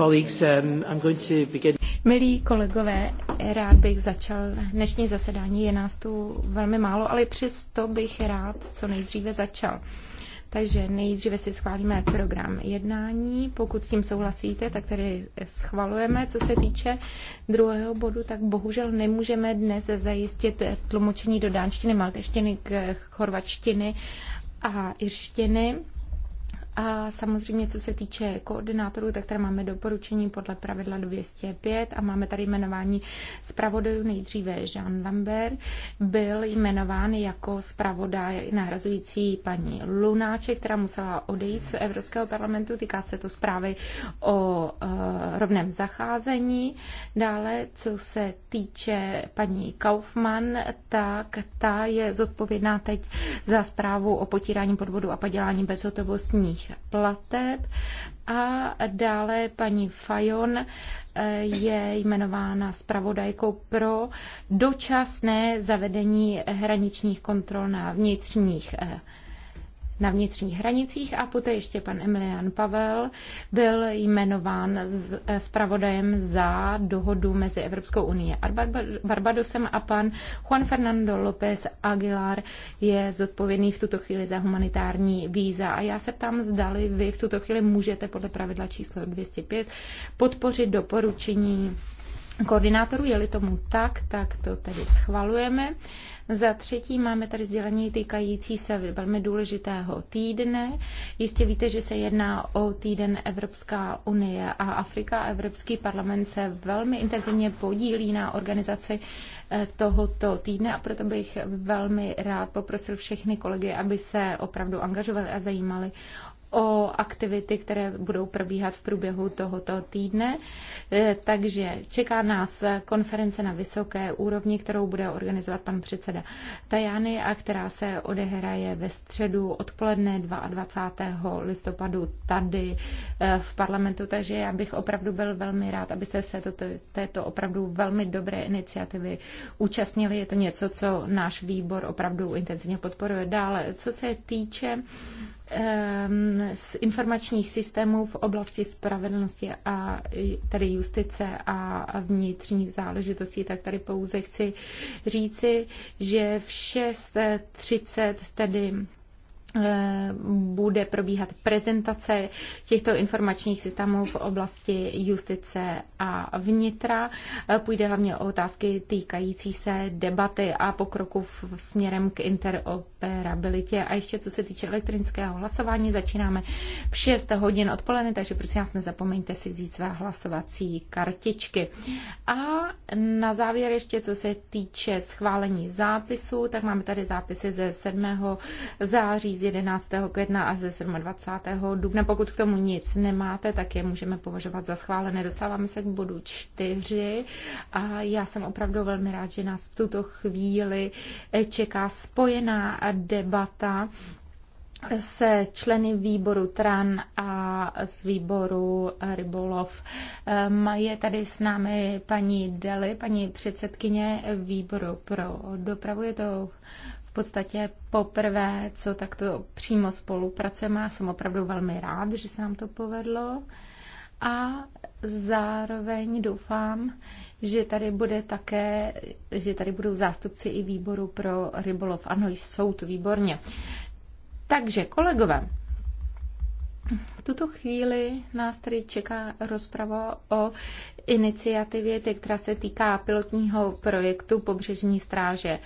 Um, Milí kolegové, rád bych začal dnešní zasedání. Je nás tu velmi málo, ale přesto bych rád co nejdříve začal. Takže nejdříve si schválíme program jednání. Pokud s tím souhlasíte, tak tedy schvalujeme. Co se týče druhého bodu, tak bohužel nemůžeme dnes zajistit tlumočení do dánštiny, malteštiny, chorvačtiny a irštiny. A samozřejmě, co se týče koordinátorů, tak tady máme doporučení podle pravidla 205 a máme tady jmenování zpravodajů. Nejdříve Jean Lambert byl jmenován jako zpravodaj nahrazující paní Lunáček, která musela odejít z Evropského parlamentu. Týká se to zprávy o e, rovném zacházení. Dále, co se týče paní Kaufmann, tak ta je zodpovědná teď za zprávu o potírání podvodu a padělání bezhotovostních nových plateb a dále paní Fajon eh, je jmenována zpravodajkou pro dočasné zavedení hraničních kontrol na vnitřních eh, na vnitřních hranicích a poté ještě pan Emilian Pavel byl jmenován eh, zpravodajem za dohodu mezi Evropskou unii a Barbadosem a pan Juan Fernando López Aguilar je zodpovědný v tuto chvíli za humanitární víza. A já se ptám, zdali vy v tuto chvíli můžete podle pravidla číslo 205 podpořit doporučení koordinátorů. Je-li tomu tak, tak to tedy schvalujeme. Za třetí máme tady sdělení týkající se velmi důležitého týdne. Jistě víte, že se jedná o týden Evropská unie a Afrika. Evropský parlament se velmi intenzivně podílí na organizaci eh, tohoto týdne a proto bych velmi rád poprosil všechny kolegy, aby se opravdu angažovali a zajímali o aktivity, které budou probíhat v průběhu tohoto týdne. E, takže čeká nás konference na vysoké úrovni, kterou bude organizovat pan předseda Tajany a která se odehraje ve středu odpoledne 22. listopadu tady e, v parlamentu. Takže já bych opravdu byl velmi rád, abyste se toto, této opravdu velmi dobré iniciativy účastnili. Je to něco, co náš výbor opravdu intenzivně podporuje dále. Co se týče Ehm, z informačních systémů v oblasti spravedlnosti a tedy justice a vnitřních záležitostí, tak tady pouze chci říci, že v 6.30 tedy Eh, bude probíhat prezentace těchto informačních systémů v oblasti justice a vnitra. Eh, půjde hlavně o otázky týkající se debaty a pokroku v směrem k interoperabilitě. A ještě co se týče elektronického hlasování, začínáme v 6 hodin odpoledne, takže prosím vás nezapomeňte si vzít své hlasovací kartičky. A na závěr ještě co se týče schválení zápisů, tak máme tady zápisy ze 7. září 11. května a ze 27. dubna. Pokud k tomu nic nemáte, tak je můžeme považovat za schválené. Dostáváme se k bodu 4 a já jsem opravdu velmi rád, že nás v tuto chvíli eh, čeká spojená debata se členy výboru TRAN a z výboru Rybolov. Ehm, je tady s námi paní Deli, paní předsedkyně výboru pro dopravu. Je to v podstatě poprvé, co takto přímo spolupracujeme. Já jsem opravdu velmi rád, že se nám to povedlo. A zároveň doufám, že tady bude také, že tady budou zástupci i výboru pro rybolov. Ano, jsou to výborně. Takže kolegové, v tuto chvíli nás tedy čeká rozprava o iniciativě, která se týká pilotního projektu Pobřežní stráže.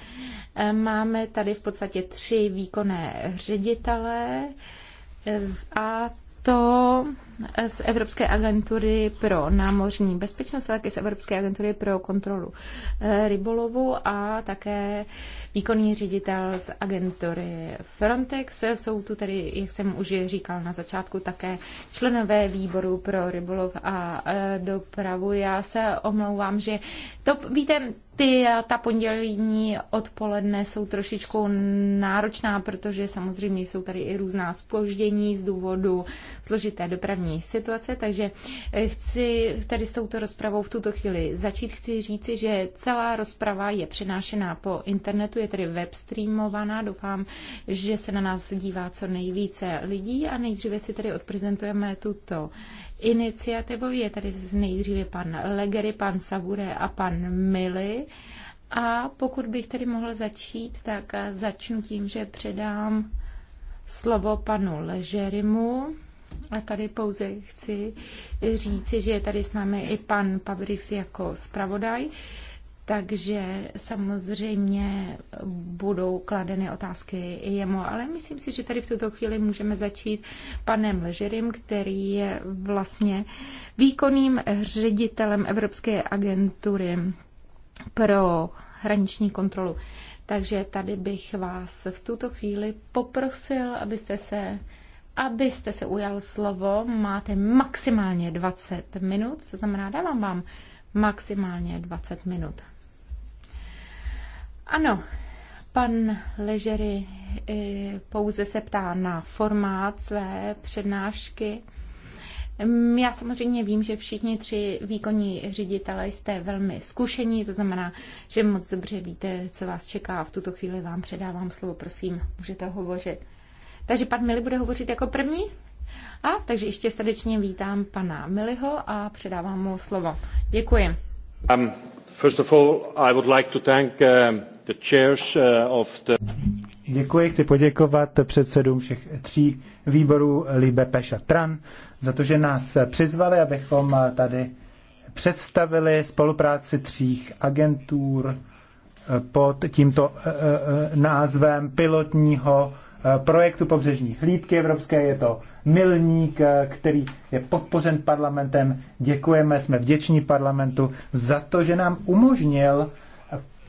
Ehm, máme tady v podstatě tři výkonné ředitele a to z Evropské agentury pro námořní bezpečnost, taky z Evropské agentury pro kontrolu eh, rybolovu a také výkonný ředitel z agentury Frontex. Jsou tu tedy, jak jsem už říkal na začátku, také členové výboru pro rybolov a e, dopravu. Já se omlouvám, že to, víte, ty, ta pondělní odpoledne jsou trošičku náročná, protože samozřejmě jsou tady i různá spoždění z důvodu složité dopravní situace, takže e, chci tady s touto rozpravou v tuto chvíli začít. Chci říci, že celá rozprava je přenášená po internetu, je je tedy web streamovaná. Doufám, že se na nás dívá co nejvíce lidí a nejdříve si tedy odprezentujeme tuto iniciativu. Je tady nejdříve pan Legery, pan Savure a pan Mili. A pokud bych tedy mohl začít, tak začnu tím, že předám slovo panu Ležerimu. A tady pouze chci říci, že je tady s námi i pan Pavris jako zpravodaj takže samozřejmě budou kladeny otázky i jemu. Ale myslím si, že tady v tuto chvíli můžeme začít panem Ležerim, který je vlastně výkonným ředitelem Evropské agentury pro hraniční kontrolu. Takže tady bych vás v tuto chvíli poprosil, abyste se abyste se ujal slovo, máte maximálně 20 minut, to znamená, dávám vám maximálně 20 minut. Ano, pan Ležery eh, pouze se ptá na formát své přednášky. Mm, já samozřejmě vím, že všichni tři výkonní ředitele jste velmi zkušení, to znamená, že moc dobře víte, co vás čeká. V tuto chvíli vám předávám slovo, prosím, můžete hovořit. Takže pan Mili bude hovořit jako první? A takže ještě srdečně vítám pana Miliho a předávám mu slovo. Děkuji. Um. First of all, I would like to thank um, the chairs uh, of the... Děkuji, chci poděkovat předsedům všech tří výborů Libe Peša Tran za to, že nás přizvali, abychom tady představili spolupráci tří agentur pod tímto eh, eh, eh, názvem pilotního Eh, projektu pobřežní hlídky evropské. Je to milník, eh, který je podpořen parlamentem. Děkujeme, jsme vděční parlamentu za to, že nám umožnil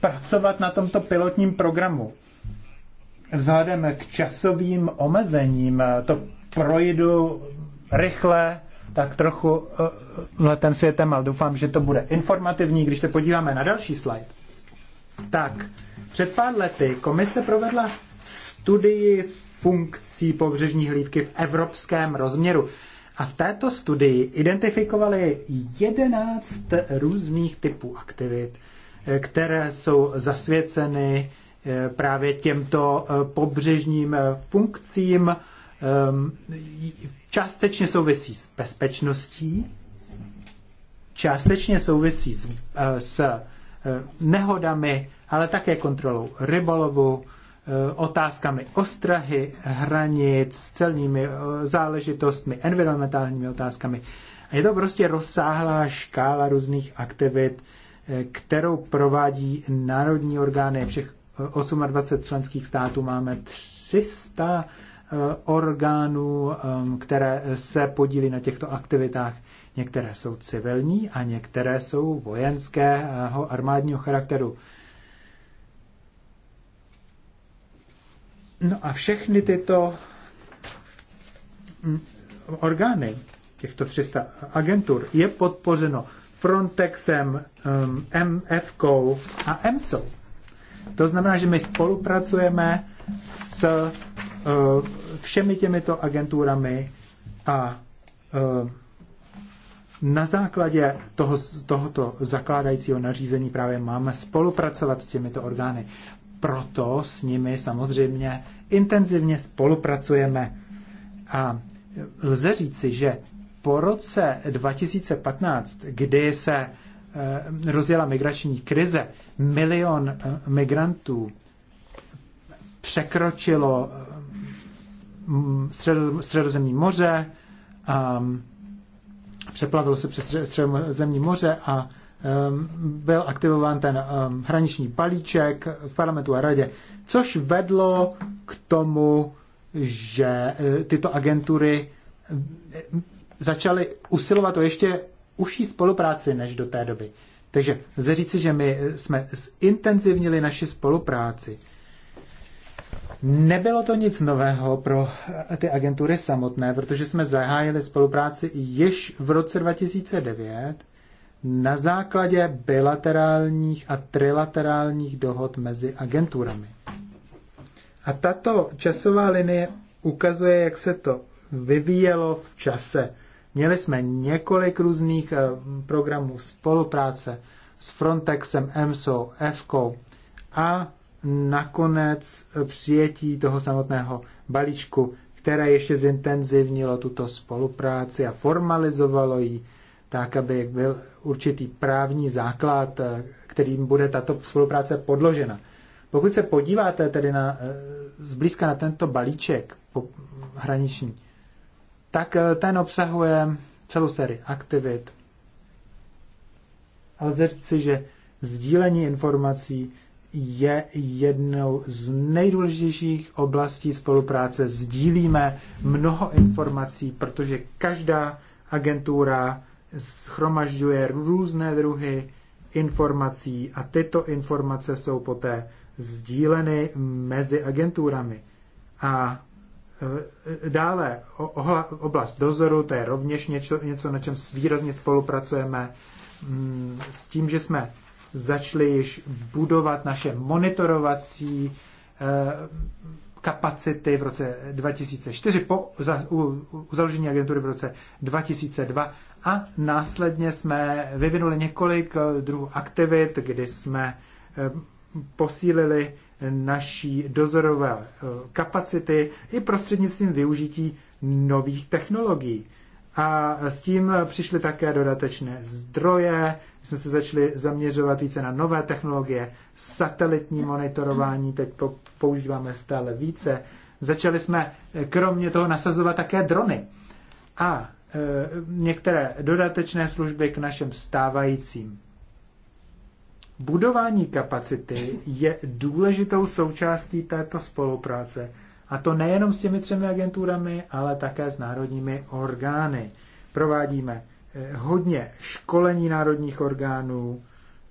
pracovat na tomto pilotním programu. Vzhledem k časovým omezením eh, to projdu rychle, tak trochu letem světem, ale doufám, že to bude informativní. Když se podíváme na další slide, tak před pár lety komise provedla studii funkcí pobřežní hlídky v evropském rozměru. A v této studii identifikovali 11 různých typů aktivit, eh, které jsou zasvěceny eh, právě těmto eh, pobřežním funkcím. Ehm, částečně souvisí s bezpečností, částečně souvisí s, s nehodami, ale také kontrolou rybolovu, Eh, otázkami ostrahy hranic, celními eh, záležitostmi, environmentálními otázkami. je to prostě rozsáhlá škála různých aktivit, eh, kterou provádí národní orgány všech 28 členských států. Máme 300 orgánů, které se podílí na těchto aktivitách. Některé jsou civilní a některé jsou vojenského armádního charakteru. No a všechny tyto hm, orgány, těchto 300 agentur, je podpořeno Frontexem, MFK hm, a EMSO. To znamená, že my spolupracujeme s eh, všemi těmito agenturami a eh, na základě toho, tohoto zakládajícího nařízení právě máme spolupracovat s těmito orgány proto s nimi samozřejmě intenzivně spolupracujeme. A lze říci, že po roce 2015, kdy se eh, rozjela migrační krize, milion eh, migrantů překročilo eh, středozemní moře, um, přeplavilo se přes středozemní moře a Ehm, byl aktivován ten ehm, hraniční palíček v parlamentu a radě, což vedlo k tomu, že e, tyto agentury e, začaly usilovat o ještě užší spolupráci než do té doby. Takže lze říci, že my jsme zintenzivnili naši spolupráci. Nebylo to nic nového pro e, ty agentury samotné, protože jsme zahájili spolupráci již v roce 2009 na základě bilaterálních a trilaterálních dohod mezi agenturami. A tato časová linie ukazuje, jak se to vyvíjelo v čase. Měli jsme několik různých eh, programů spolupráce s Frontexem, EMSO, EFCO a nakonec eh, přijetí toho samotného balíčku, které ještě zintenzivnilo tuto spolupráci a formalizovalo ji tak aby byl určitý právní základ, eh, kterým bude tato spolupráce podložena. Pokud se podíváte tedy na, eh, zblízka na tento balíček hraniční, tak eh, ten obsahuje celou sérii aktivit. Ale si, že sdílení informací je jednou z nejdůležitějších oblastí spolupráce. Sdílíme mnoho informací, protože každá agentura schromažďuje různé druhy informací a tyto informace jsou poté sdíleny mezi agenturami. A e, dále oblast dozoru, to je rovněž něco, něco na čem výrazně spolupracujeme mm, s tím, že jsme začali již budovat naše monitorovací e, kapacity v roce 2004 po u, u založení agentury v roce 2002 a následně jsme vyvinuli několik eh, druhů aktivit, kdy jsme eh, posílili naší dozorové eh, kapacity i prostřednictvím využití nových technologií. A s tím přišly také dodatečné zdroje, jsme se začali zaměřovat více na nové technologie, satelitní monitorování, teď používáme stále více. Začali jsme kromě toho nasazovat také drony. A Eh, některé dodatečné služby k našem stávajícím. Budování kapacity je důležitou součástí této spolupráce, a to nejenom s těmi třemi agenturami, ale také s národními orgány. Provádíme eh, hodně školení národních orgánů,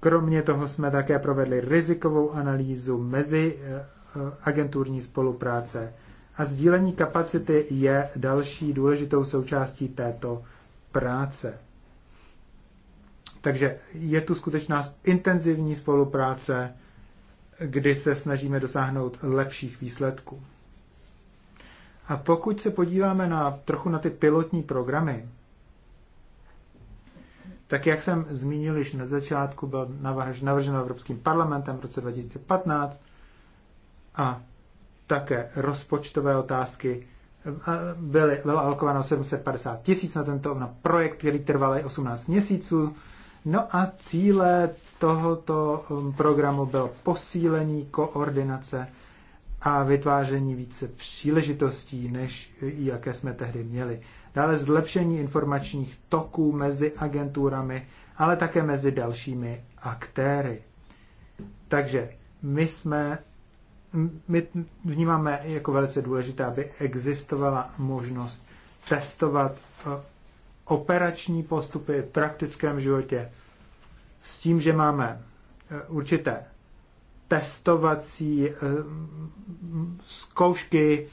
kromě toho jsme také provedli rizikovou analýzu mezi eh, agenturní spolupráce a sdílení kapacity je další důležitou součástí této práce. Takže je tu skutečná intenzivní spolupráce, kdy se snažíme dosáhnout lepších výsledků. A pokud se podíváme na trochu na ty pilotní programy, tak jak jsem zmínil již na začátku, byl navržen Evropským parlamentem v roce 2015 a také rozpočtové otázky. Byly, bylo alokováno 750 tisíc na tento na projekt, který trval 18 měsíců. No a cíle tohoto um, programu bylo posílení koordinace a vytváření více příležitostí, než jaké jsme tehdy měli. Dále zlepšení informačních toků mezi agenturami, ale také mezi dalšími aktéry. Takže my jsme my vnímáme jako velice důležité, aby existovala možnost testovat eh, operační postupy v praktickém životě s tím, že máme eh, určité testovací eh, zkoušky,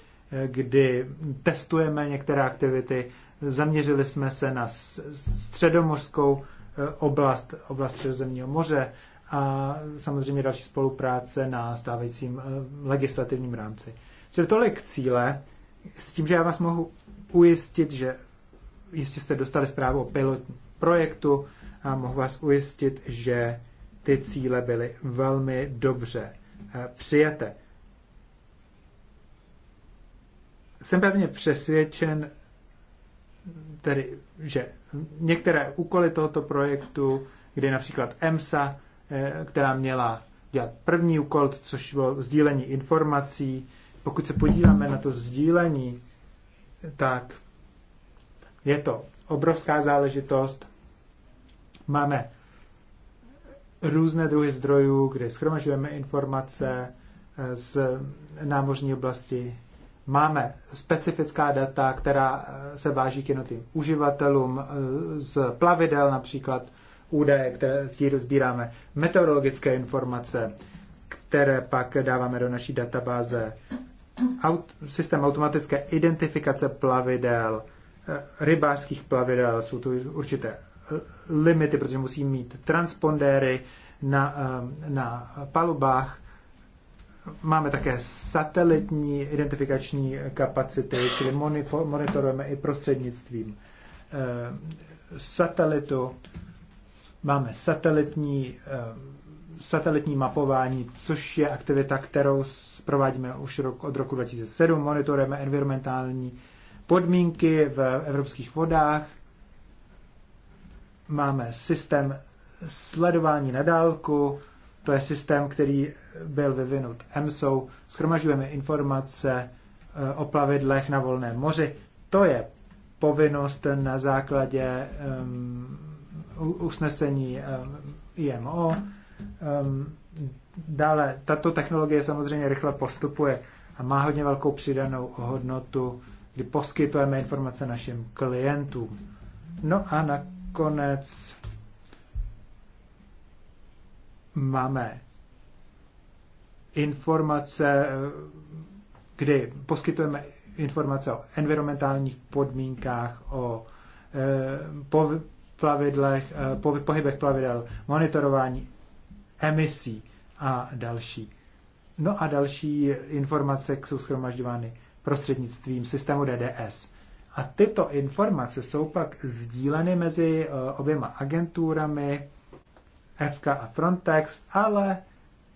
kdy testujeme některé aktivity. Zaměřili jsme se na středomořskou oblast, oblast Středozemního moře, a samozřejmě další spolupráce na stávajícím eh, legislativním rámci. Čili tolik cíle, s tím, že já vás mohu ujistit, že jistě jste dostali zprávu o pilotním projektu a mohu vás ujistit, že ty cíle byly velmi dobře eh, přijaté. Jsem pevně přesvědčen, tedy, že některé úkoly tohoto projektu, kdy například EMSA Eh, která měla dělat první úkol, což bylo sdílení informací. Pokud se podíváme na to sdílení, tak je to obrovská záležitost. Máme různé druhy zdrojů, kde schromažujeme informace eh, z námořní oblasti. Máme specifická data, která eh, se váží k jednotlivým uživatelům z plavidel například údaje, které z rozbíráme, meteorologické informace, které pak dáváme do naší databáze, aut, systém automatické identifikace plavidel, eh, rybářských plavidel, jsou tu určité limity, protože musí mít transpondéry na, eh, na palubách. Máme také satelitní identifikační kapacity, čili monitorujeme i prostřednictvím eh, satelitu Máme satelitní, eh, satelitní mapování, což je aktivita, kterou provádíme už rok, od roku 2007. Monitorujeme environmentální podmínky v evropských vodách. Máme systém sledování na dálku, to je systém, který byl vyvinut EMSO. Schromažujeme informace eh, o plavidlech na volném moři. To je povinnost na základě um, usnesení eh, IMO. Eh, dále, tato technologie samozřejmě rychle postupuje a má hodně velkou přidanou hodnotu, kdy poskytujeme informace našim klientům. No a nakonec máme informace, eh, kdy poskytujeme informace o environmentálních podmínkách, o plavidlech, eh, po, pohybech plavidel, monitorování emisí a další. No a další informace jsou schromažďovány prostřednictvím systému DDS. A tyto informace jsou pak sdíleny mezi eh, oběma agenturami, FK a Frontex, ale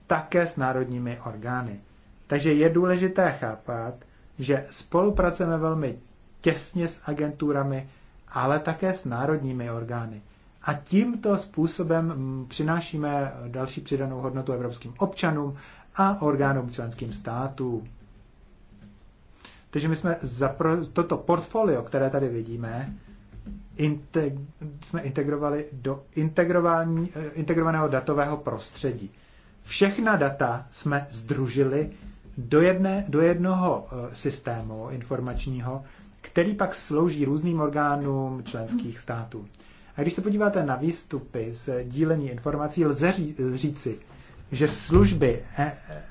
také s národními orgány. Takže je důležité chápat, že spolupracujeme velmi těsně s agenturami ale také s národními orgány. A tímto způsobem mm, přinášíme další přidanou hodnotu evropským občanům a orgánům členským států. Takže my jsme za toto portfolio, které tady vidíme, integ, jsme integrovali do eh, integrovaného datového prostředí. Všechna data jsme združili do, jedné, do jednoho eh, systému informačního, který pak slouží různým orgánům členských států. A když se podíváte na výstupy z dílení informací, lze říci, že služby eh, eh,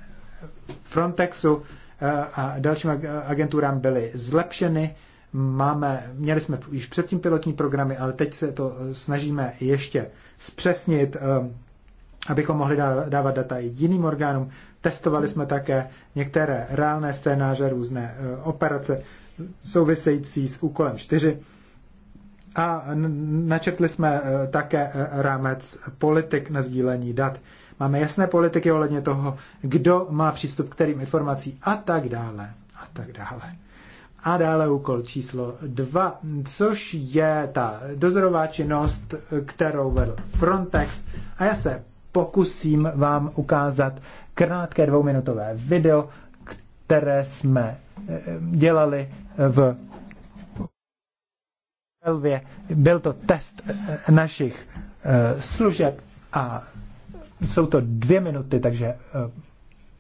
Frontexu eh, a dalším agenturám byly zlepšeny. Máme, měli jsme již předtím pilotní programy, ale teď se to snažíme ještě zpřesnit, abychom mohli dávat data i jiným orgánům. Testovali jsme také některé reálné scénáře, různé operace související s úkolem 4. A načetli jsme e, také e, rámec politik na sdílení dat. Máme jasné politiky ohledně toho, kdo má přístup k kterým informací a tak dále. A tak dále. A dále úkol číslo 2, což je ta dozorová činnost, kterou vedl Frontex. A já se pokusím vám ukázat krátké dvouminutové video, které jsme e, dělali v Elvě. Byl to test eh, našich eh, služeb a jsou to dvě minuty, takže eh,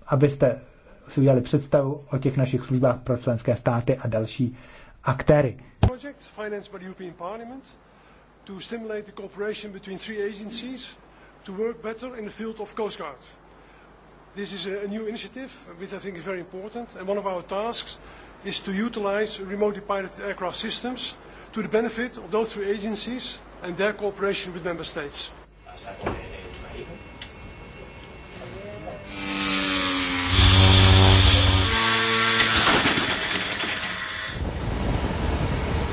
abyste si udělali představu o těch našich službách pro členské státy a další aktéry. Project financed by the European Parliament to stimulate the cooperation between three agencies to work better in the field of Coast Guard. This is a new initiative which I think is very important and one of our tasks is to utilize remotely piloted aircraft systems to the benefit of those three agencies and their cooperation with member states.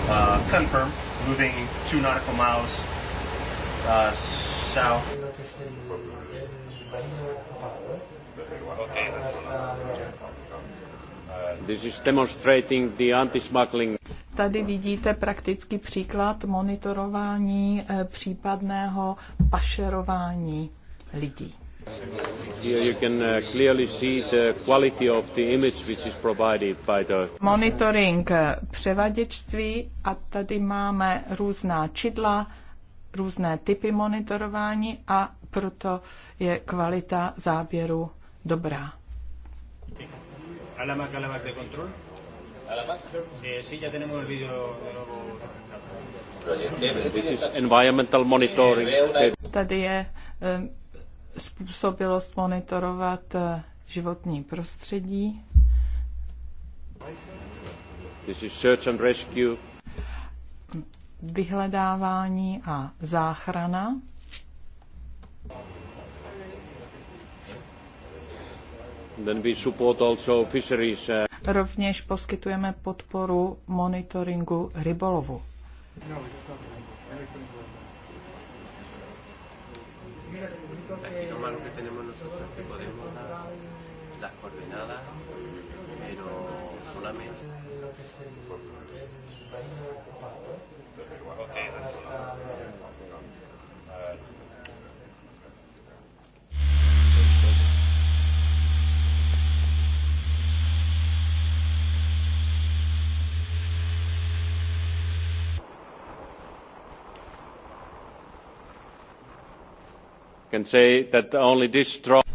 Uh, confirm, moving two nautical miles uh, south. Okay. Uh, tady vidíte praktický příklad monitorování eh, případného pašerování lidí. Monitoring převaděčství a tady máme různá čidla, různé typy monitorování a proto je kvalita záběru dobrá. ¿A la Mac, a la Mac de control? ¿A la Mac? Eh, sí, ya tenemos el vídeo de nuevo This is environmental monitoring. Eh, Tady je eh, způsobilost monitorovat eh, životní prostředí. This is search and rescue. Vyhledávání a záchrana. Uh, Rovněž poskytujeme podporu monitoringu rybolovu.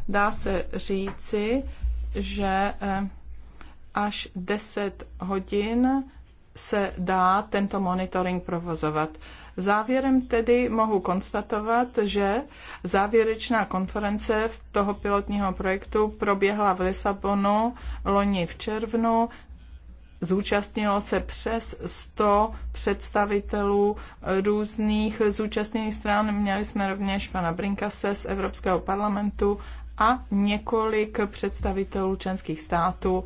Dá se říci, že eh, až 10 hodin se dá tento monitoring provozovat. Závěrem tedy mohu konstatovat, že závěrečná konference toho pilotního projektu proběhla v Lisabonu loni v červnu. Zúčastnilo se přes 100 představitelů eh, různých zúčastněných stran. Měli jsme rovněž pana Brinkase z Evropského parlamentu a několik představitelů členských států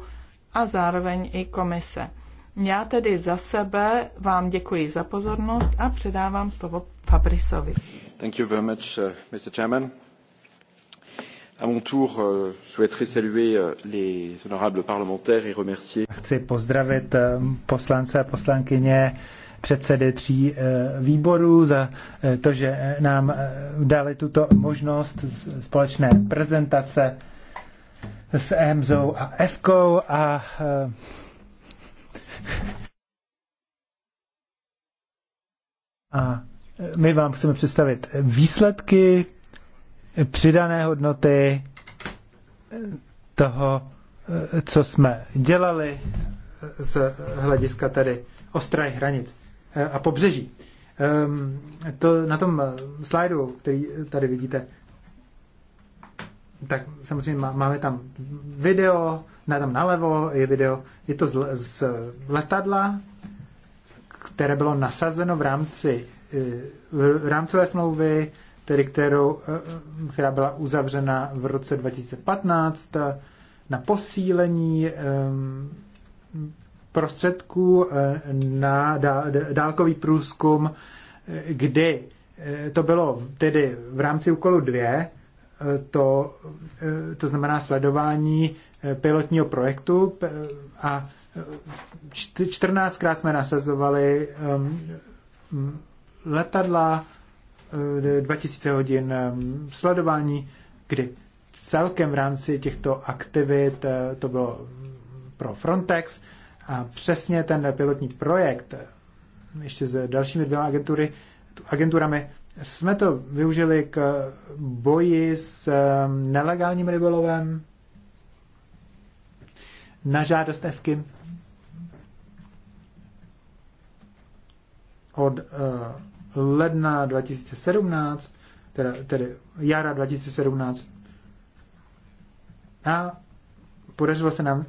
a zároveň i komise. Já tedy za sebe vám děkuji za pozornost a předávám slovo Fabrisovi. Thank you very much, eh, Mr. Chairman. À mon tour, euh, souhaiterais saluer euh, les honorables parlementaires et remercier. Chci pozdravit eh, poslance a poslankyně předsedy tří eh, výborů za eh, to, že nám dali tuto možnost společné prezentace s EMZO a EFKO a a my vám chceme představit výsledky přidané hodnoty toho, co jsme dělali z hlediska tady ostrých hranic a pobřeží. Ehm, to na tom slajdu, který tady vidíte, tak samozřejmě máme tam video, na tam nalevo je video, je to z, z letadla, které bylo nasazeno v rámci eh, v rámcové smlouvy tedy kterou, eh, která byla uzavřena v roce 2015 eh, na posílení eh, prostředků na dálkový průzkum, kdy to bylo tedy v rámci úkolu 2, to, to znamená sledování pilotního projektu a 14krát jsme nasazovali letadla, 2000 eh, hodin eh, sledování, kdy celkem v rámci těchto aktivit eh, to bylo pro Frontex a přesně ten pilotní projekt ještě s dalšími dvěma agentury, agenturami jsme to využili k boji s nelegálním rybolovem na žádost Evky od ledna 2017, teda, tedy jara 2017. A podařilo se nám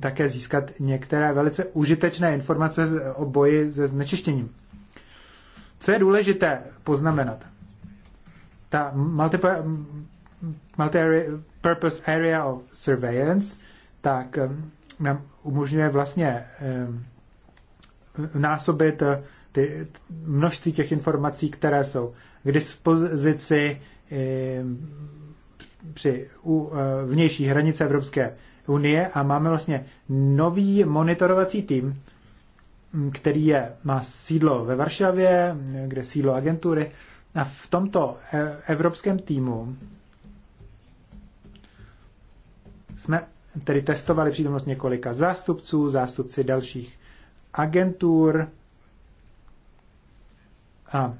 také získat některé velice užitečné informace o boji se znečištěním. Co je důležité poznamenat? Ta Multi-Purpose Area of Surveillance tak um, nám umožňuje vlastně um, násobit ty, množství těch informací, které jsou k dispozici eh, při u, eh, vnější hranice Evropské unie a máme vlastně nový monitorovací tým, který je, má sídlo ve Varšavě, kde sídlo agentury. A v tomto eh, evropském týmu jsme tedy testovali přítomnost několika zástupců, zástupci dalších agentur, a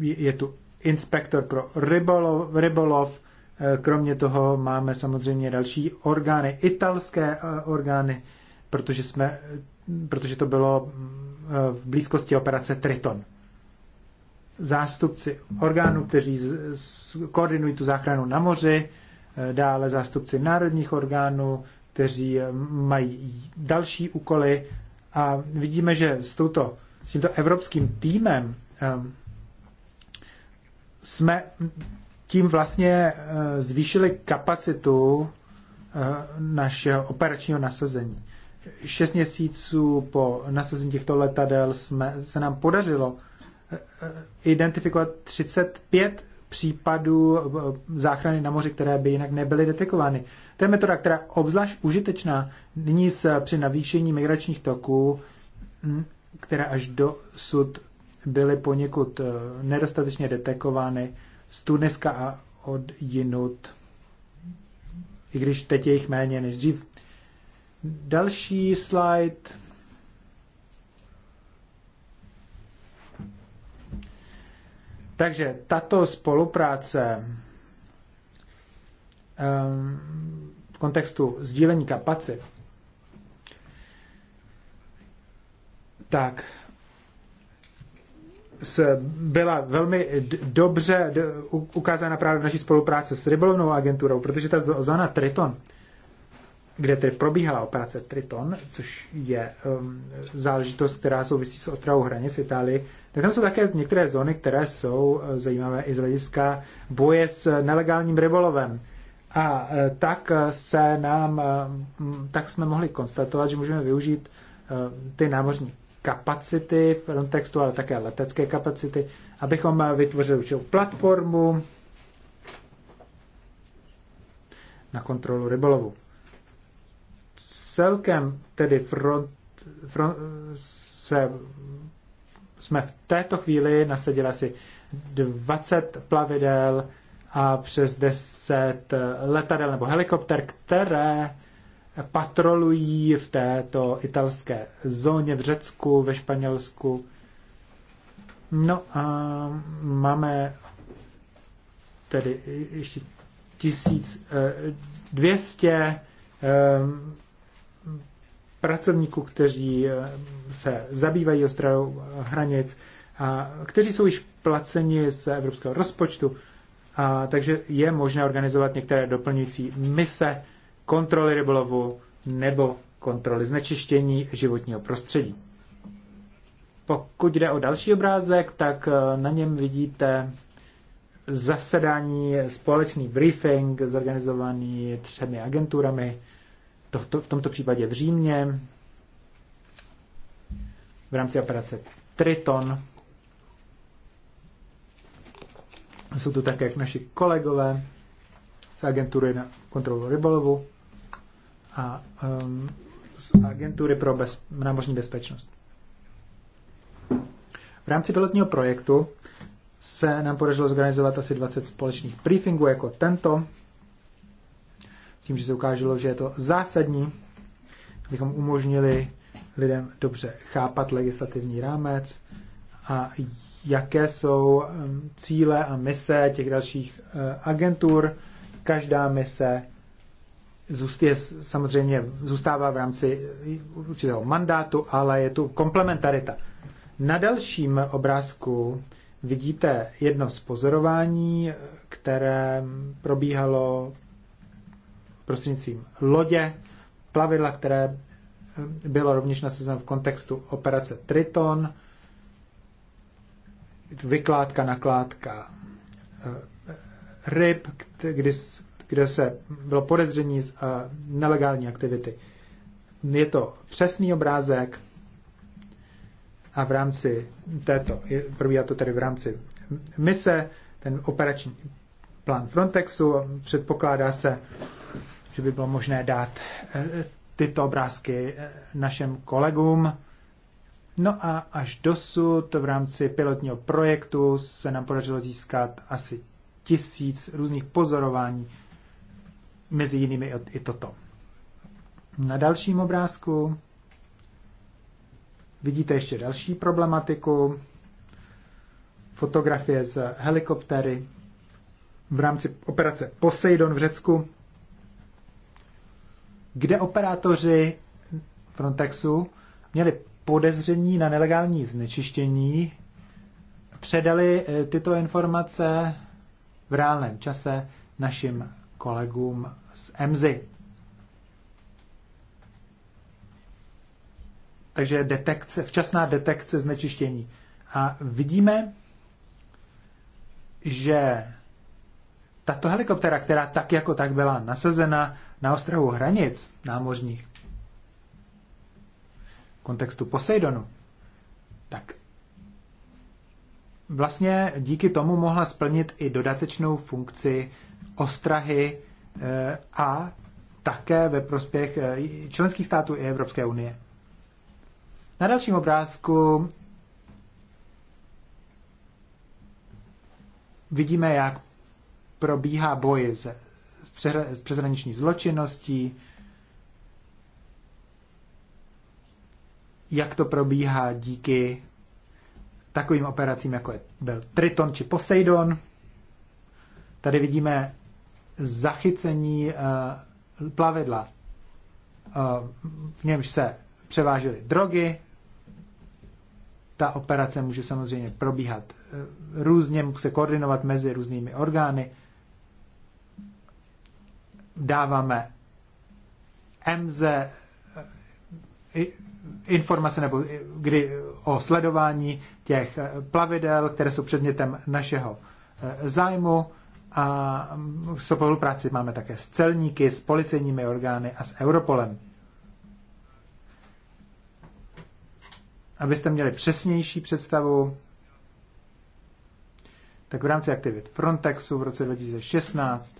je tu inspektor pro rybolov, rybolov, e, kromě toho máme samozřejmě další orgány, italské e, orgány, protože, jsme, protože to bylo e, v blízkosti operace Triton. Zástupci orgánů, kteří koordinují tu záchranu na moři, dále zástupci národních orgánů, kteří mají další úkoly a vidíme, že s touto s tímto evropským týmem ehm, jsme tím vlastně eh, zvýšili kapacitu eh, našeho operačního nasazení. Šest měsíců po nasazení těchto letadel jsme, se nám podařilo eh, identifikovat 35 případů záchrany na moři, které by jinak nebyly detekovány. To je metoda, která obzvlášť užitečná nyní s, při navýšení migračních toků hm, které až do sud byly poněkud eh, nedostatečně detekovány z Tuniska a od jinut, i když teď je jich méně než dřív. Další slide. Takže tato spolupráce ehm, v kontextu sdílení kapacit tak byla velmi dobře ukázána právě v naší spolupráci s rybolovnou agenturou, protože ta zóna Triton, kde tedy probíhala operace Triton, což je um, záležitost, která souvisí s ostravou hranic Itálii, tak tam jsou také některé zóny, které jsou uh, zajímavé i z hlediska boje s nelegálním rybolovem. A uh, tak uh, se nám, tak jsme mohli konstatovat, že můžeme využít ty námořní kapacity Frontextu, ale také letecké kapacity, abychom vytvořili určitou platformu na kontrolu rybolovu. Celkem tedy front, front, se, jsme v této chvíli nasadili asi 20 plavidel a přes 10 letadel nebo helikopter, které patrolují v této italské zóně, v Řecku, ve Španělsku. No a máme tedy ještě 1200 eh, eh, pracovníků, kteří eh, se zabývají ostrou hranic a kteří jsou již placeni z evropského rozpočtu. A, takže je možné organizovat některé doplňující mise kontroly rybolovu nebo kontroly znečištění životního prostředí. Pokud jde o další obrázek, tak eh, na něm vidíte zasedání, eh, společný briefing zorganizovaný třemi agenturami, to, to, v tomto případě v Římě, v rámci operace Triton. Jsou tu také naši kolegové z agentury na kontrolu rybolovu a um, z agentury pro bez, námořní bezpečnost. V rámci pilotního projektu se nám podařilo zorganizovat asi 20 společných briefingů jako tento, tím, že se ukážilo, že je to zásadní, abychom umožnili lidem dobře chápat legislativní rámec a jaké jsou um, cíle a mise těch dalších uh, agentur. Každá mise je, samozřejmě zůstává v rámci určitého mandátu, ale je tu komplementarita. Na dalším obrázku vidíte jedno z pozorování, které probíhalo prostřednictvím lodě, plavidla, které eh, bylo rovněž nasazeno v kontextu operace Triton, vykládka, nakládka eh, ryb, kdy kde se bylo podezření z eh, nelegální aktivity. Je to přesný obrázek a v rámci této, probíhá to tedy v rámci mise, ten operační plán Frontexu, předpokládá se, že by bylo možné dát eh, tyto obrázky eh, našem kolegům. No a až dosud v rámci pilotního projektu se nám podařilo získat asi tisíc různých pozorování mezi jinými i toto. Na dalším obrázku vidíte ještě další problematiku. Fotografie z helikoptery v rámci operace Poseidon v Řecku, kde operátoři Frontexu měli podezření na nelegální znečištění, předali eh, tyto informace v reálném čase našim kolegům z EMZY. Takže detekce, včasná detekce znečištění. A vidíme, že tato helikoptera, která tak jako tak byla nasazena na ostrahu hranic námořních v kontextu Poseidonu, tak vlastně díky tomu mohla splnit i dodatečnou funkci ostrahy eh, a také ve prospěch eh, členských států i Evropské unie. Na dalším obrázku vidíme, jak probíhá boj s, přeshraniční zločinností, jak to probíhá díky takovým operacím, jako je, byl Triton či Poseidon. Tady vidíme zachycení eh, plavidla, eh, v němž se převážely drogy. Ta operace může samozřejmě probíhat eh, různě, může se koordinovat mezi různými orgány. Dáváme mz informace nebo kdy o sledování těch plavidel, které jsou předmětem našeho zájmu a v spolupráci máme také s celníky, s policejními orgány a s Europolem. Abyste měli přesnější představu, tak v rámci aktivit Frontexu v roce 2016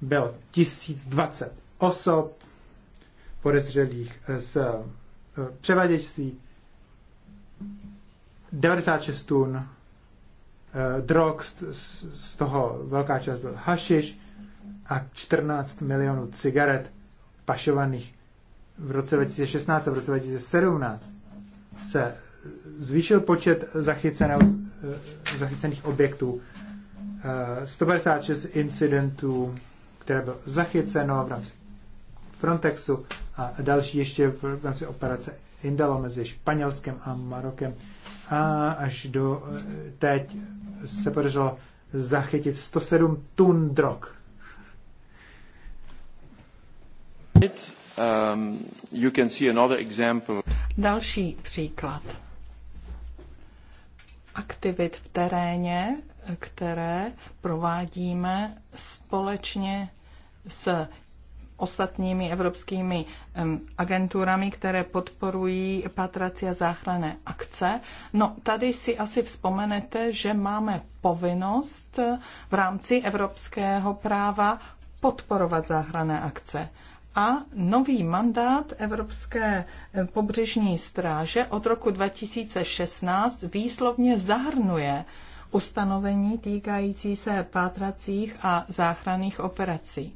bylo 1020 osob podezřelých z eh, převaděčství, 96 tun Eh, drog, z toho velká část byl hašiš a 14 milionů cigaret pašovaných v roce 2016 a v roce 2017 se zvýšil počet eh, zachycených objektů. 156 eh, incidentů, které bylo zachyceno v rámci Frontexu a další ještě v rámci operace Indalo mezi Španělskem a Marokem. A až do eh, teď se podařilo zachytit 107 tun drog. It, um, you can see another example. Další příklad aktivit v teréně, které provádíme společně s ostatními evropskými agenturami, které podporují patraci a záchranné akce. No, tady si asi vzpomenete, že máme povinnost eh, v rámci evropského práva podporovat záchranné akce. A nový mandát Evropské eh, pobřežní stráže od roku 2016 výslovně zahrnuje ustanovení týkající se pátracích a záchranných operací.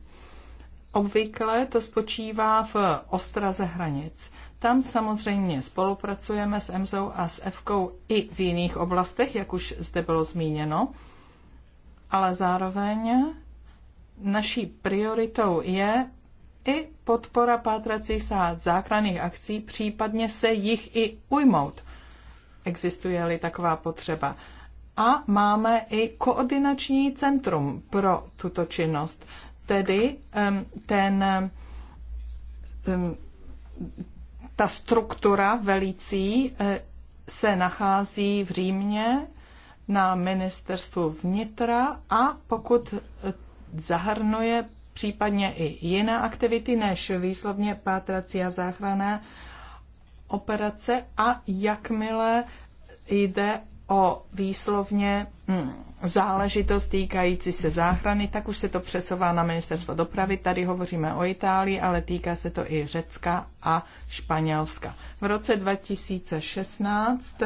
Obvykle to spočívá v ostraze hranic. Tam samozřejmě spolupracujeme s EMZou a s EFKou i v jiných oblastech, jak už zde bylo zmíněno, ale zároveň naší prioritou je i podpora pátracích sád záchranných akcí, případně se jich i ujmout, existuje-li taková potřeba. A máme i koordinační centrum pro tuto činnost tedy ten, ta struktura velící eh, se nachází v Římě na ministerstvu vnitra a pokud eh, zahrnuje případně i jiné aktivity než výslovně pátrací a záchranné operace a jakmile jde o výslovně hmm, záležitost týkající se záchrany, tak už se to přesouvá na ministerstvo dopravy. Tady hovoříme o Itálii, ale týká se to i Řecka a Španělska. V roce 2016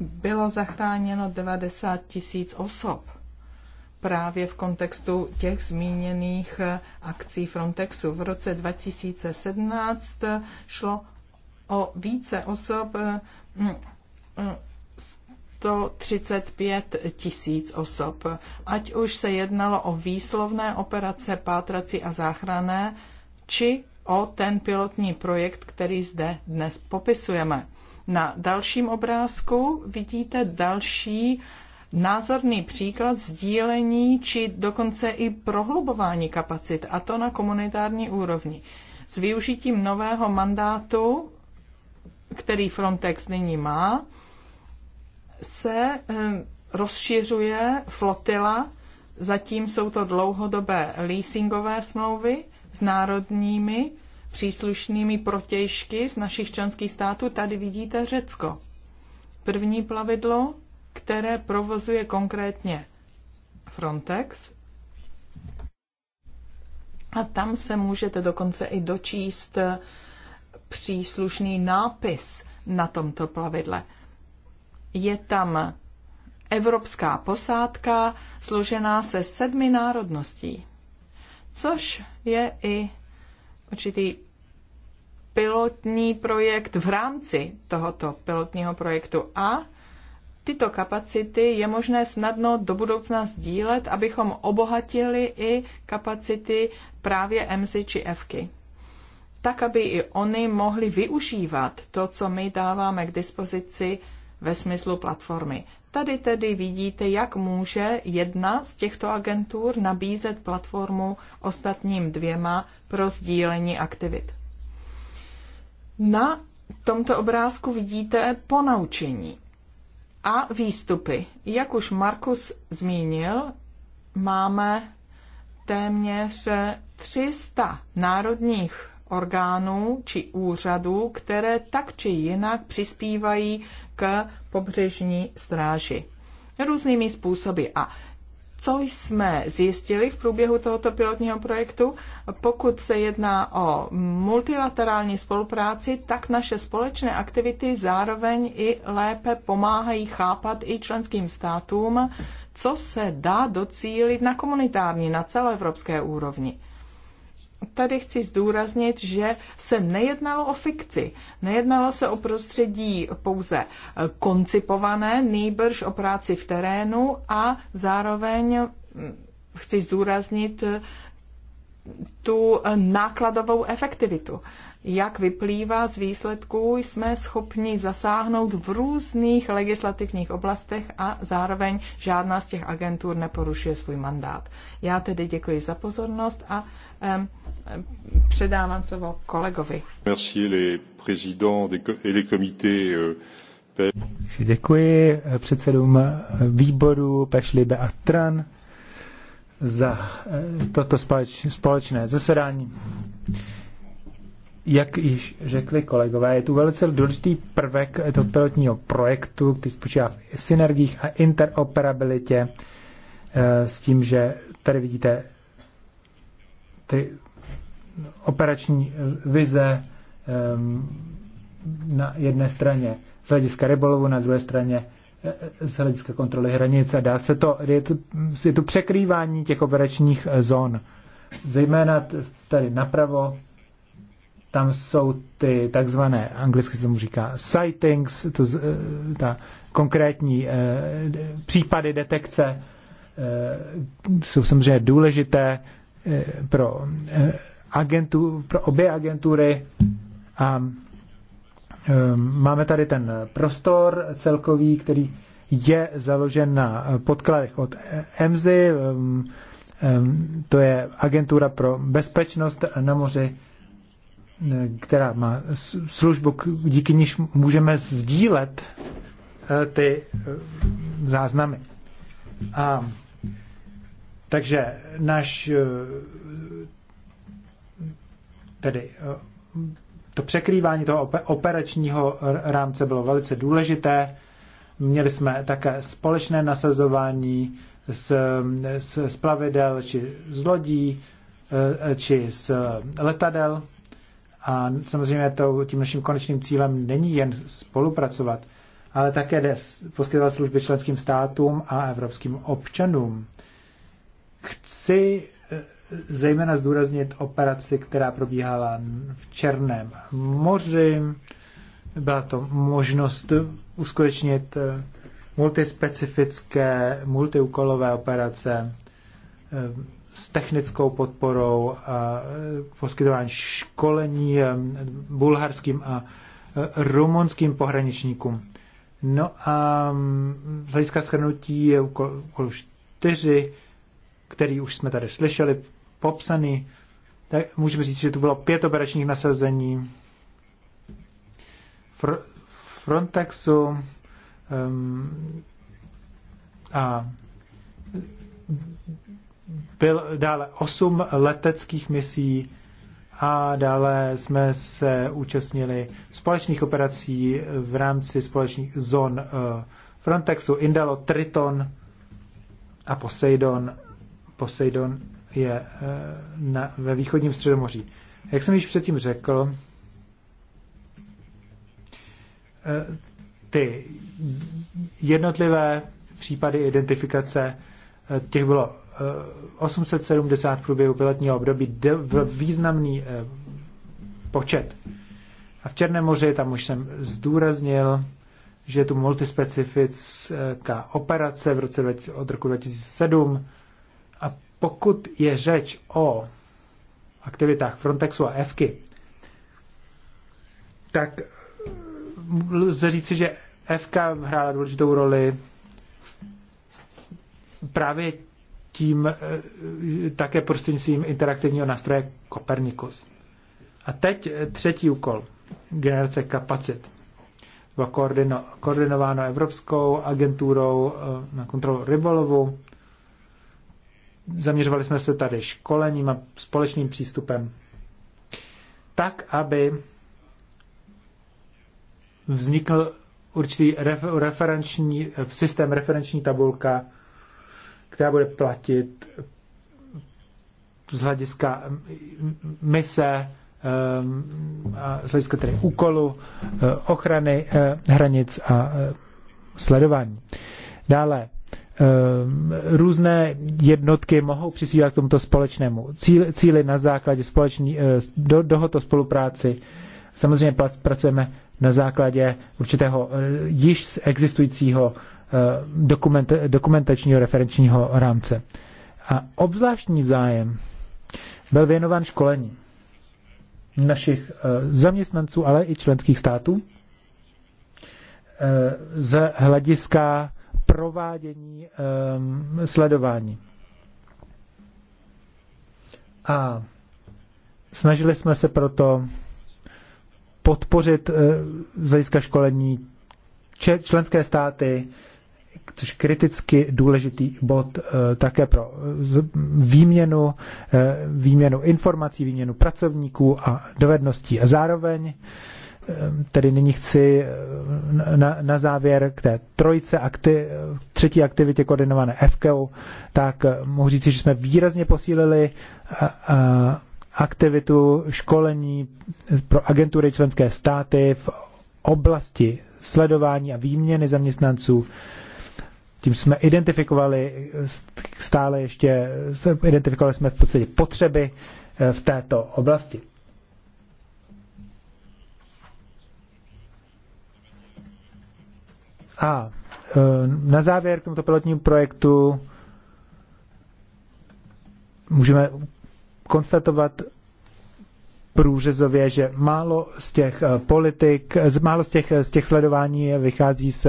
bylo zachráněno 90 tisíc osob právě v kontextu těch zmíněných akcí Frontexu. V roce 2017 šlo o více osob, hmm, hmm, 135 tisíc osob. Ať už se jednalo o výslovné operace pátrací a záchrané, či o ten pilotní projekt, který zde dnes popisujeme. Na dalším obrázku vidíte další názorný příklad sdílení či dokonce i prohlubování kapacit, a to na komunitární úrovni. S využitím nového mandátu, který Frontex nyní má, se rozšiřuje flotila, zatím jsou to dlouhodobé leasingové smlouvy s národními příslušnými protějšky z našich členských států. Tady vidíte Řecko. První plavidlo, které provozuje konkrétně Frontex. A tam se můžete dokonce i dočíst příslušný nápis na tomto plavidle je tam evropská posádka složená se sedmi národností, což je i určitý pilotní projekt v rámci tohoto pilotního projektu a tyto kapacity je možné snadno do budoucna sdílet, abychom obohatili i kapacity právě MC či Fky. Tak, aby i oni mohli využívat to, co my dáváme k dispozici ve smyslu platformy. Tady tedy vidíte, jak může jedna z těchto agentur nabízet platformu ostatním dvěma pro sdílení aktivit. Na tomto obrázku vidíte ponaučení a výstupy. Jak už Markus zmínil, máme téměř 300 národních orgánů či úřadů, které tak či jinak přispívají k pobřežní stráži různými způsoby. A co jsme zjistili v průběhu tohoto pilotního projektu? Pokud se jedná o multilaterální spolupráci, tak naše společné aktivity zároveň i lépe pomáhají chápat i členským státům, co se dá docílit na komunitární, na celoevropské úrovni tady chci zdůraznit, že se nejednalo o fikci. Nejednalo se o prostředí pouze eh, koncipované, nejbrž o práci v terénu a zároveň mm, chci zdůraznit eh, tu eh, nákladovou efektivitu. Jak vyplývá z výsledků, jsme schopni zasáhnout v různých legislativních oblastech a zároveň žádná z těch agentur neporušuje svůj mandát. Já tedy děkuji za pozornost a um, předávám slovo kolegovi. Merci les euh, Děkuji eh, předsedům eh, výboru Pešlibe a Tran za eh, toto společné zasedání jak již řekli kolegové, je tu velice důležitý prvek toho pilotního projektu, který spočívá v synergiích a interoperabilitě eh, s tím, že tady vidíte ty operační vize ehm, na jedné straně z hlediska rybolovu, na druhé straně eh, z hlediska kontroly hranice. Dá se to, je tu, je tu překrývání těch operačních eh, zón, zejména tady napravo tam jsou ty takzvané, anglicky se tomu říká sightings, to, eh, ta konkrétní eh, případy detekce eh, jsou samozřejmě důležité eh, pro, eh, agentu, pro obě agentury a eh, máme tady ten prostor celkový, který je založen na podkladech od EMSI, eh, eh, to je agentura pro bezpečnost na moři, která má službu, díky níž můžeme sdílet eh, ty eh, záznamy. A takže náš eh, tedy to překrývání toho operačního rámce bylo velice důležité. Měli jsme také společné nasazování s, s, s plavidel či z lodí či z letadel a samozřejmě to, tím naším konečným cílem není jen spolupracovat, ale také poskytovat služby členským státům a evropským občanům. Chci eh, zejména zdůraznit operaci, která probíhala v Černém moři. Byla to možnost uskutečnit eh, multispecifické, multiúkolové operace eh, s technickou podporou, a e, poskytování školení e, bulharským a e, rumunským pohraničníkům. No a z hlediska schrnutí je úkol, úkol 4, který už jsme tady slyšeli, popsaný, tak můžeme říct, že tu bylo pět operačních nasazení Fr- Frontexu um, a byl dále osm leteckých misí a dále jsme se účastnili společných operací v rámci společných zón eh, Frontexu, Indalo, Triton a Poseidon. Poseidon je eh, na, ve východním středomoří. Jak jsem již předtím řekl, eh, ty jednotlivé případy identifikace, těch bylo 870 eh, v průběhu pilotního období, významný eh, počet. A v Černém moři, tam už jsem zdůraznil, že je tu multispecifická operace v roce od roku 2007 a pokud je řeč o aktivitách Frontexu a FK, tak eh, lze říci, že FK hrála důležitou roli právě tím eh, také prostřednictvím interaktivního nástroje Copernicus. A teď eh, třetí úkol, generace kapacit. Bylo koordino, koordinováno Evropskou agenturou eh, na kontrolu rybolovu. Zaměřovali jsme se tady školením a společným přístupem. Tak, aby vznikl určitý referenční, systém referenční tabulka která bude platit z hlediska mise, ehm, z hlediska tedy úkolu, eh, ochrany eh, hranic a eh, sledování. Dále, ehm, různé jednotky mohou přispívat k tomuto společnému cíli, cíli na základě společný, do, dohoto spolupráci. Samozřejmě pracujeme na základě určitého již existujícího Eh, dokument, dokumentačního referenčního rámce. A obzvláštní zájem byl věnován školení našich eh, zaměstnanců, ale i členských států eh, z hlediska provádění sledování. A snažili jsme se proto podpořit z hlediska školení členské státy což kriticky důležitý bod eh, také pro eh, výměnu, eh, výměnu informací, výměnu pracovníků a dovedností. A zároveň tedy nyní chci na, na závěr k té trojce, akti, třetí aktivitě koordinované FKO, tak mohu říci, že jsme výrazně posílili a, a aktivitu školení pro agentury členské státy v oblasti sledování a výměny zaměstnanců tím jsme identifikovali stále ještě, identifikovali jsme v podstatě potřeby eh, v této oblasti. A eh, na závěr k tomuto pilotnímu projektu můžeme konstatovat, průřezově, že málo z těch eh, politik, málo z těch, eh, z těch sledování vychází z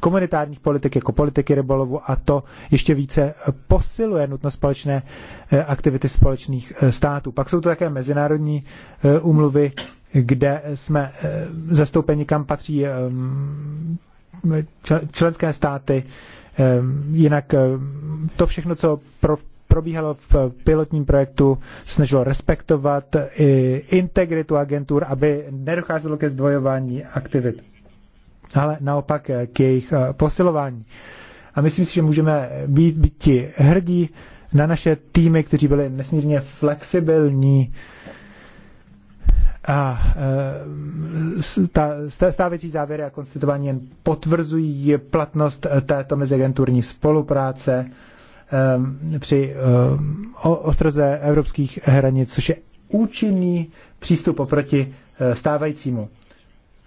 komunitárních politik jako politiky rybolovu a to ještě více eh, posiluje nutnost společné aktivity společných států. Pak jsou to také mezinárodní úmluvy, kde jsme zastoupeni, kam patří ehm, členské státy, ehm, jinak ehm, to všechno, co probíhalo v eh, pilotním projektu, snažilo respektovat i eh, integritu agentur, aby nedocházelo ke zdvojování aktivit, ale naopak eh, k jejich posilování. A myslím si, že můžeme být, být ti hrdí na naše týmy, kteří byli nesmírně flexibilní a stávající závěry a konstatování jen potvrzují platnost této meziagenturní spolupráce Eh, při eh, ostraze evropských hranic, což je účinný přístup oproti eh, stávajícímu.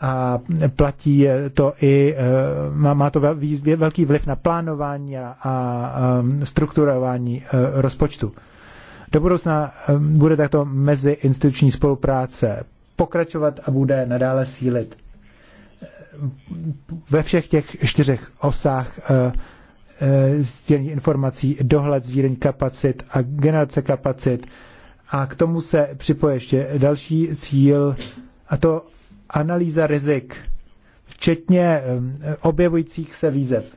A platí to i, má to velký vliv na plánování a strukturování rozpočtu. Do budoucna bude takto meziinstituční spolupráce pokračovat a bude nadále sílit. Ve všech těch čtyřech osách Eh, sdělení informací, dohled, sdílení kapacit a generace kapacit. A k tomu se připoje ještě další cíl, a to analýza rizik, včetně eh, objevujících se výzev.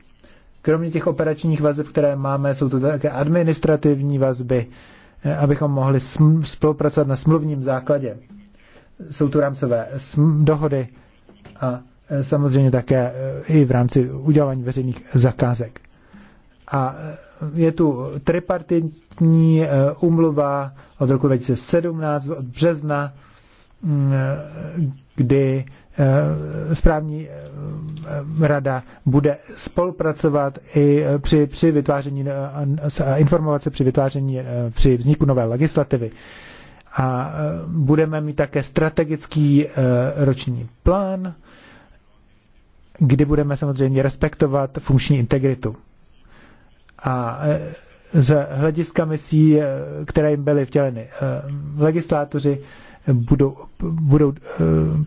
Kromě těch operačních vazeb, které máme, jsou to také administrativní vazby, eh, abychom mohli spolupracovat na smluvním základě. Jsou tu rámcové dohody a samozřejmě také i v rámci udělování veřejných zakázek. A je tu tripartitní umluva eh, od roku 2017, od března, mm, kdy eh, správní eh, rada bude spolupracovat i při, při vytváření, informovat se při vytváření, při vzniku nové legislativy. A budeme mít také strategický roční plán, kdy budeme samozřejmě respektovat funkční integritu. A e, z hlediska misí, e, které jim byly vtěleny e, legislátoři, budou, budou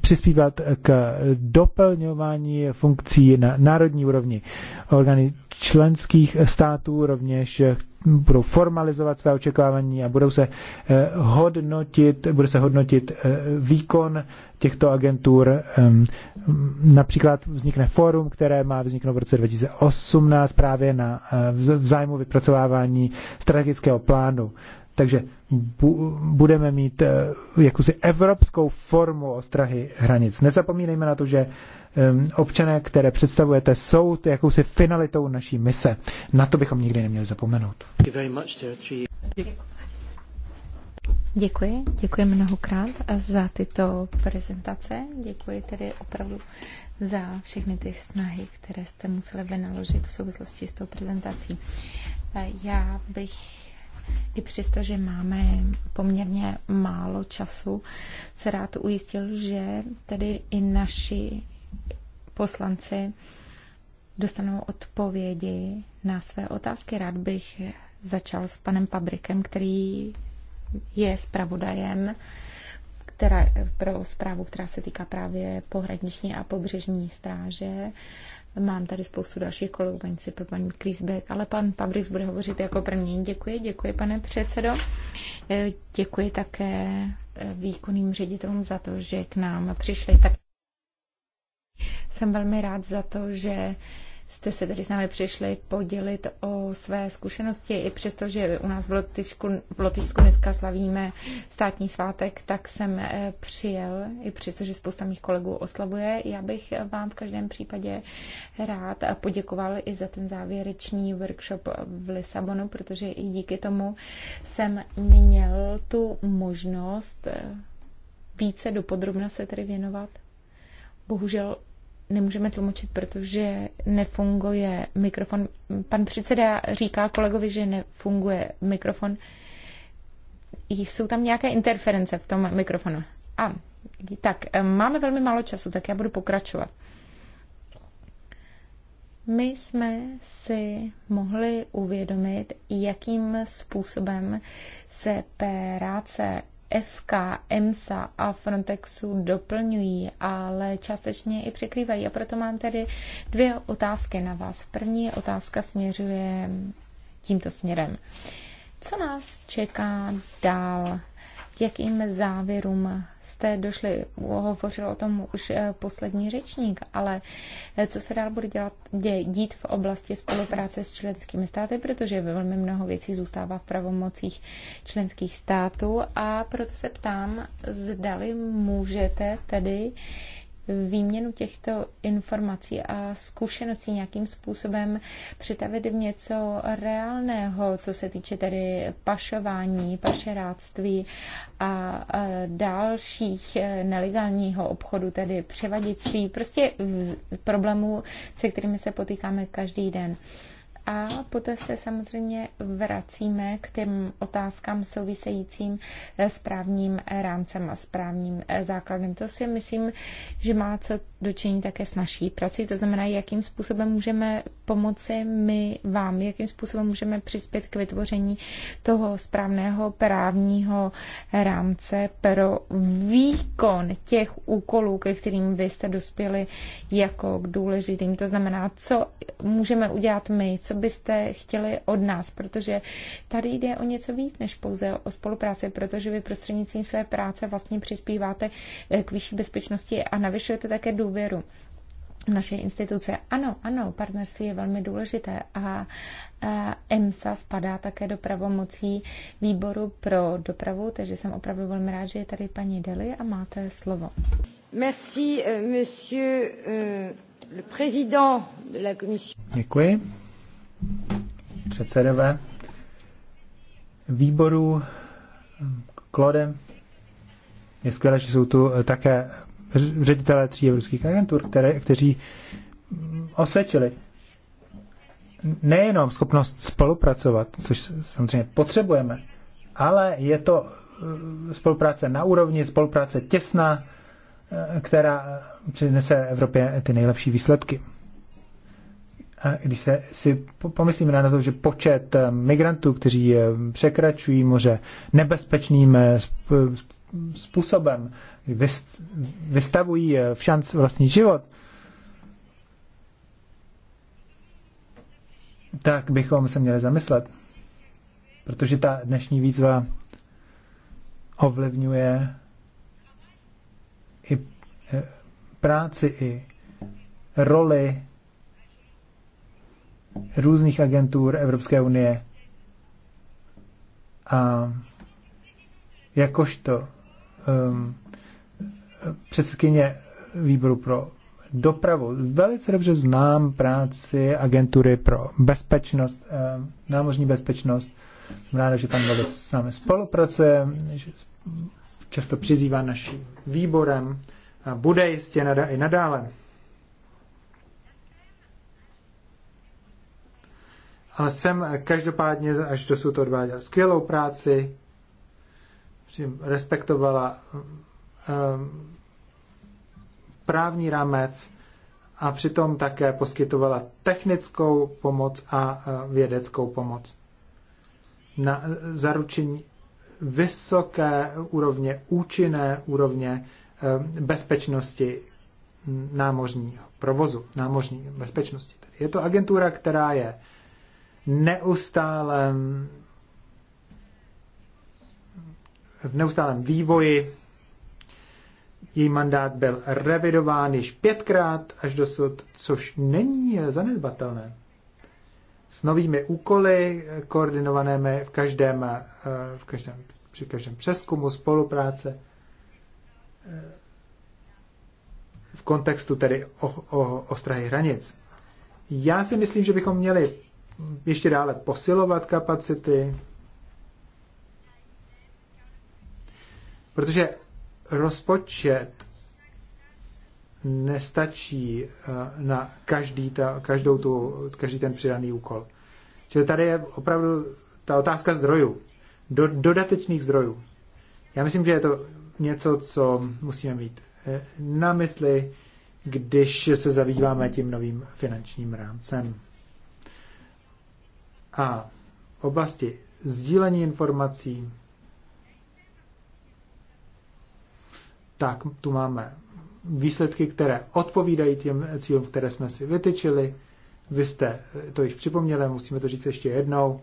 přispívat k doplňování funkcí na národní úrovni. Orgány členských států rovněž budou formalizovat své očekávání a budou se hodnotit, bude se hodnotit výkon těchto agentur. Například vznikne forum, které má vzniknout v roce 2018 právě na eh, vzájmu vypracovávání strategického plánu. Takže bu, budeme mít eh, jakousi evropskou formu ostrahy hranic. Nezapomínejme na to, že občané, které představujete, jsou jakousi finalitou naší mise. Na to bychom nikdy neměli zapomenout. Děkuji. Děkuji, děkuji mnohokrát za tyto prezentace. Děkuji tedy opravdu za všechny ty snahy, které jste museli vynaložit v souvislosti s tou prezentací. Já bych i přesto, že máme poměrně málo času, se rád ujistil, že tedy i naši poslanci dostanou odpovědi na své otázky. Rád bych začal s panem Pabrikem, který je zpravodajem která, pro zprávu, která se týká právě pohraniční a pobřežní stráže. Mám tady spoustu dalších kolegů, paní pro paní Krisbeck, ale pan Pabris bude hovořit jako první. Děkuji, děkuji, pane předsedo. E, děkuji také e, výkonným ředitelům za to, že k nám přišli. Tak jsem velmi rád za to, že jste se tady s námi přišli podělit o své zkušenosti. I přesto, že u nás v Lotyšku, v Lotyšsku dneska slavíme státní svátek, tak jsem eh, přijel, i přesto, že spousta mých kolegů oslavuje. Já bych vám v každém případě rád poděkoval i za ten závěrečný workshop v Lisabonu, protože i díky tomu jsem měl tu možnost eh, více dopodrobna se tedy věnovat bohužel nemůžeme tlumočit, protože nefunguje mikrofon. Pan předseda říká kolegovi, že nefunguje mikrofon. Jsou tam nějaké interference v tom mikrofonu. A tak, eh, máme velmi málo času, tak já budu pokračovat. My jsme si mohli uvědomit, jakým způsobem se práce FK, EMSA a Frontexu doplňují, ale částečně i překrývají. A proto mám tedy dvě otázky na vás. První otázka směřuje tímto směrem. Co nás čeká dál? K jakým závěrům jste došli. Hovořil o tom už eh, poslední řečník, ale eh, co se dál bude dělat, dě, dít v oblasti spolupráce s členskými státy, protože velmi mnoho věcí zůstává v pravomocích členských států a proto se ptám, zdali můžete tedy výměnu těchto informací a zkušeností nějakým způsobem přitavit v něco reálného, co se týče tedy pašování, pašeráctví a dalších eh, nelegálního obchodu, tedy převaděctví, prostě problémů, se kterými se potýkáme každý den. A poté se samozřejmě vracíme k těm otázkám souvisejícím s právním rámcem a správním základem. To si myslím, že má co dočení také s naší prací, to znamená, jakým způsobem můžeme pomoci my vám, jakým způsobem můžeme přispět k vytvoření toho správného právního rámce pro výkon těch úkolů, ke kterým vy jste dospěli jako k důležitým. To znamená, co můžeme udělat my, co byste chtěli od nás, protože tady jde o něco víc než pouze o spolupráci, protože vy prostřednictvím své práce vlastně přispíváte k vyšší bezpečnosti a navyšujete také důvěru důvěru naše instituce. Ano, ano, partnerství je velmi důležité a, a EMSA spadá také do pravomocí výboru pro dopravu, takže jsem opravdu velmi rád, že je tady paní Deli a máte slovo. Merci, euh, monsieur euh, le président de la commission. Děkuji. Předsedové výboru Klode. Je skvělé, že jsou tu také ředitelé tří evropských agentur, které, kteří osvědčili nejenom schopnost spolupracovat, což samozřejmě potřebujeme, ale je to eh, spolupráce na úrovni, spolupráce těsná, eh, která eh, přinese Evropě ty nejlepší výsledky. A když se, si pomyslíme na to, že počet migrantů, kteří překračují moře nebezpečným způsobem vystavují eh, v šanc vlastní život, tak bychom se měli zamyslet. Protože ta dnešní výzva ovlivňuje i eh, práci, i roli různých agentur Evropské unie. A jakožto Ehm, předsedkyně výboru pro dopravu. Velice dobře znám práci agentury pro bezpečnost, ehm, námořní bezpečnost. Jsem ráda, že pan Valdez s námi spolupracuje, že často přizývá naším výborem a bude jistě nada i nadále. Ale jsem každopádně až dosud odváděl skvělou práci respektovala ehm, právní rámec a přitom také poskytovala technickou pomoc a e, vědeckou pomoc na e, zaručení vysoké úrovně, účinné úrovně ehm, bezpečnosti námořního provozu, námořní bezpečnosti. Je to agentura, která je neustále v neustálém vývoji. Její mandát byl revidován již pětkrát až dosud, což není zanedbatelné. S novými úkoly koordinovanými v každém, eh, v každém, při každém přeskumu spolupráce eh, v kontextu tedy o, o, ostrahy hranic. Já si myslím, že bychom měli ještě dále posilovat kapacity, Protože rozpočet nestačí eh, na každý, ta, každou tu, každý ten přidaný úkol. Čili tady je opravdu ta otázka zdrojů, do, dodatečných zdrojů. Já myslím, že je to něco, co musíme mít eh, na mysli, když se zabýváme tím novým finančním rámcem. A oblasti sdílení informací, tak tu máme výsledky, které odpovídají těm cílům, které jsme si vytyčili. Vy jste to již připomněli, musíme to říct ještě jednou.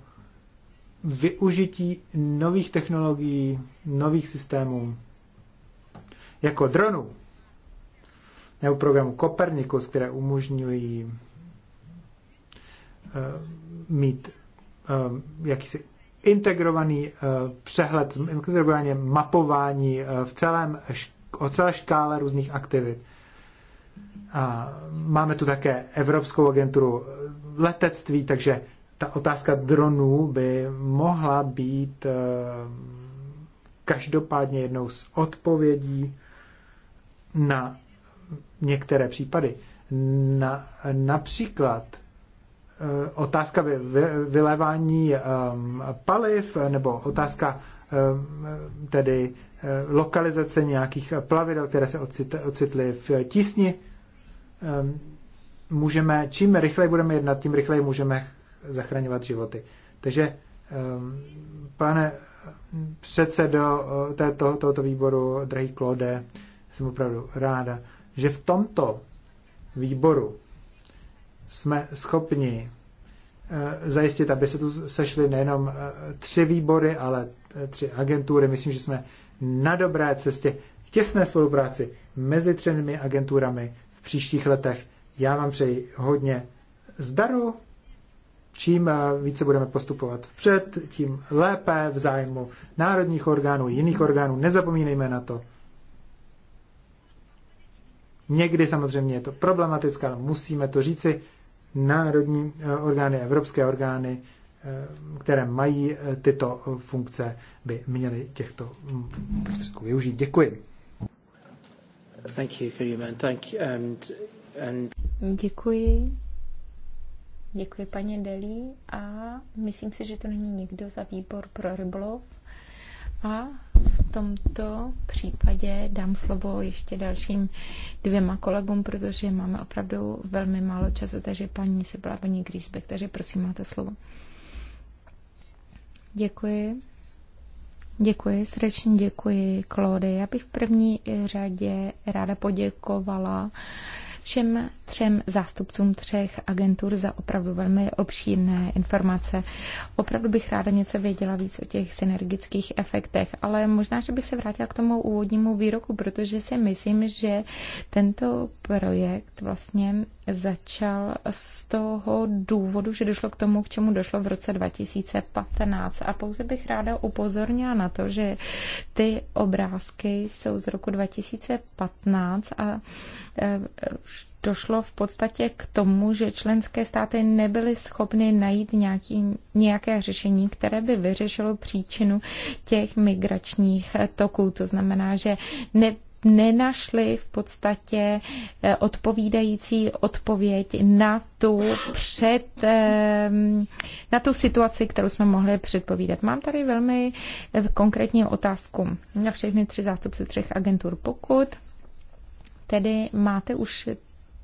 Využití nových technologií, nových systémů, jako dronů, nebo programu Copernicus, které umožňují uh, mít uh, jakýsi integrovaný uh, přehled, integrovaně mapování uh, v celém o celé škále různých aktivit. A máme tu také Evropskou agenturu letectví, takže ta otázka dronů by mohla být eh, každopádně jednou z odpovědí na některé případy. Na, například eh, otázka vylévání ehm, paliv nebo otázka Eh, tedy eh, lokalizace nějakých plavidel, které se ocitly v tísni. Eh, můžeme, čím rychleji budeme jednat, tím rychleji můžeme zachraňovat životy. Takže, pane předsedo této, tohoto výboru, drahý Klode, jsem opravdu ráda, že v tomto výboru jsme schopni Eh, zajistit, aby se tu sešly nejenom eh, tři výbory, ale eh, tři agentury. Myslím, že jsme na dobré cestě k těsné spolupráci mezi třemi agenturami v příštích letech. Já vám přeji hodně zdaru. Čím více budeme postupovat vpřed, tím lépe v zájmu národních orgánů, jiných orgánů. Nezapomínejme na to. Někdy samozřejmě je to problematické, ale musíme to říci národní eh, orgány, evropské orgány, eh, které mají eh, tyto funkce, by měly těchto mm, prostředků využít. Děkuji. Thank you, Thank you. And, and... Děkuji. Děkuji paní Delí a myslím si, že to není nikdo za výbor pro rybolov. A v tomto případě dám slovo ještě dalším dvěma kolegům, protože máme opravdu velmi málo času, takže paní se byla paní Grisbeck, takže prosím, máte slovo. Děkuji. Děkuji, srdečně děkuji, Klody. Já bych v první řadě ráda poděkovala všem třem zástupcům třech agentur za opravdu velmi obšírné informace. Opravdu bych ráda něco věděla víc o těch synergických efektech, ale možná, že bych se vrátila k tomu úvodnímu výroku, protože si myslím, že tento projekt vlastně začal z toho důvodu, že došlo k tomu, k čemu došlo v roce 2015. A pouze bych ráda upozornila na to, že ty obrázky jsou z roku 2015 a e, došlo v podstatě k tomu, že členské státy nebyly schopny najít nějaký, nějaké řešení, které by vyřešilo příčinu těch migračních toků. To znamená, že ne, nenašli v podstatě eh, odpovídající odpověď na tu před, eh, na tu situaci, kterou jsme mohli předpovídat. Mám tady velmi eh, konkrétní otázku na všechny tři zástupce třech agentur. Pokud tedy máte už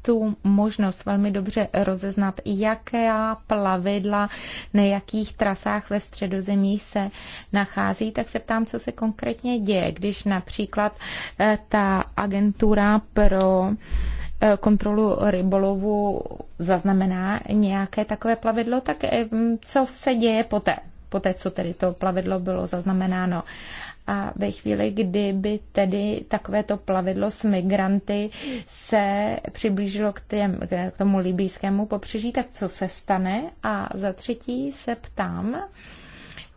tu možnost velmi dobře rozeznat, jaké plavidla na jakých trasách ve středozemí se nachází, tak se ptám, co se konkrétně děje, když například eh, ta agentura pro eh, kontrolu rybolovu zaznamená nějaké takové plavidlo, tak eh, co se děje poté? poté, co tedy to plavidlo bylo zaznamenáno. A ve chvíli, kdyby tedy takovéto plavidlo s migranty se přiblížilo k, těm, k tomu libýskému pobřeží, tak co se stane? A za třetí se ptám,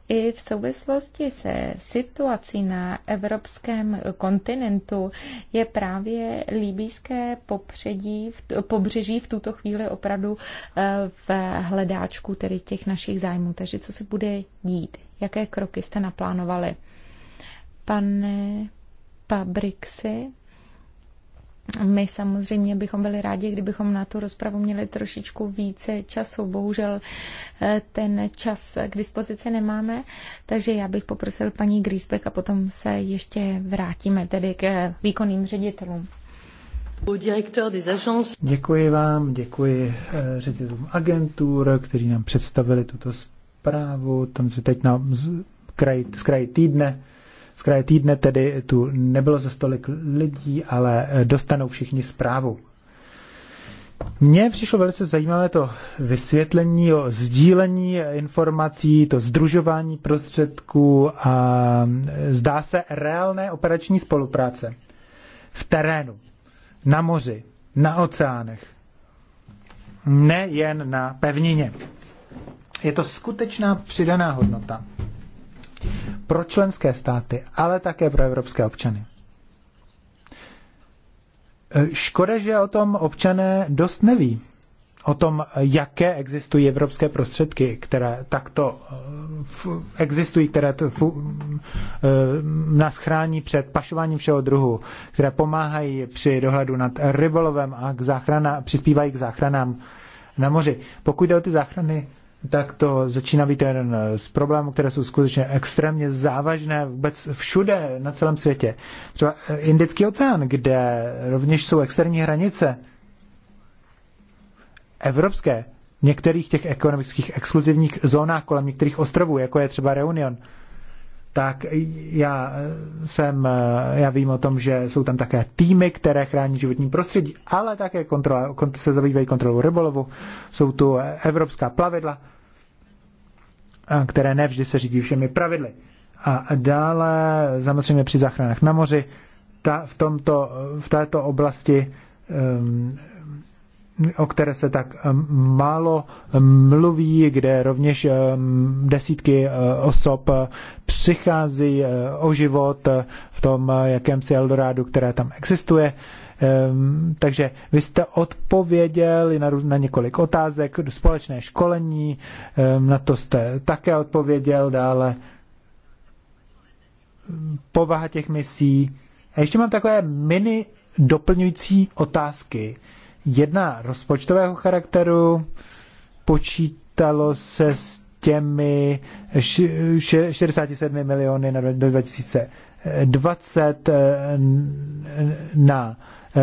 i v souvislosti se situací na evropském kontinentu je právě líbíské popředí, pobřeží v tuto chvíli opravdu eh, v hledáčku tedy těch našich zájmů. Takže co se bude dít? Jaké kroky jste naplánovali? pane Pabrixi. My samozřejmě bychom byli rádi, kdybychom na tu rozpravu měli trošičku více času. Bohužel eh, ten čas k dispozici nemáme, takže já bych poprosil paní Griesbeck a potom se ještě vrátíme tedy k eh, výkonným ředitelům. Děkuji vám, děkuji eh, ředitelům agentur, kteří nám představili tuto zprávu. Tam se teď na z, kraj, z kraj týdne v kraji týdne tedy tu nebylo za stolik lidí, ale eh, dostanou všichni zprávu. Mně přišlo velice zajímavé to vysvětlení o sdílení eh, informací, to združování prostředků a eh, zdá se reálné operační spolupráce v terénu, na moři, na oceánech, nejen na pevnině. Je to skutečná přidaná hodnota pro členské státy, ale také pro evropské občany. E, škoda, že o tom občané dost neví. O tom, jaké existují evropské prostředky, které takto e, existují, které e, nás chrání před pašováním všeho druhu, které pomáhají při dohledu nad rybolovem a k záchrana, přispívají k záchranám na moři. Pokud jde o ty záchrany, tak to začíná být jeden z problémů, které jsou skutečně extrémně závažné vůbec všude na celém světě. Třeba eh, Indický oceán, kde rovněž jsou externí hranice evropské, v některých těch ekonomických exkluzivních zónách kolem některých ostrovů, jako je třeba Reunion tak já eh, jsem, eh, já vím o tom, že jsou tam také týmy, které chrání životní prostředí, ale také kontrola, se zabývají kontrolou rybolovu. Jsou tu eh, evropská plavidla, které nevždy se řídí všemi pravidly. A dále, samozřejmě při záchranách na moři, ta, v, tomto, v této oblasti ehm, o které se tak eh, málo eh, mluví, kde rovněž eh, desítky osob přichází o život v tom jakémsi Eldorádu, které tam existuje. Ehm, takže vy jste odpověděli na, na několik otázek, společné školení, ehm, na to jste také odpověděl dále. Ehm, povaha těch misí. A ještě mám takové mini doplňující otázky. Jedna rozpočtového charakteru, počítalo se s těmi 67 miliony na 2020 eh, na eh,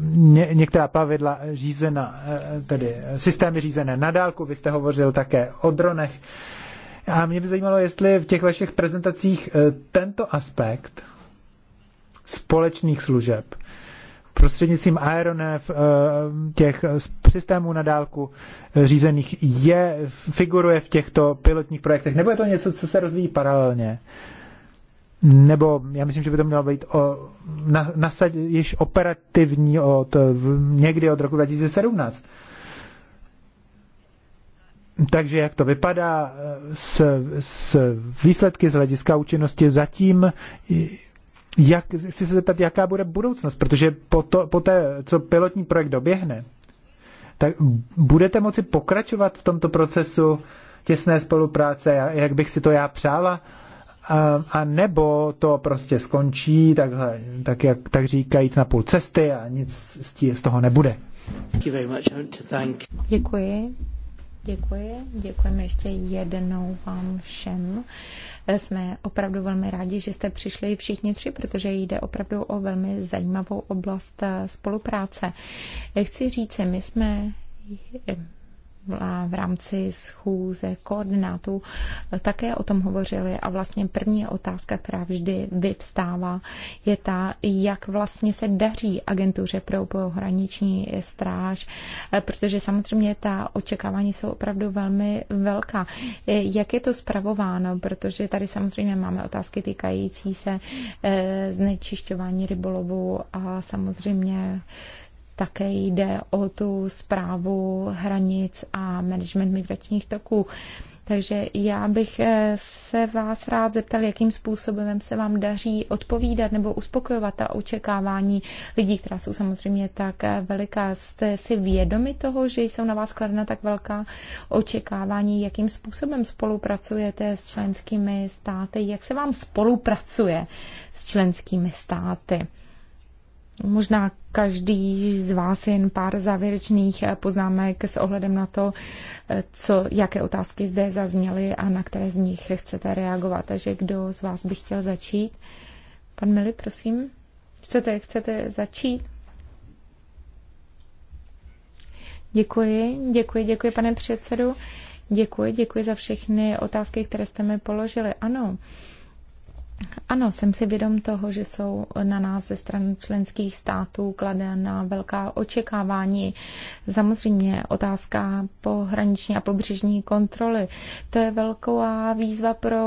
ně, některá pavidla řízena, eh, tedy systémy řízené na dálku. Vy jste hovořil také o dronech. A mě by zajímalo, jestli v těch vašich prezentacích tento aspekt společných služeb prostřednictvím aeronev, eh, těch eh, systémů na dálku eh, řízených je, figuruje v těchto pilotních projektech? Nebo je to něco, co se rozvíjí paralelně? Nebo já myslím, že by to mělo být o, na, nasad, již operativní od, někdy od roku 2017. Takže jak to vypadá s, s výsledky z hlediska účinnosti, zatím jak, chci se zeptat, jaká bude budoucnost, protože po, to, po té, co pilotní projekt doběhne, tak budete moci pokračovat v tomto procesu těsné spolupráce, jak bych si to já přála, a, a nebo to prostě skončí takhle, tak, jak, tak říkajíc na půl cesty a nic z, tí, z toho nebude. Děkuji. Děkuji. Děkujeme ještě jednou vám všem jsme opravdu velmi rádi, že jste přišli všichni tři, protože jde opravdu o velmi zajímavou oblast eh, spolupráce. Chci říct, my jsme v rámci schůze koordinátů také o tom hovořili a vlastně první otázka, která vždy vyvstává, je ta, jak vlastně se daří agentuře pro pohraniční stráž, protože samozřejmě ta očekávání jsou opravdu velmi velká. Jak je to zpravováno, protože tady samozřejmě máme otázky týkající se eh, znečišťování rybolovu a samozřejmě také jde o tu zprávu hranic a management migračních toků. Takže já bych eh, se vás rád zeptal, jakým způsobem se vám daří odpovídat nebo uspokojovat ta očekávání lidí, která jsou samozřejmě tak eh, veliká. Jste si vědomi toho, že jsou na vás kladena tak velká očekávání? Jakým způsobem spolupracujete s členskými státy? Jak se vám spolupracuje s členskými státy? Možná každý z vás jen pár závěrečných eh, poznámek s ohledem na to, eh, co, jaké otázky zde zazněly a na které z nich chcete reagovat. Takže kdo z vás by chtěl začít? Pan Mili, prosím. Chcete, chcete začít? Děkuji, děkuji, děkuji, pane předsedu. Děkuji, děkuji za všechny otázky, které jste mi položili. Ano, uh, ano, jsem si vědom toho, že jsou na nás ze strany členských států kladena velká očekávání. Samozřejmě otázka pohraniční a pobřežní kontroly. To je velká výzva pro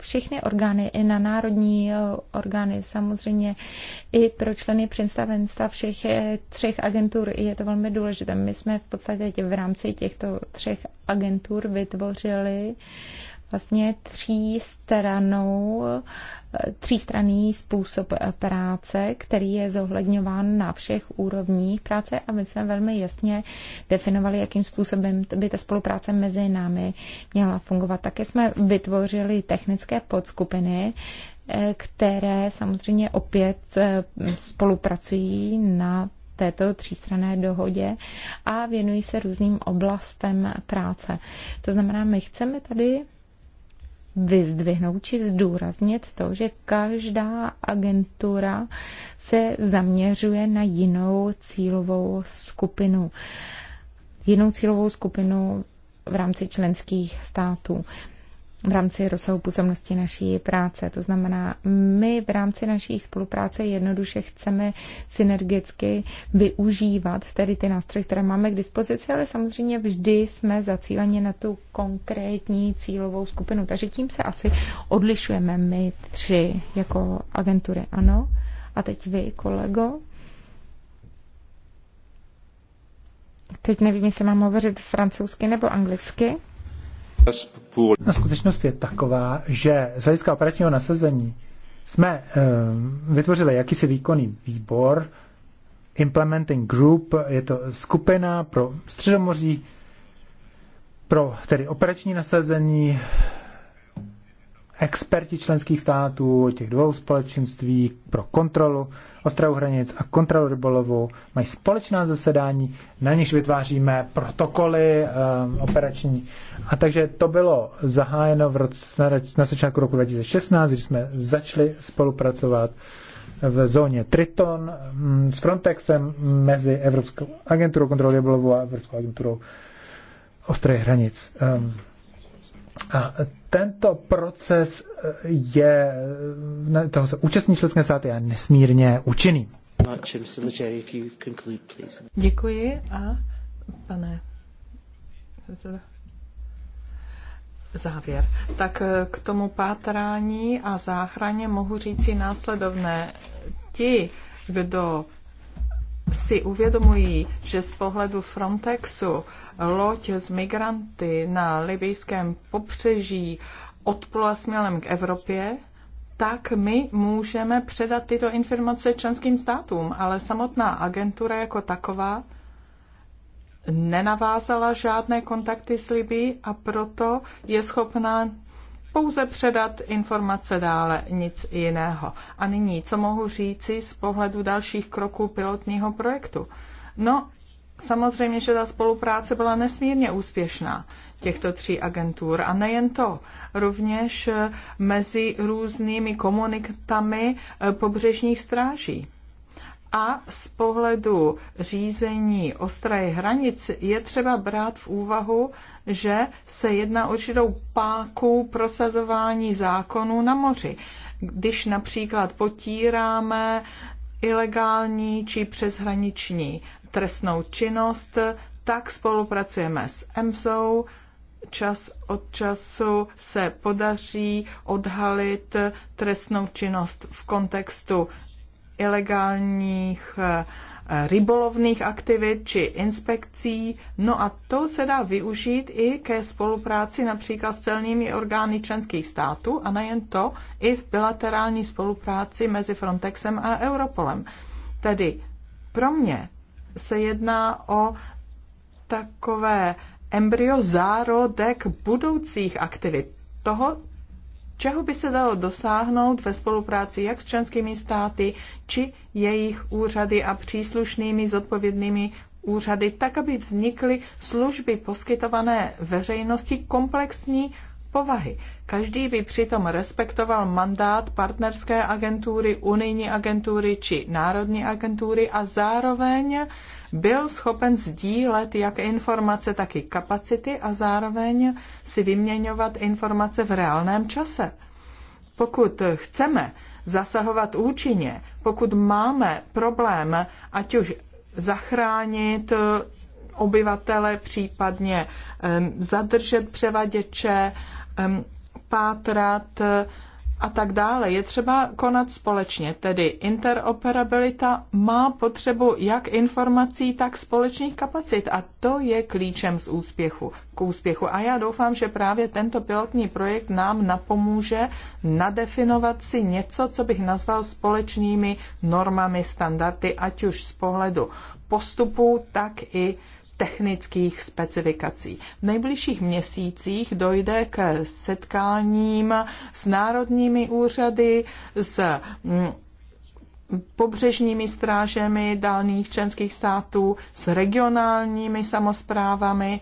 všechny orgány, i na národní orgány, samozřejmě i pro členy představenstva všech třech agentur je to velmi důležité. My jsme v podstatě v rámci těchto třech agentur vytvořili vlastně tří stranou, třístranný způsob práce, který je zohledňován na všech úrovních práce a my jsme velmi jasně definovali, jakým způsobem by ta spolupráce mezi námi měla fungovat. Také jsme vytvořili technické podskupiny, které samozřejmě opět eh, spolupracují na této třístrané dohodě a věnují se různým oblastem práce. To znamená, my chceme tady vyzdvihnout či zdůraznit to, že každá agentura se zaměřuje na jinou cílovou skupinu. Jinou cílovou skupinu v rámci členských států v rámci rozsahu působnosti naší práce. To znamená, my v rámci naší spolupráce jednoduše chceme synergicky využívat tedy ty nástroje, které máme k dispozici, ale samozřejmě vždy jsme zacíleni na tu konkrétní cílovou skupinu. Takže tím se asi odlišujeme my tři jako agentury. Ano? A teď vy, kolego? Teď nevím, jestli mám hovořit francouzsky nebo anglicky. Na skutečnost je taková, že z hlediska operačního nasazení jsme eh, vytvořili jakýsi výkonný výbor, Implementing Group, je to skupina pro Středomoří, pro tedy operační nasazení experti členských států, těch dvou společenství pro kontrolu ostrahu hranic a kontrolu rybolovu mají společná zasedání, na nichž vytváříme protokoly um, operační. A takže to bylo zahájeno v roce, na začátku roku 2016, když jsme začali spolupracovat v zóně Triton mm, s Frontexem mezi Evropskou agenturou kontroly rybolovu a Evropskou agenturou ostrých hranic. Um, a tento proces eh, je, eh, toho se účastní členské státy a nesmírně účinný. Děkuji a pane závěr. Tak eh, k tomu pátrání a záchraně mohu říci následovné. Ti, kdo si uvědomují, že z pohledu Frontexu loď s migranty na libijském popřeží odplula směrem k Evropě, tak my můžeme předat tyto informace členským státům, ale samotná agentura jako taková nenavázala žádné kontakty s Libí a proto je schopná pouze předat informace dále, nic jiného. A nyní, co mohu říci z pohledu dalších kroků pilotního projektu? No, Samozřejmě, že ta spolupráce byla nesmírně úspěšná těchto tří agentur. A nejen to, rovněž eh, mezi různými komunitami eh, pobřežních stráží. A z pohledu řízení ostraje hranic je třeba brát v úvahu, že se jedná určitou páku prosazování zákonů na moři. Když například potíráme ilegální či přeshraniční trestnou činnost, tak spolupracujeme s EMSou. Čas od času se podaří odhalit trestnou činnost v kontextu ilegálních eh, rybolovných aktivit či inspekcí. No a to se dá využít i ke spolupráci například s celními orgány členských států a nejen to, i v bilaterální spolupráci mezi Frontexem a Europolem. Tedy pro mě se jedná o takové embryo zárodek budoucích aktivit. Toho, čeho by se dalo dosáhnout ve spolupráci jak s členskými státy, či jejich úřady a příslušnými zodpovědnými úřady, tak aby vznikly služby poskytované veřejnosti komplexní povahy. Každý by přitom respektoval mandát partnerské agentury, unijní agentury či národní agentury a zároveň byl schopen sdílet jak informace, tak i kapacity a zároveň si vyměňovat informace v reálném čase. Pokud chceme zasahovat účinně, pokud máme problém, ať už zachránit eh, obyvatele, případně zadržet převaděče, pátrat eh, a tak dále. Je třeba konat společně, tedy interoperabilita má potřebu jak informací, tak společných kapacit a to je klíčem z úspěchu, k úspěchu. A já doufám, že právě tento pilotní projekt nám napomůže nadefinovat si něco, co bych nazval společnými normami, standardy, ať už z pohledu postupů tak i technických specifikací. V nejbližších měsících dojde k setkáním s národními úřady, s mm, pobřežními strážemi dálných členských států, s regionálními samozprávami.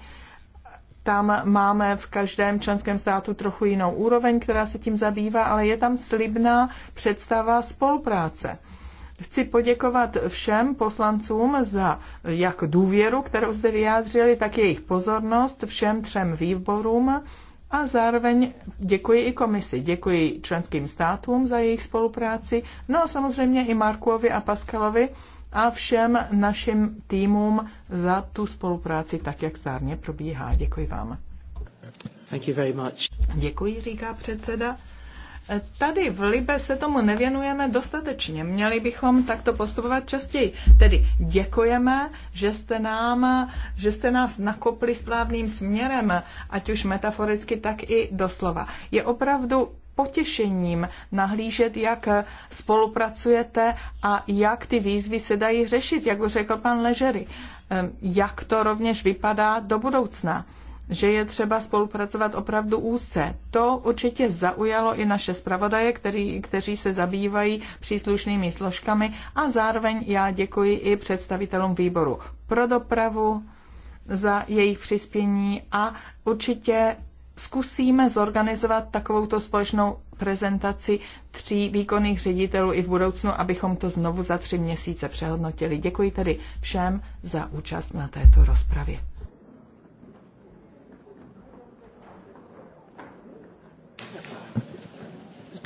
Tam máme v každém členském státu trochu jinou úroveň, která se tím zabývá, ale je tam slibná představa spolupráce. Chci poděkovat všem poslancům za jak důvěru, kterou zde vyjádřili, tak jejich pozornost všem třem výborům a zároveň děkuji i komisi, děkuji členským státům za jejich spolupráci, no a samozřejmě i Markovi a Paskalovi a všem našim týmům za tu spolupráci, tak jak zárně probíhá. Děkuji vám. Thank you very much. Děkuji, říká předseda. Tady v Libe se tomu nevěnujeme dostatečně. Měli bychom takto postupovat častěji. Tedy děkujeme, že jste, nám, že jste nás nakopli správným směrem, ať už metaforicky, tak i doslova. Je opravdu potěšením nahlížet, jak spolupracujete a jak ty výzvy se dají řešit, jak už řekl pan Ležery. Ehm, jak to rovněž vypadá do budoucna že je třeba spolupracovat opravdu úzce. To určitě zaujalo i naše zpravodaje, který, kteří se zabývají příslušnými složkami a zároveň já děkuji i představitelům výboru pro dopravu za jejich přispění a určitě zkusíme zorganizovat takovouto společnou prezentaci tří výkonných ředitelů i v budoucnu, abychom to znovu za tři měsíce přehodnotili. Děkuji tedy všem za účast na této rozpravě.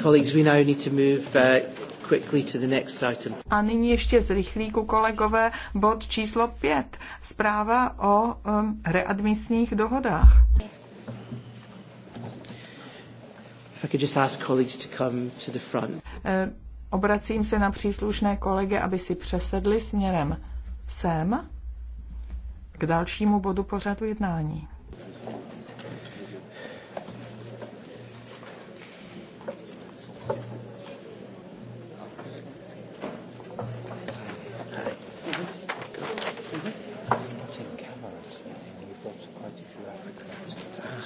Colleagues, we now need to move uh, quickly to the next item. A nyní ještě z rychlíku, kolegové, bod číslo 5. Zpráva o um, readmisních dohodách. If I could just ask colleagues to come to the front. Eh, obracím se na příslušné kolegy, aby si přesedli směrem sem k dalšímu bodu pořadu jednání.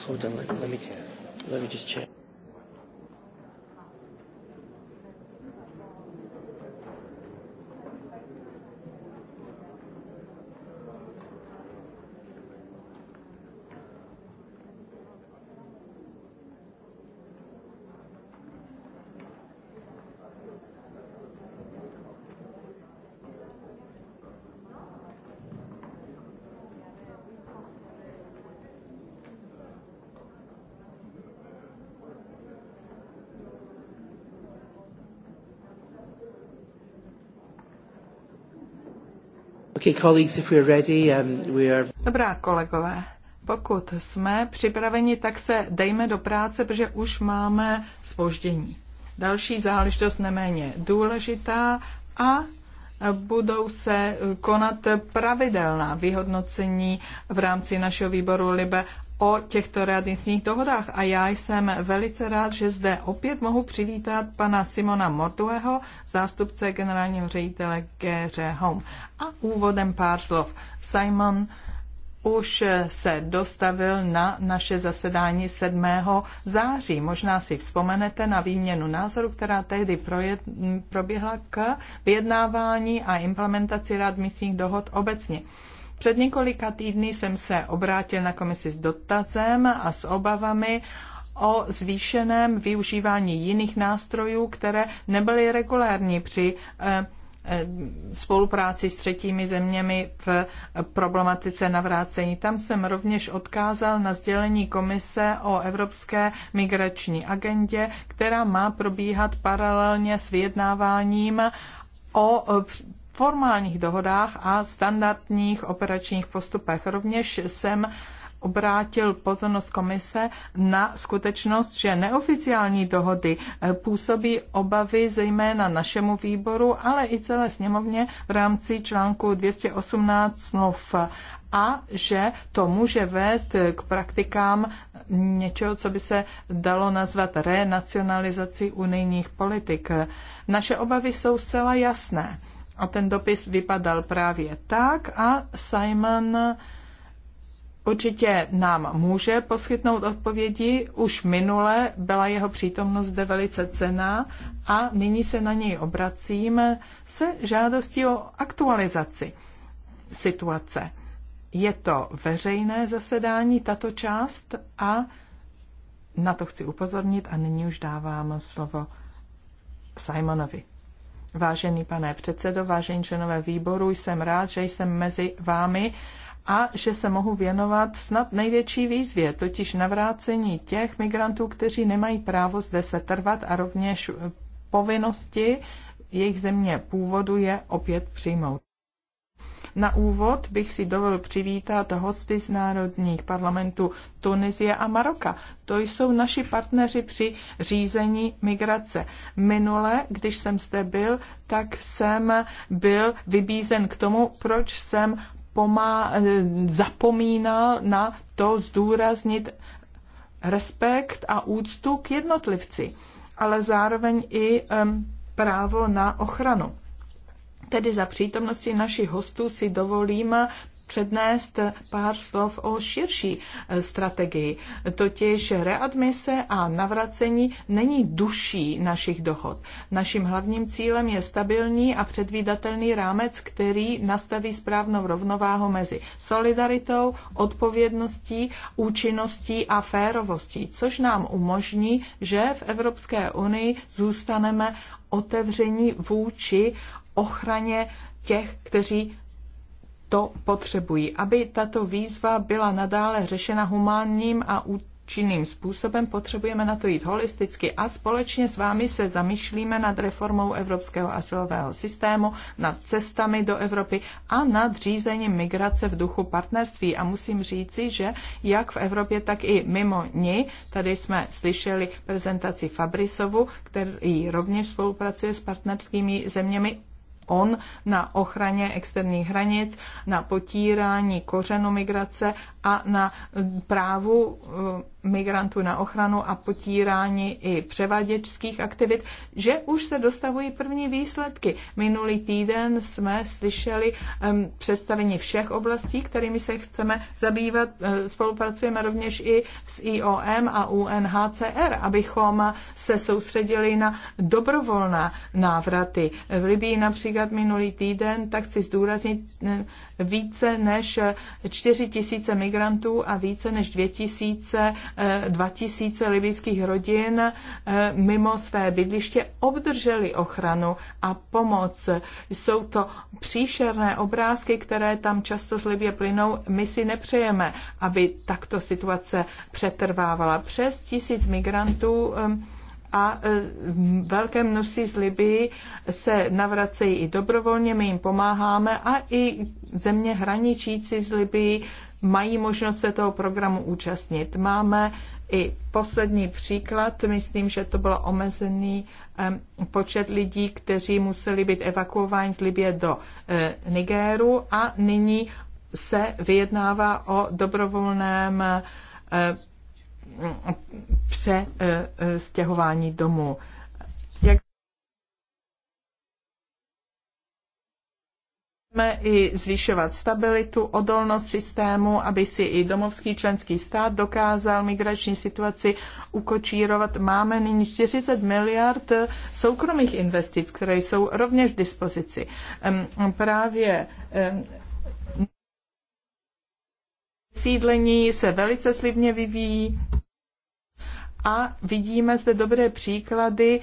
Hold on, let, let me let me just check. Um, Dobrá, kolegové, pokud jsme připraveni, tak se dejme do práce, protože už máme spoždění. Další záležitost neméně důležitá a budou se konat pravidelná vyhodnocení v rámci našeho výboru LIBE o těchto readmisních dohodách a já jsem velice rád, že zde opět mohu přivítat pana Simona Mortueho, zástupce generálního ředitele GR Home. A úvodem pár slov. Simon už se dostavil na naše zasedání 7. září. Možná si vzpomenete na výměnu názoru, která tehdy projet, proběhla k vyjednávání a implementaci readmisních dohod obecně. Před několika týdny jsem se obrátil na komisi s dotazem a s obavami o zvýšeném využívání jiných nástrojů, které nebyly regulární při eh, eh, spolupráci s třetími zeměmi v problematice navrácení. Tam jsem rovněž odkázal na sdělení komise o Evropské migrační agendě, která má probíhat paralelně s vyjednáváním o eh, formálních dohodách a standardních operačních postupech. Rovněž jsem obrátil pozornost komise na skutečnost, že neoficiální dohody eh, působí obavy zejména našemu výboru, ale i celé sněmovně v rámci článku 218 smluv a že to může vést k praktikám něčeho, co by se dalo nazvat renacionalizací unijních politik. Naše obavy jsou zcela jasné. A ten dopis vypadal právě tak a Simon určitě nám může poskytnout odpovědi. Už minule byla jeho přítomnost zde velice cená a nyní se na něj obracím se žádostí o aktualizaci situace. Je to veřejné zasedání, tato část, a na to chci upozornit a nyní už dávám slovo Simonovi. Vážený pane předsedo, vážení členové výboru, jsem rád, že jsem mezi vámi a že se mohu věnovat snad největší výzvě, totiž navrácení těch migrantů, kteří nemají právo zde se trvat a rovněž povinnosti jejich země původu je opět přijmout. Na úvod bych si dovolil přivítat hosty z národních parlamentů Tunisie a Maroka. To jsou naši partneři při řízení migrace. Minule, když jsem zde byl, tak jsem byl vybízen k tomu, proč jsem pomá- zapomínal na to zdůraznit respekt a úctu k jednotlivci, ale zároveň i um, právo na ochranu. Tedy za přítomnosti našich hostů si dovolím přednést pár slov o širší e, strategii. Totiž readmise a navracení není duší našich dohod. Naším hlavním cílem je stabilní a předvídatelný rámec, který nastaví správnou rovnováhu mezi solidaritou, odpovědností, účinností a férovostí, což nám umožní, že v Evropské unii zůstaneme otevření vůči ochraně těch, kteří to potřebují. Aby tato výzva byla nadále řešena humánním a účinným způsobem, potřebujeme na to jít holisticky a společně s vámi se zamýšlíme nad reformou evropského asilového systému, nad cestami do Evropy a nad řízením migrace v duchu partnerství. A musím říci, že jak v Evropě, tak i mimo ní, tady jsme slyšeli prezentaci Fabrisovu, který rovněž spolupracuje s partnerskými zeměmi on na ochraně externích hranic, na potírání kořenu migrace a na právu eh, migrantů na ochranu a potírání i převaděčských aktivit, že už se dostavují první výsledky. Minulý týden jsme slyšeli um, představení všech oblastí, kterými se chceme zabývat. E, spolupracujeme rovněž i s IOM a UNHCR, abychom se soustředili na dobrovolná návraty. V Libii například minulý týden, tak chci zdůraznit, e, více než 4 tisíce migrantů a více než 2 tisíce 2000 libijských rodin eh, mimo své bydliště obdrželi ochranu a pomoc. Jsou to příšerné obrázky, které tam často z Libie plynou. My si nepřejeme, aby takto situace přetrvávala. Přes tisíc migrantů a eh, velké množství z Libii se navracejí i dobrovolně, my jim pomáháme a i země hraničící z Libii mají možnost se toho programu účastnit. Máme i poslední příklad, myslím, že to bylo omezený počet lidí, kteří museli být evakuováni z Libie do e, Nigéru a nyní se vyjednává o dobrovolném e, přestěhování e, domů. Chceme i zvyšovat stabilitu, odolnost systému, aby si i domovský členský stát dokázal migrační situaci ukočírovat. Máme nyní 40 miliard soukromých investic, které jsou rovněž v dispozici. Právě sídlení se velice slibně vyvíjí a vidíme zde dobré příklady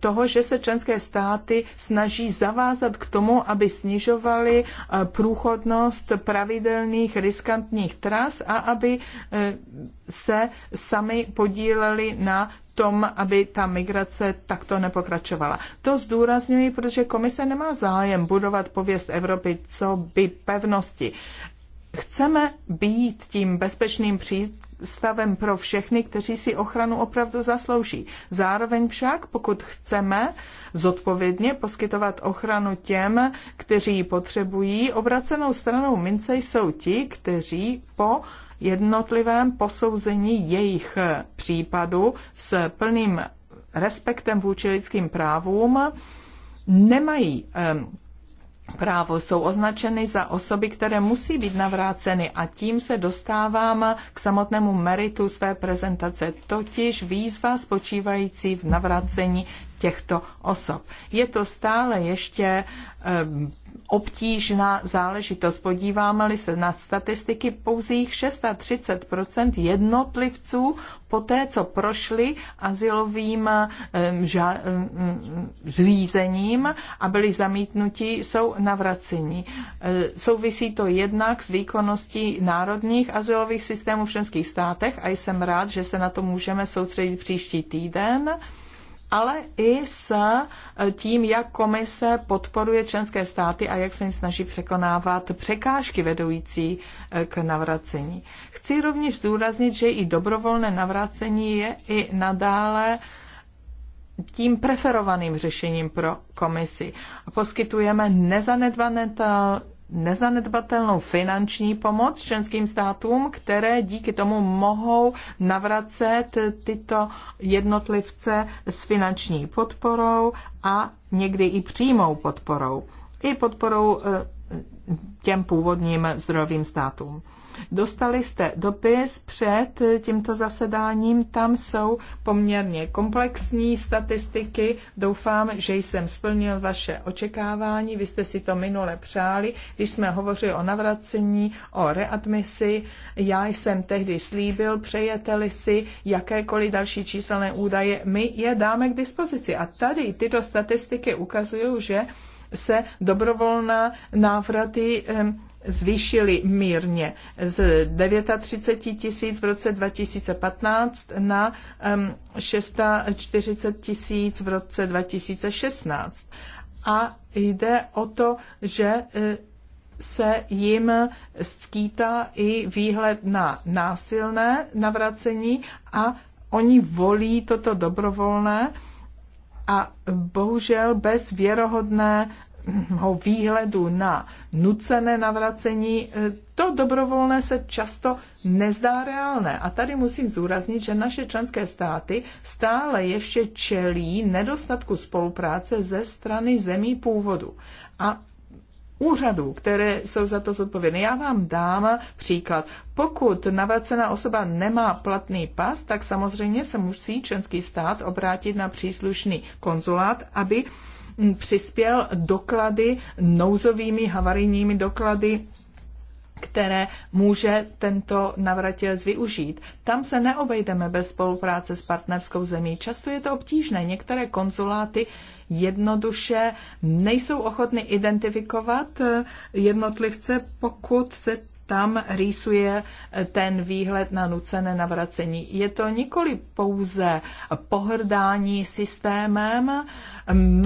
toho, že se členské státy snaží zavázat k tomu, aby snižovali eh, průchodnost pravidelných riskantních tras a aby eh, se sami podíleli na tom, aby ta migrace takto nepokračovala. To zdůrazňuji, protože komise nemá zájem budovat pověst Evropy co by pevnosti chceme být tím bezpečným pří, stavem pro všechny, kteří si ochranu opravdu zaslouží. Zároveň však, pokud chceme zodpovědně poskytovat ochranu těm, kteří ji potřebují, obracenou stranou mince jsou ti, kteří po jednotlivém posouzení jejich případu s plným respektem vůči lidským právům nemají um, Právo jsou označeny za osoby, které musí být navráceny a tím se dostávám k samotnému meritu své prezentace, totiž výzva spočívající v navrácení těchto osob. Je to stále ještě eh, obtížná záležitost. Podíváme-li se na statistiky, pouzích 630 jednotlivců po té, co prošli asilovým řízením a byli zamítnuti, jsou navraceni. E, souvisí to jednak s výkonností národních asilových systémů v členských státech a jsem rád, že se na to můžeme soustředit příští týden ale i s e, tím, jak komise podporuje členské státy a jak se jim snaží překonávat překážky vedoucí e, k navracení. Chci rovněž zdůraznit, že i dobrovolné navracení je i nadále tím preferovaným řešením pro komisi. Poskytujeme nezanedbatelnou nezanedbatelnou finanční pomoc členským státům, které díky tomu mohou navracet tyto jednotlivce s finanční podporou a někdy i přímou podporou. I podporou eh, těm původním zdrojovým státům. Dostali jste dopis před tímto zasedáním, tam jsou poměrně komplexní statistiky. Doufám, že jsem splnil vaše očekávání. Vy jste si to minule přáli, když jsme hovořili o navracení, o readmisi. Já jsem tehdy slíbil, přejeteli si jakékoliv další číselné údaje, my je dáme k dispozici. A tady tyto statistiky ukazují, že se dobrovolná návraty zvýšili mírně z 39 tisíc v roce 2015 na 640 tisíc v roce 2016. A jde o to, že e, se jim skýtá i výhled na násilné navracení a oni volí toto dobrovolné a bohužel bez věrohodné výhledu na nucené navracení, eh, to dobrovolné se často nezdá reálné. A tady musím zúraznit, že naše členské státy stále ještě čelí nedostatku spolupráce ze strany zemí původu. A úřadů, které jsou za to zodpovědné. Já vám dám příklad. Pokud navracená osoba nemá platný pas, tak samozřejmě se musí členský stát obrátit na příslušný konzulát, aby přispěl doklady, nouzovými havarijními doklady které může tento navratil využít. Tam se neobejdeme bez spolupráce s partnerskou zemí. Často je to obtížné. Některé konzuláty jednoduše nejsou ochotny identifikovat eh, jednotlivce, pokud se tam rýsuje ten výhled na nucené navracení. Je to nikoli pouze pohrdání systémem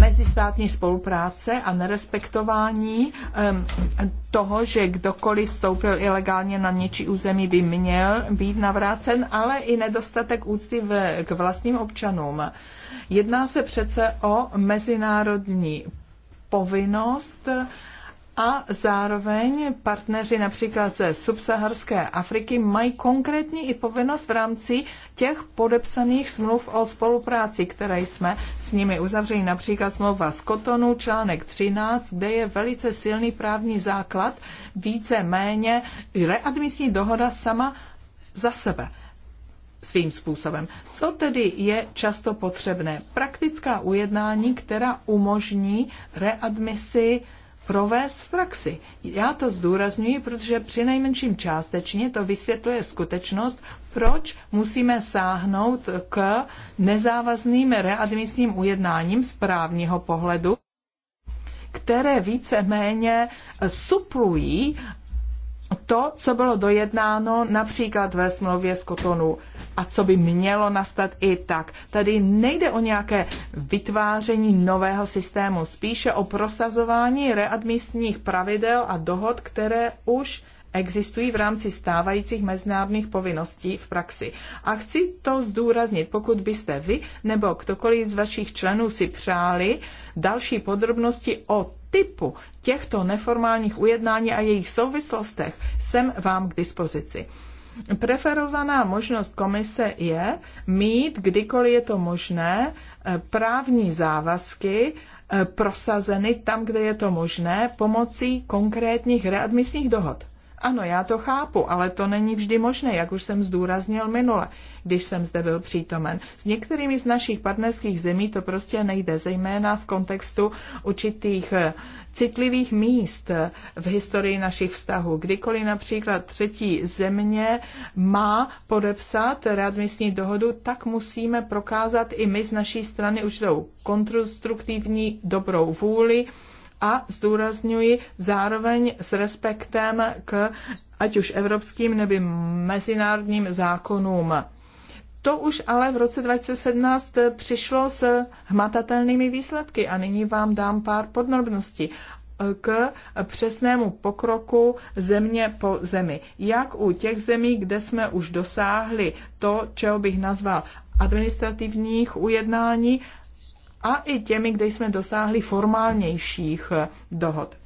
mezistátní spolupráce a nerespektování toho, že kdokoliv stoupil ilegálně na něčí území by měl být navrácen, ale i nedostatek úcty k vlastním občanům. Jedná se přece o mezinárodní povinnost, a zároveň partneři například ze subsaharské Afriky mají konkrétní i povinnost v rámci těch podepsaných smluv o spolupráci, které jsme s nimi uzavřeli, například smlouva z Kotonu, článek 13, kde je velice silný právní základ, více méně readmisní dohoda sama za sebe svým způsobem. Co tedy je často potřebné? Praktická ujednání, která umožní readmisi provést v praxi. Já to zdůrazňuji, protože při nejmenším částečně to vysvětluje skutečnost, proč musíme sáhnout k nezávazným readmisním ujednáním z právního pohledu, které více-méně suplují to, co bylo dojednáno například ve smlouvě z Kotonu a co by mělo nastat i tak. Tady nejde o nějaké vytváření nového systému, spíše o prosazování readmisních pravidel a dohod, které už existují v rámci stávajících mezinárodních povinností v praxi. A chci to zdůraznit, pokud byste vy nebo ktokoliv z vašich členů si přáli další podrobnosti o typu těchto neformálních ujednání a jejich souvislostech jsem vám k dispozici. Preferovaná možnost komise je mít, kdykoliv je to možné, e, právní závazky e, prosazeny tam, kde je to možné, pomocí konkrétních readmisních dohod. Ano, já to chápu, ale to není vždy možné, jak už jsem zdůraznil minule, když jsem zde byl přítomen. S některými z našich partnerských zemí to prostě nejde, zejména v kontextu určitých eh, citlivých míst eh, v historii našich vztahů. Kdykoliv například třetí země má podepsat readmisní dohodu, tak musíme prokázat i my z naší strany tou konstruktivní dobrou vůli, a zdůrazňuji zároveň s respektem k ať už evropským nebo mezinárodním zákonům. To už ale v roce 2017 přišlo s hmatatelnými výsledky a nyní vám dám pár podrobností k přesnému pokroku země po zemi. Jak u těch zemí, kde jsme už dosáhli to, čeho bych nazval administrativních ujednání, a i těmi, kde jsme dosáhli formálnějších eh, dohod.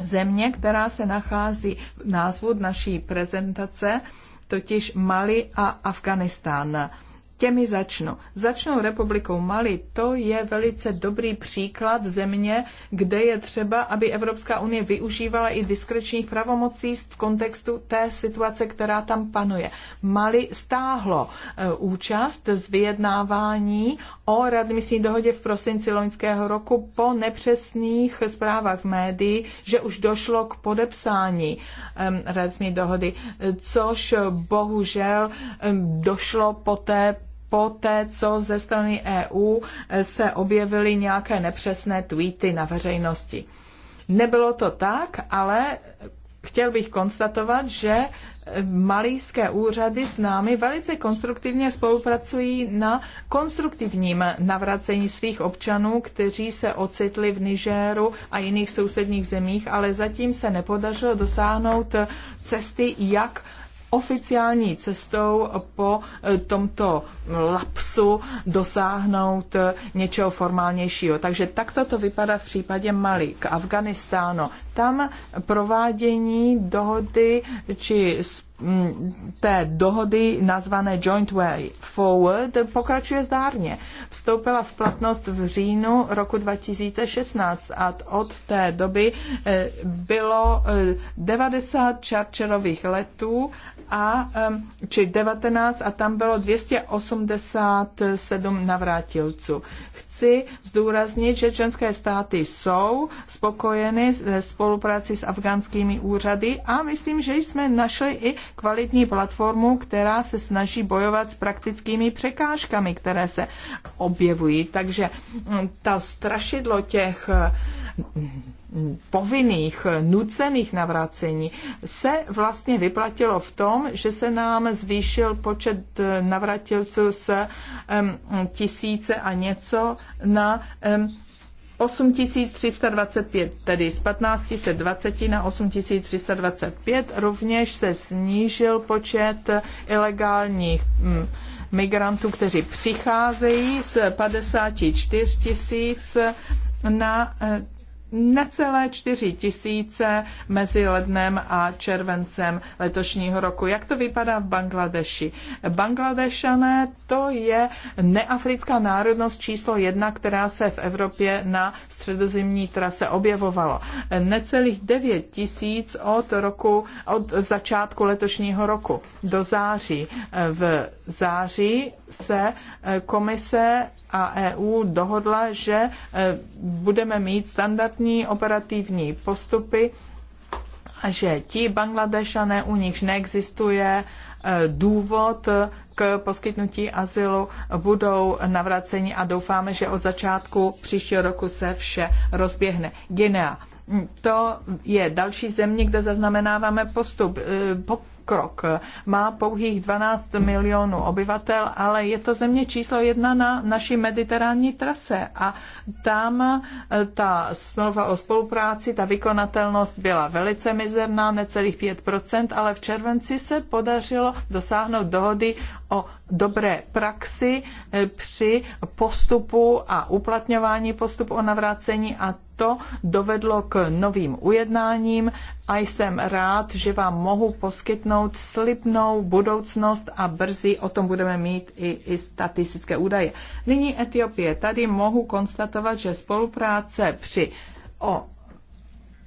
Země, která se nachází v názvu naší prezentace, totiž Mali a Afganistán těmi začnu. Začnou republikou Mali. To je velice dobrý příklad země, kde je třeba, aby Evropská unie využívala i diskrečních pravomocí v kontextu té situace, která tam panuje. Mali stáhlo e, účast z vyjednávání o readmisní dohodě v prosinci loňského roku po nepřesných zprávách v médii, že už došlo k podepsání readmisní dohody, což bohužel došlo poté po té, co ze strany EU se objevily nějaké nepřesné tweety na veřejnosti. Nebylo to tak, ale chtěl bych konstatovat, že malijské úřady s námi velice konstruktivně spolupracují na konstruktivním navracení svých občanů, kteří se ocitli v Nižéru a jiných sousedních zemích, ale zatím se nepodařilo dosáhnout cesty, jak oficiální cestou po eh, tomto lapsu dosáhnout eh, něčeho formálnějšího. Takže takto to vypadá v případě Mali k Afganistánu. Tam provádění dohody či mm, té dohody nazvané Joint Way Forward pokračuje zdárně. Vstoupila v platnost v říjnu roku 2016 a od té doby eh, bylo 90 čarčerových letů a, či 19 a tam bylo 287 navrátilců. Chci zdůraznit, že členské státy jsou spokojeny se spolupráci s afgánskými úřady a myslím, že jsme našli i kvalitní platformu, která se snaží bojovat s praktickými překážkami, které se objevují. Takže mm, ta strašidlo těch povinných, nucených navracení se vlastně vyplatilo v tom, že se nám zvýšil počet eh, navratilců z um, tisíce a něco na um, 8325, tedy z 1520 na 8325. Rovněž se snížil počet eh, ilegálních um, migrantů, kteří přicházejí z 54 tisíc na eh, necelé čtyři tisíce mezi lednem a červencem letošního roku. Jak to vypadá v Bangladeši? Bangladešané to je neafrická národnost číslo jedna, která se v Evropě na středozimní trase objevovala. Necelých devět tisíc od, roku, od začátku letošního roku do září. V září se komise a EU dohodla, že eh, budeme mít standard standardní operativní postupy a že ti Bangladešané, u nichž neexistuje e, důvod k poskytnutí azylu, budou navraceni a doufáme, že od začátku příštího roku se vše rozběhne. Guinea. To je další země, kde zaznamenáváme postup. E, Krok Má pouhých 12 milionů obyvatel, ale je to země číslo jedna na naší mediteránní trase a tam eh, ta smlouva o spolupráci, ta vykonatelnost byla velice mizerná, necelých 5%, ale v červenci se podařilo dosáhnout dohody o dobré praxi eh, při postupu a uplatňování postupu o navrácení a to dovedlo k novým ujednáním a jsem rád, že vám mohu poskytnout slibnou budoucnost a brzy o tom budeme mít i, i statistické údaje. Nyní Etiopie. Tady mohu konstatovat, že spolupráce při o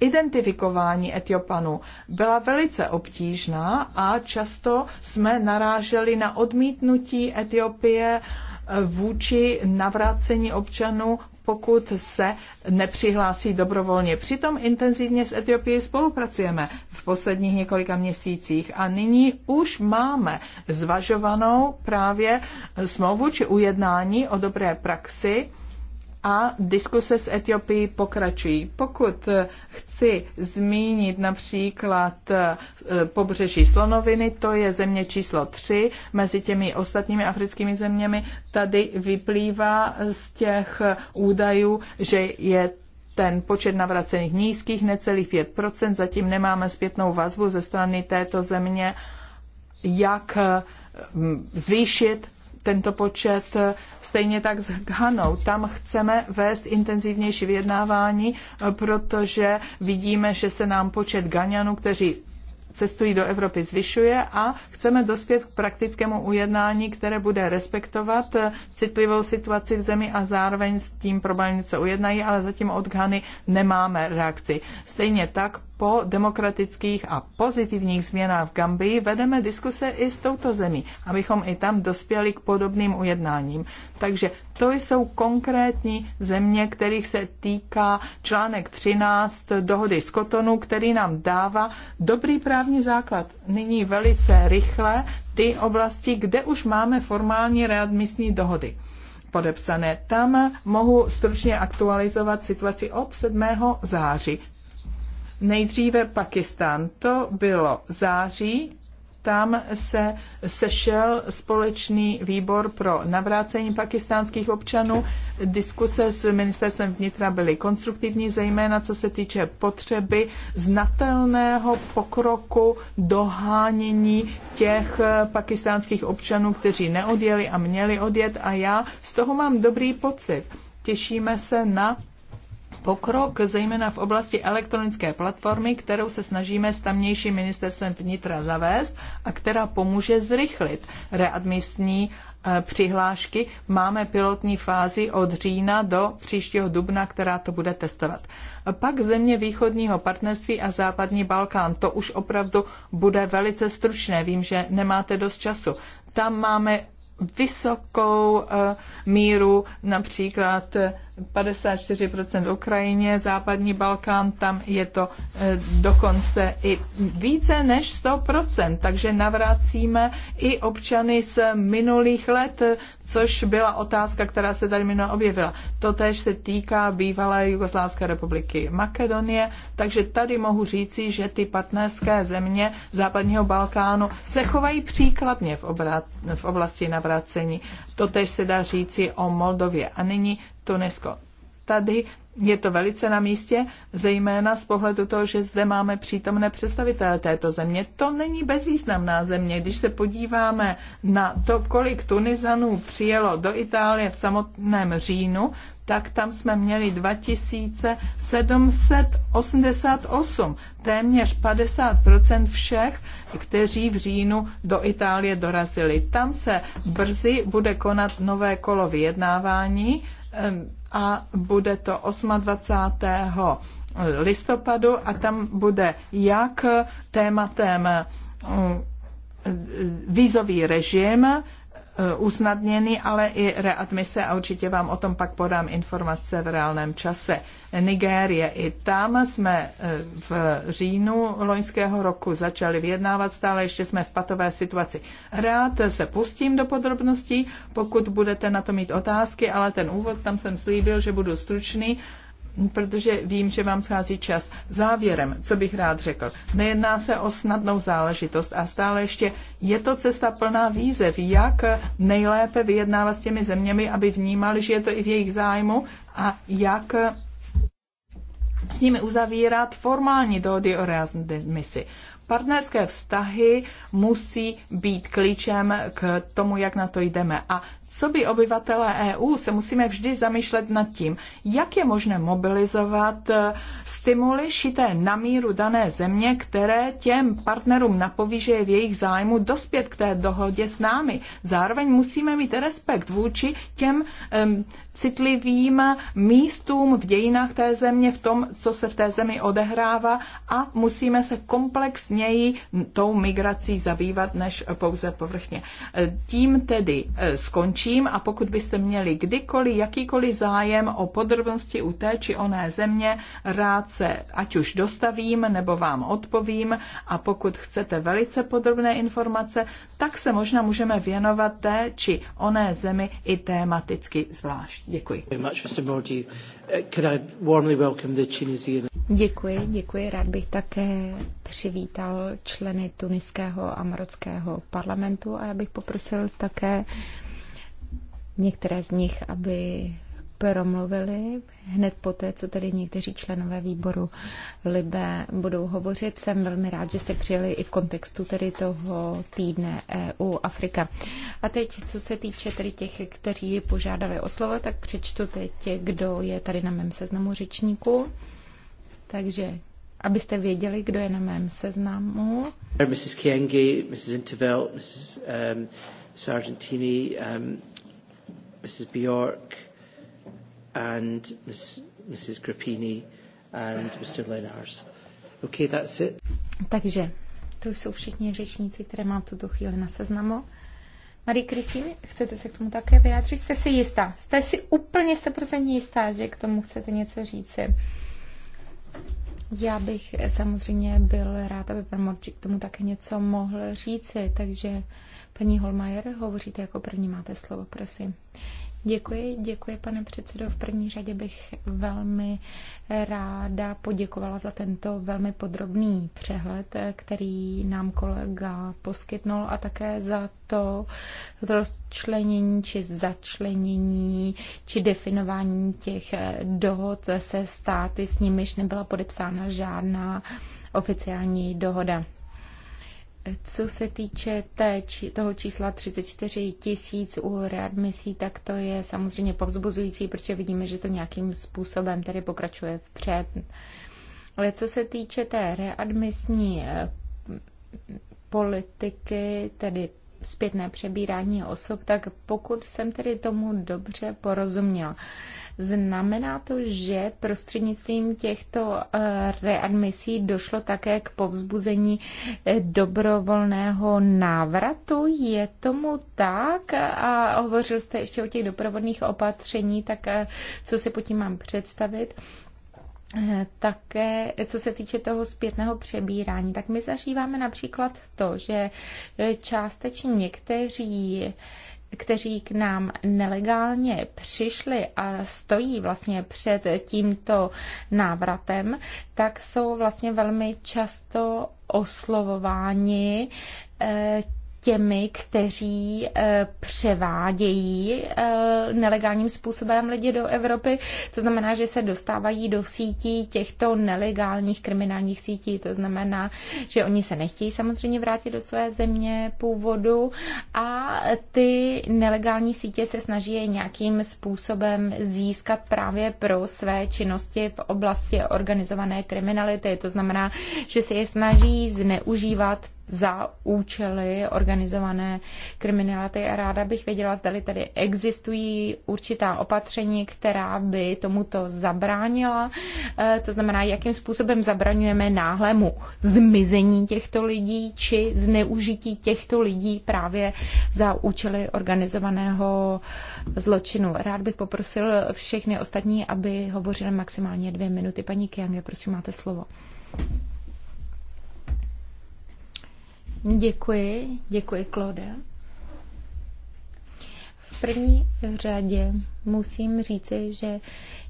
identifikování Etiopanů byla velice obtížná a často jsme naráželi na odmítnutí Etiopie eh, vůči navrácení občanů pokud se nepřihlásí dobrovolně. Přitom intenzivně s Etiopií spolupracujeme v posledních několika měsících a nyní už máme zvažovanou právě smlouvu či ujednání o dobré praxi a diskuse s Etiopií pokračují. Pokud eh, chci zmínit například eh, pobřeží Slonoviny, to je země číslo 3 mezi těmi ostatními africkými zeměmi, tady vyplývá z těch údajů, že je ten počet navracených nízkých, necelých 5%, zatím nemáme zpětnou vazbu ze strany této země, jak eh, zvýšit tento počet eh, stejně tak s Ghanou. Tam chceme vést intenzivnější vyjednávání, eh, protože vidíme, že se nám počet Ghanianů, kteří cestují do Evropy, zvyšuje a chceme dospět k praktickému ujednání, které bude respektovat eh, citlivou situaci v zemi a zároveň s tím problémem se ujednají, ale zatím od Ghany nemáme reakci. Stejně tak po demokratických a pozitivních změnách v Gambii vedeme diskuse i s touto zemí, abychom i tam dospěli k podobným ujednáním. Takže to jsou konkrétní země, kterých se týká článek 13 dohody z Kotonu, který nám dává dobrý právní základ. Nyní velice rychle ty oblasti, kde už máme formální readmisní dohody podepsané. Tam mohu stručně aktualizovat situaci od 7. září. Nejdříve Pakistán, to bylo září, tam se sešel společný výbor pro navrácení pakistánských občanů. Diskuse s ministerstvem vnitra byly konstruktivní, zejména co se týče potřeby znatelného pokroku dohánění těch pakistánských občanů, kteří neodjeli a měli odjet. A já z toho mám dobrý pocit. Těšíme se na pokrok, zejména v oblasti elektronické platformy, kterou se snažíme s tamnějším ministerstvem vnitra zavést a která pomůže zrychlit readmisní eh, přihlášky. Máme pilotní fázi od října do příštího dubna, která to bude testovat. Pak země východního partnerství a západní Balkán. To už opravdu bude velice stručné. Vím, že nemáte dost času. Tam máme vysokou eh, míru například eh, 54% v Ukrajině, západní Balkán, tam je to eh, dokonce i více než 100%, takže navracíme i občany z minulých let, což byla otázka, která se tady minule objevila. Totež se týká bývalé Jugoslávské republiky Makedonie, takže tady mohu říci, že ty partnerské země západního Balkánu se chovají příkladně v, obrat, v oblasti navracení. Totež se dá říci o Moldově. A nyní Tunisko. Tady je to velice na místě, zejména z pohledu toho, že zde máme přítomné představitele této země. To není bezvýznamná země. Když se podíváme na to, kolik Tunizanů přijelo do Itálie v samotném říjnu, tak tam jsme měli 2788, téměř 50% všech, kteří v říjnu do Itálie dorazili. Tam se brzy bude konat nové kolo vyjednávání a bude to 28. listopadu a tam bude jak tématem mm, vízový režim, Eh, usnadněny, ale i readmise a určitě vám o tom pak podám informace v reálném čase. Nigérie, i tam jsme eh, v říjnu loňského roku začali vyjednávat, stále ještě jsme v patové situaci. Rád se pustím do podrobností, pokud budete na to mít otázky, ale ten úvod tam jsem slíbil, že budu stručný protože vím, že vám schází čas. Závěrem, co bych rád řekl, nejedná se o snadnou záležitost a stále ještě je to cesta plná výzev, jak nejlépe vyjednávat s těmi zeměmi, aby vnímali, že je to i v jejich zájmu a jak s nimi uzavírat formální dohody o reazmisi. Partnerské vztahy musí být klíčem k tomu, jak na to jdeme. A co by obyvatelé EU, se musíme vždy zamýšlet nad tím, jak je možné mobilizovat eh, stimuly šité na míru dané země, které těm partnerům napoví, že je v jejich zájmu dospět k té dohodě s námi. Zároveň musíme mít respekt vůči těm um, citlivým místům v dějinách té země, v tom, co se v té zemi odehrává a musíme se komplexněji tou migrací zabývat, než pouze povrchně. Tím tedy eh, skončí končím a pokud byste měli kdykoliv jakýkoliv zájem o podrobnosti u té či oné země, rád se ať už dostavím nebo vám odpovím a pokud chcete velice podrobné informace, tak se možná můžeme věnovat té či oné zemi i tématicky zvlášť. Děkuji. Uh, děkuji, děkuji. Rád bych také přivítal členy tuniského a marockého parlamentu a já bych poprosil také některé z nich, aby promluvili hned poté, co tedy někteří členové výboru Libe budou hovořit. Jsem velmi rád, že jste přijeli i v kontextu tedy toho týdne EU Afrika. A teď, co se týče tedy těch, kteří požádali o slovo, tak přečtu teď, kdo je tady na mém seznamu řečníků. Takže abyste věděli, kdo je na mém seznamu. Mrs. Kienge, Mrs. Intervelt, Mrs. Um, Sargentini, um, Mrs. Bjork, and Ms, Mrs. Grappini and Mr. Lenars. Okay, that's it. Takže to jsou všichni řečníci, které mám tuto chvíli na seznamu. Marie Kristýny, chcete se k tomu také vyjádřit? Jste si jistá? Jste si úplně 100% jistá, že k tomu chcete něco říci? Já bych samozřejmě byl rád, aby pan Morčík k tomu také něco mohl říci, takže Paní Holmajer, hovoříte jako první, máte slovo, prosím. Děkuji, děkuji, pane předsedo. V první řadě bych velmi ráda poděkovala za tento velmi podrobný přehled, který nám kolega poskytnul a také za to rozčlenění či začlenění či definování těch dohod se státy, s nimiž nebyla podepsána žádná oficiální dohoda. Co se týče té, toho čísla 34 tisíc u readmisí, tak to je samozřejmě povzbuzující, protože vidíme, že to nějakým způsobem tedy pokračuje vpřed. Ale co se týče té readmisní eh, politiky, tedy zpětné přebírání osob, tak pokud jsem tedy tomu dobře porozuměl, Znamená to, že prostřednictvím těchto eh, readmisí došlo také k povzbuzení eh, dobrovolného návratu? Je tomu tak? A hovořil jste ještě o těch doprovodných opatření, tak eh, co si pod tím mám představit? Také, co se týče toho zpětného přebírání, tak my zažíváme například to, že částečně někteří kteří k nám nelegálně přišli a stojí vlastně před tímto návratem, tak jsou vlastně velmi často oslovováni eh, těmi, kteří eh, převádějí eh, nelegálním způsobem lidi do Evropy. To znamená, že se dostávají do sítí těchto nelegálních kriminálních sítí. To znamená, že oni se nechtějí samozřejmě vrátit do své země původu a ty nelegální sítě se snaží je nějakým způsobem získat právě pro své činnosti v oblasti organizované kriminality. To znamená, že se je snaží zneužívat za účely organizované kriminality a ráda bych věděla, zda tady existují určitá opatření, která by tomuto zabránila. Eh, to znamená, jakým způsobem zabraňujeme náhlému zmizení těchto lidí či zneužití těchto lidí právě za účely organizovaného zločinu. Rád bych poprosil všechny ostatní, aby hovořili maximálně dvě minuty. Paní Kiange, prosím, máte slovo. Děkuji, děkuji, Klode. V první řadě musím říci, že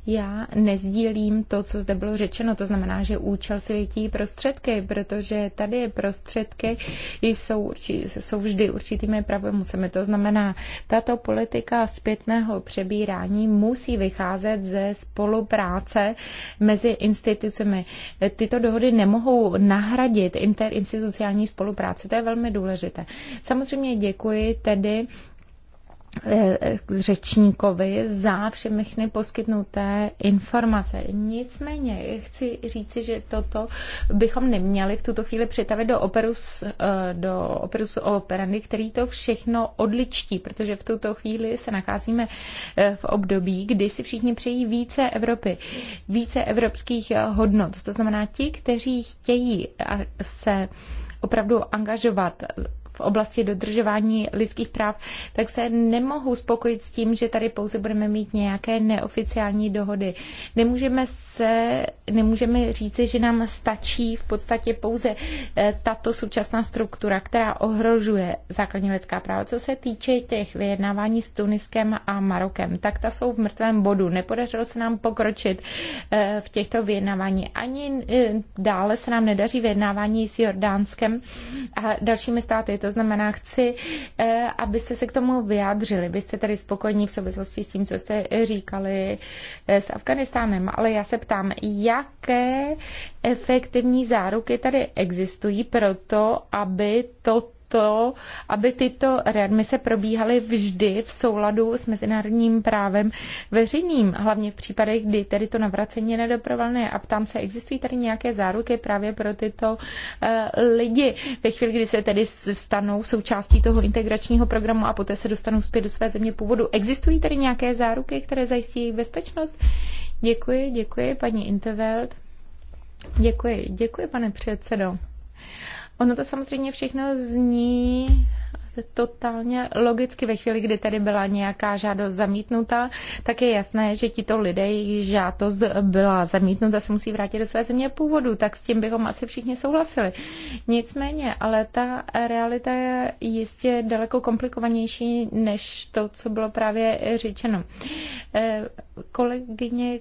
já nezdílím to, co zde bylo řečeno, to znamená, že účel světí prostředky, protože tady prostředky jsou, urči, jsou vždy určitými pravomocemi. To znamená, tato politika zpětného přebírání musí vycházet ze spolupráce mezi institucemi. Tyto dohody nemohou nahradit interinstitucionální spolupráci, to je velmi důležité. Samozřejmě děkuji tedy Eh, eh, řečníkovi za všechny poskytnuté informace. Nicméně chci říci, že toto bychom neměli v tuto chvíli přetavit do operus, eh, do operus operandy, který to všechno odličtí, protože v tuto chvíli se nacházíme v období, kdy si všichni přejí více Evropy, více evropských hodnot. To znamená ti, kteří chtějí se opravdu angažovat v oblasti dodržování lidských práv, tak se nemohu spokojit s tím, že tady pouze budeme mít nějaké neoficiální dohody. Nemůžeme, se, nemůžeme říci, že nám stačí v podstatě pouze eh, tato současná struktura, která ohrožuje základní lidská práva. Co se týče těch vyjednávání s Tuniskem a Marokem, tak ta jsou v mrtvém bodu. Nepodařilo se nám pokročit eh, v těchto vyjednávání. Ani eh, dále se nám nedaří vyjednávání s Jordánskem a dalšími státy. To znamená, chci, eh, abyste se k tomu vyjádřili. Byste tady spokojení v souvislosti s tím, co jste říkali eh, s Afganistánem. Ale já se ptám, jaké efektivní záruky tady existují pro to, aby to to, aby tyto readmise probíhaly vždy v souladu s mezinárodním právem veřejným, hlavně v případech, kdy tedy to navracení je nedoprovolné. A ptám se, existují tady nějaké záruky právě pro tyto eh, lidi ve chvíli, kdy se tedy stanou součástí toho integračního programu a poté se dostanou zpět do své země původu. Existují tady nějaké záruky, které zajistí jejich bezpečnost? Děkuji, děkuji, paní Intervelt. Děkuji, děkuji, pane předsedo. Ono to samozřejmě všechno zní totálně logicky ve chvíli, kdy tady byla nějaká žádost zamítnuta, tak je jasné, že tito lidé, jejich žádost byla zamítnuta, se musí vrátit do své země původu, tak s tím bychom asi všichni souhlasili. Nicméně, ale ta realita je jistě daleko komplikovanější než to, co bylo právě řečeno. Eh, kolegyně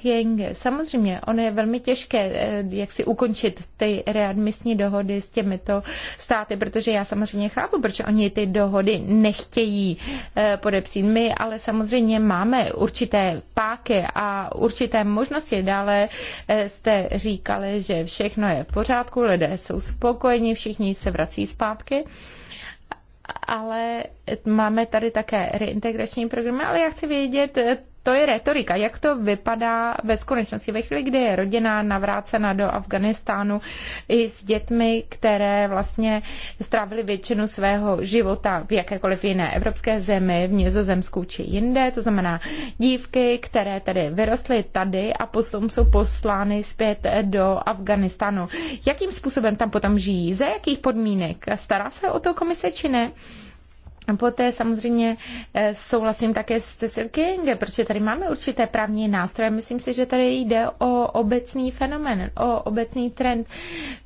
Kienge. Samozřejmě, ono je velmi těžké, eh, jak si ukončit ty readmisní dohody s těmito státy, protože já samozřejmě chápu, proč oni ty dohody nechtějí eh, podepsít. My ale samozřejmě máme určité páky a určité možnosti. Dále eh, jste říkali, že všechno je v pořádku, lidé jsou spokojeni, všichni se vrací zpátky ale máme tady také reintegrační programy, ale já chci vědět, to je retorika. Jak to vypadá ve skutečnosti? Ve chvíli, kdy je rodina navrácena do Afganistánu i s dětmi, které vlastně strávily většinu svého života v jakékoliv jiné evropské zemi, v Nizozemsku či jinde, to znamená dívky, které tedy vyrostly tady a potom jsou poslány zpět do Afganistánu. Jakým způsobem tam potom žijí? Za jakých podmínek? Stará se o to komise či ne? Poté samozřejmě eh, souhlasím také s Cecil King, protože tady máme určité právní nástroje. Myslím si, že tady jde o obecný fenomen, o obecný trend,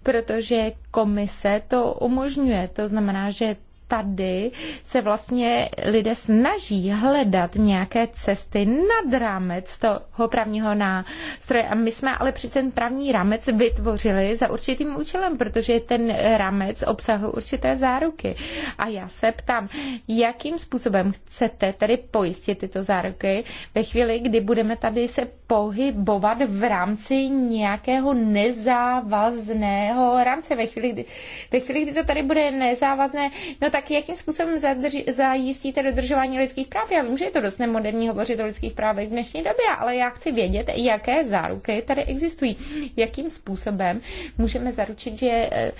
protože komise to umožňuje. To znamená, že tady se vlastně lidé snaží hledat nějaké cesty nad rámec toho právního nástroje. A my jsme ale přece ten právní rámec vytvořili za určitým účelem, protože ten rámec obsahuje určité záruky. A já se ptám, jakým způsobem chcete tedy pojistit tyto záruky ve chvíli, kdy budeme tady se pohybovat v rámci nějakého nezávazného rámce. Ve chvíli, kdy, ve chvíli, kdy to tady bude nezávazné, no tak tak jakým způsobem zadrž- zajistíte dodržování lidských práv? Já vím, že je to dost nemoderní hovořit o lidských právech v dnešní době, ale já chci vědět, jaké záruky tady existují. Jakým způsobem můžeme zaručit, že eh,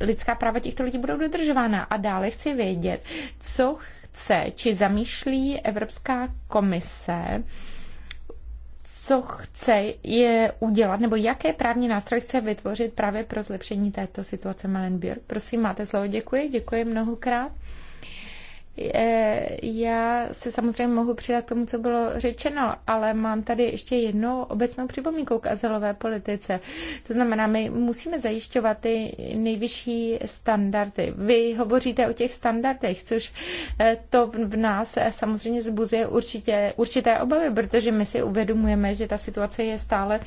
lidská práva těchto lidí budou dodržována. A dále chci vědět, co chce či zamýšlí Evropská komise co chce je udělat, nebo jaké právní nástroje chce vytvořit právě pro zlepšení této situace Malen Prosím, máte slovo, děkuji, děkuji mnohokrát. Eh, já se samozřejmě mohu přidat k tomu, co bylo řečeno, ale mám tady ještě jednu obecnou připomínku k azylové politice. To znamená, my musíme zajišťovat ty nejvyšší standardy. Vy hovoříte o těch standardech, což eh, to v nás eh, samozřejmě zbuzuje určitě, určité obavy, protože my si uvědomujeme, že ta situace je stále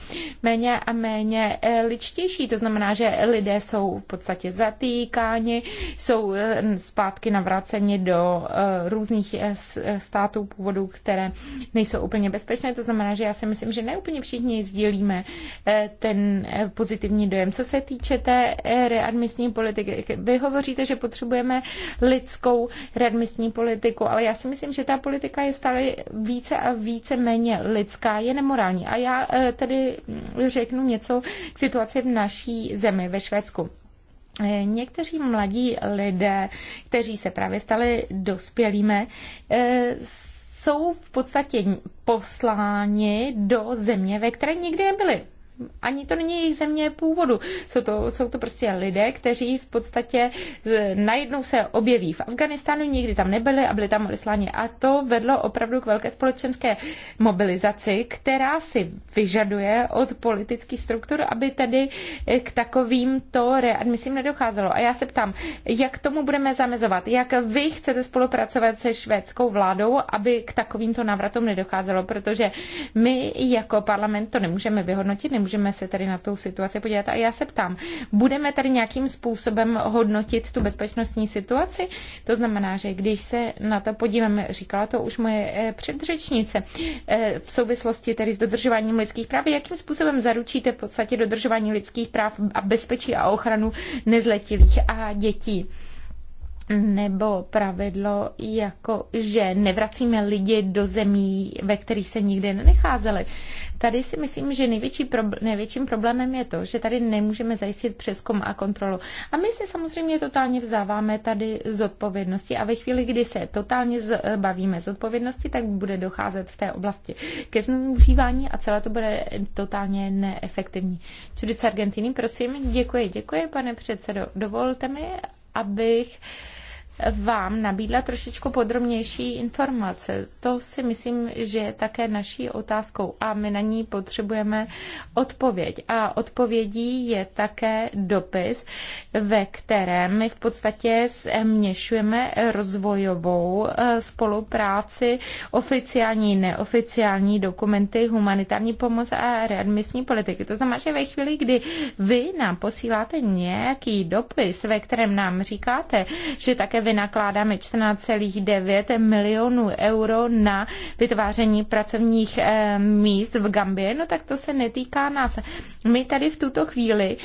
méně a méně ličtější. To znamená, že lidé jsou v podstatě zatýkáni, jsou zpátky navráceni do Eh, různých eh, eh, států původu, které nejsou úplně bezpečné. To znamená, že já si myslím, že neúplně všichni sdílíme ten pozitivní dojem. Co se týče té readmisní politiky, vy hovoříte, že potřebujeme lidskou readmisní politiku, ale já si myslím, že ta politika je stále více a více méně lidská, je nemorální. A já tedy řeknu něco k situaci v naší zemi, ve Švédsku. Někteří mladí lidé, kteří se právě stali dospělými, eh, jsou v podstatě posláni do země, ve které nikdy nebyli ani to není jejich země původu. Jsou to, jsou to prostě lidé, kteří v podstatě eh, najednou se objeví v Afganistánu, nikdy tam nebyli a byli tam odesláni. A to vedlo opravdu k velké společenské mobilizaci, která si vyžaduje od politických struktur, aby tedy eh, k takovýmto readmisím nedocházelo. A já se ptám, jak tomu budeme zamezovat? Jak vy chcete spolupracovat se švédskou vládou, aby k takovýmto návratům nedocházelo? Protože my jako parlament to nemůžeme vyhodnotit, nemůžeme můžeme se tady na tu situaci podívat. A já se ptám, budeme tady nějakým způsobem hodnotit tu bezpečnostní situaci? To znamená, že když se na to podíváme, říkala to už moje eh, předřečnice, eh, v souvislosti tedy s dodržováním lidských práv, jakým způsobem zaručíte v podstatě dodržování lidských práv a bezpečí a ochranu nezletilých a dětí? nebo pravidlo, jako že nevracíme lidi do zemí, ve kterých se nikdy nenecházeli. Tady si myslím, že největší probl- největším problémem je to, že tady nemůžeme zajistit přeskum a kontrolu. A my se samozřejmě totálně vzdáváme tady z odpovědnosti a ve chvíli, kdy se totálně zbavíme z odpovědnosti, tak bude docházet v té oblasti ke zneužívání a celé to bude totálně neefektivní. Čudice Argentiny, prosím, děkuji, děkuji, pane předsedo. Dovolte mi, abych vám nabídla trošičku podrobnější informace. To si myslím, že je také naší otázkou a my na ní potřebujeme odpověď. A odpovědí je také dopis, ve kterém my v podstatě směšujeme rozvojovou eh, spolupráci, oficiální, neoficiální dokumenty, humanitární pomoc a readmisní politiky. To znamená, že ve chvíli, kdy vy nám posíláte nějaký dopis, ve kterém nám říkáte, že také vynakládáme 14,9 milionů euro na vytváření pracovních eh, míst v Gambě, no tak to se netýká nás. My tady v tuto chvíli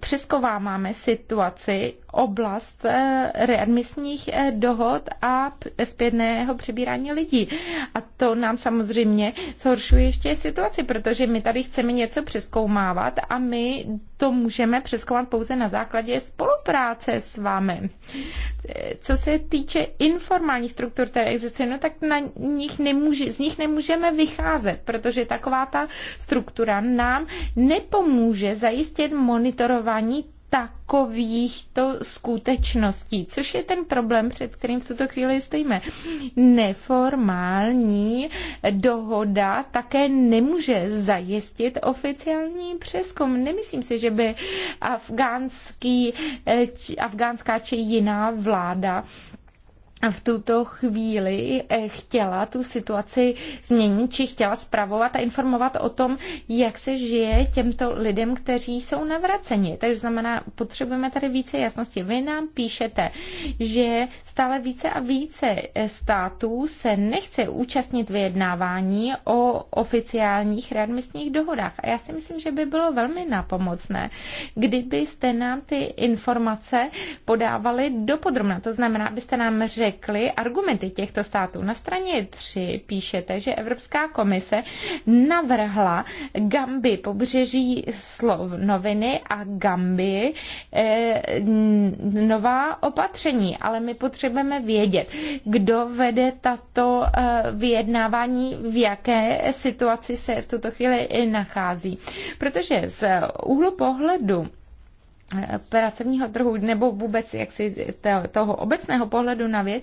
přeskováváme situaci, oblast eh, readmisních eh, dohod a zpětného přebírání lidí. A to nám samozřejmě zhoršuje ještě situaci, protože my tady chceme něco přeskoumávat a my to můžeme přeskoumat pouze na základě spolupráce s vámi co se týče informální struktur, které existují, no tak na nich nemůže, z nich nemůžeme vycházet, protože taková ta struktura nám nepomůže zajistit monitorování takovýchto skutečností, což je ten problém, před kterým v tuto chvíli stojíme. Neformální dohoda také nemůže zajistit oficiální přeskum. Nemyslím si, že by afgánský, eh, afgánská či jiná vláda v tuto chvíli eh, chtěla tu situaci změnit, či chtěla zpravovat a informovat o tom, jak se žije těmto lidem, kteří jsou navraceni. Takže znamená, potřebujeme tady více jasnosti. Vy nám píšete, že stále více a více eh, států se nechce účastnit vyjednávání o oficiálních readmisních dohodách. A já si myslím, že by bylo velmi napomocné, kdybyste nám ty informace podávali dopodrobně. To znamená, abyste nám řekli, řekli argumenty těchto států. Na straně 3 píšete, že Evropská komise navrhla Gambi pobřeží slov noviny a Gambi eh, nová opatření, ale my potřebujeme vědět, kdo vede tato eh, vyjednávání, v jaké situaci se v tuto chvíli nachází. Protože z úhlu pohledu pracovního trhu nebo vůbec jaksi toho obecného pohledu na věc,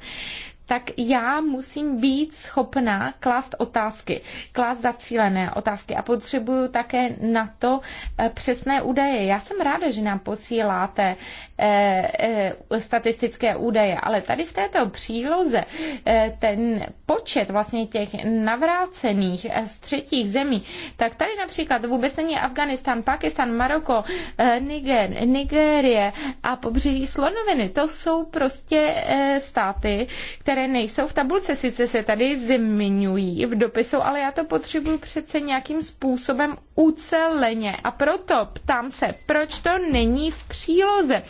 tak já musím být schopná klást otázky, klást zacílené otázky a potřebuju také na to eh, přesné údaje. Já jsem ráda, že nám posíláte Eh, eh, statistické údaje. Ale tady v této příloze eh, ten počet vlastně těch navrácených z třetích zemí, tak tady například vůbec není Afganistán, Pakistan, Maroko, Niger, Nigérie a pobřeží Slonoviny. To jsou prostě státy, které nejsou v tabulce. Sice se tady zmiňují v dopisu, ale já to potřebuji přece nějakým způsobem uceleně. A proto ptám se, proč to není v příloze.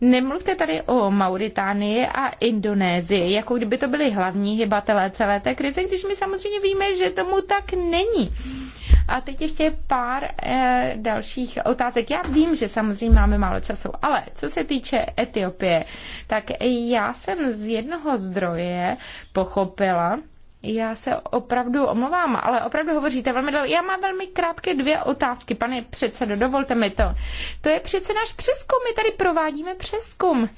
Nemluvte tady o Mauritánii a Indonésii, jako kdyby to byly hlavní hybatelé celé té krize, když my samozřejmě víme, že tomu tak není. A teď ještě pár e, dalších otázek. Já vím, že samozřejmě máme málo času, ale co se týče Etiopie, tak já jsem z jednoho zdroje pochopila, já se opravdu omlouvám, ale opravdu hovoříte velmi dlouho. Já mám velmi krátké dvě otázky, pane předsedo, dovolte mi to. To je přece náš přeskum, my tady provádíme přeskum.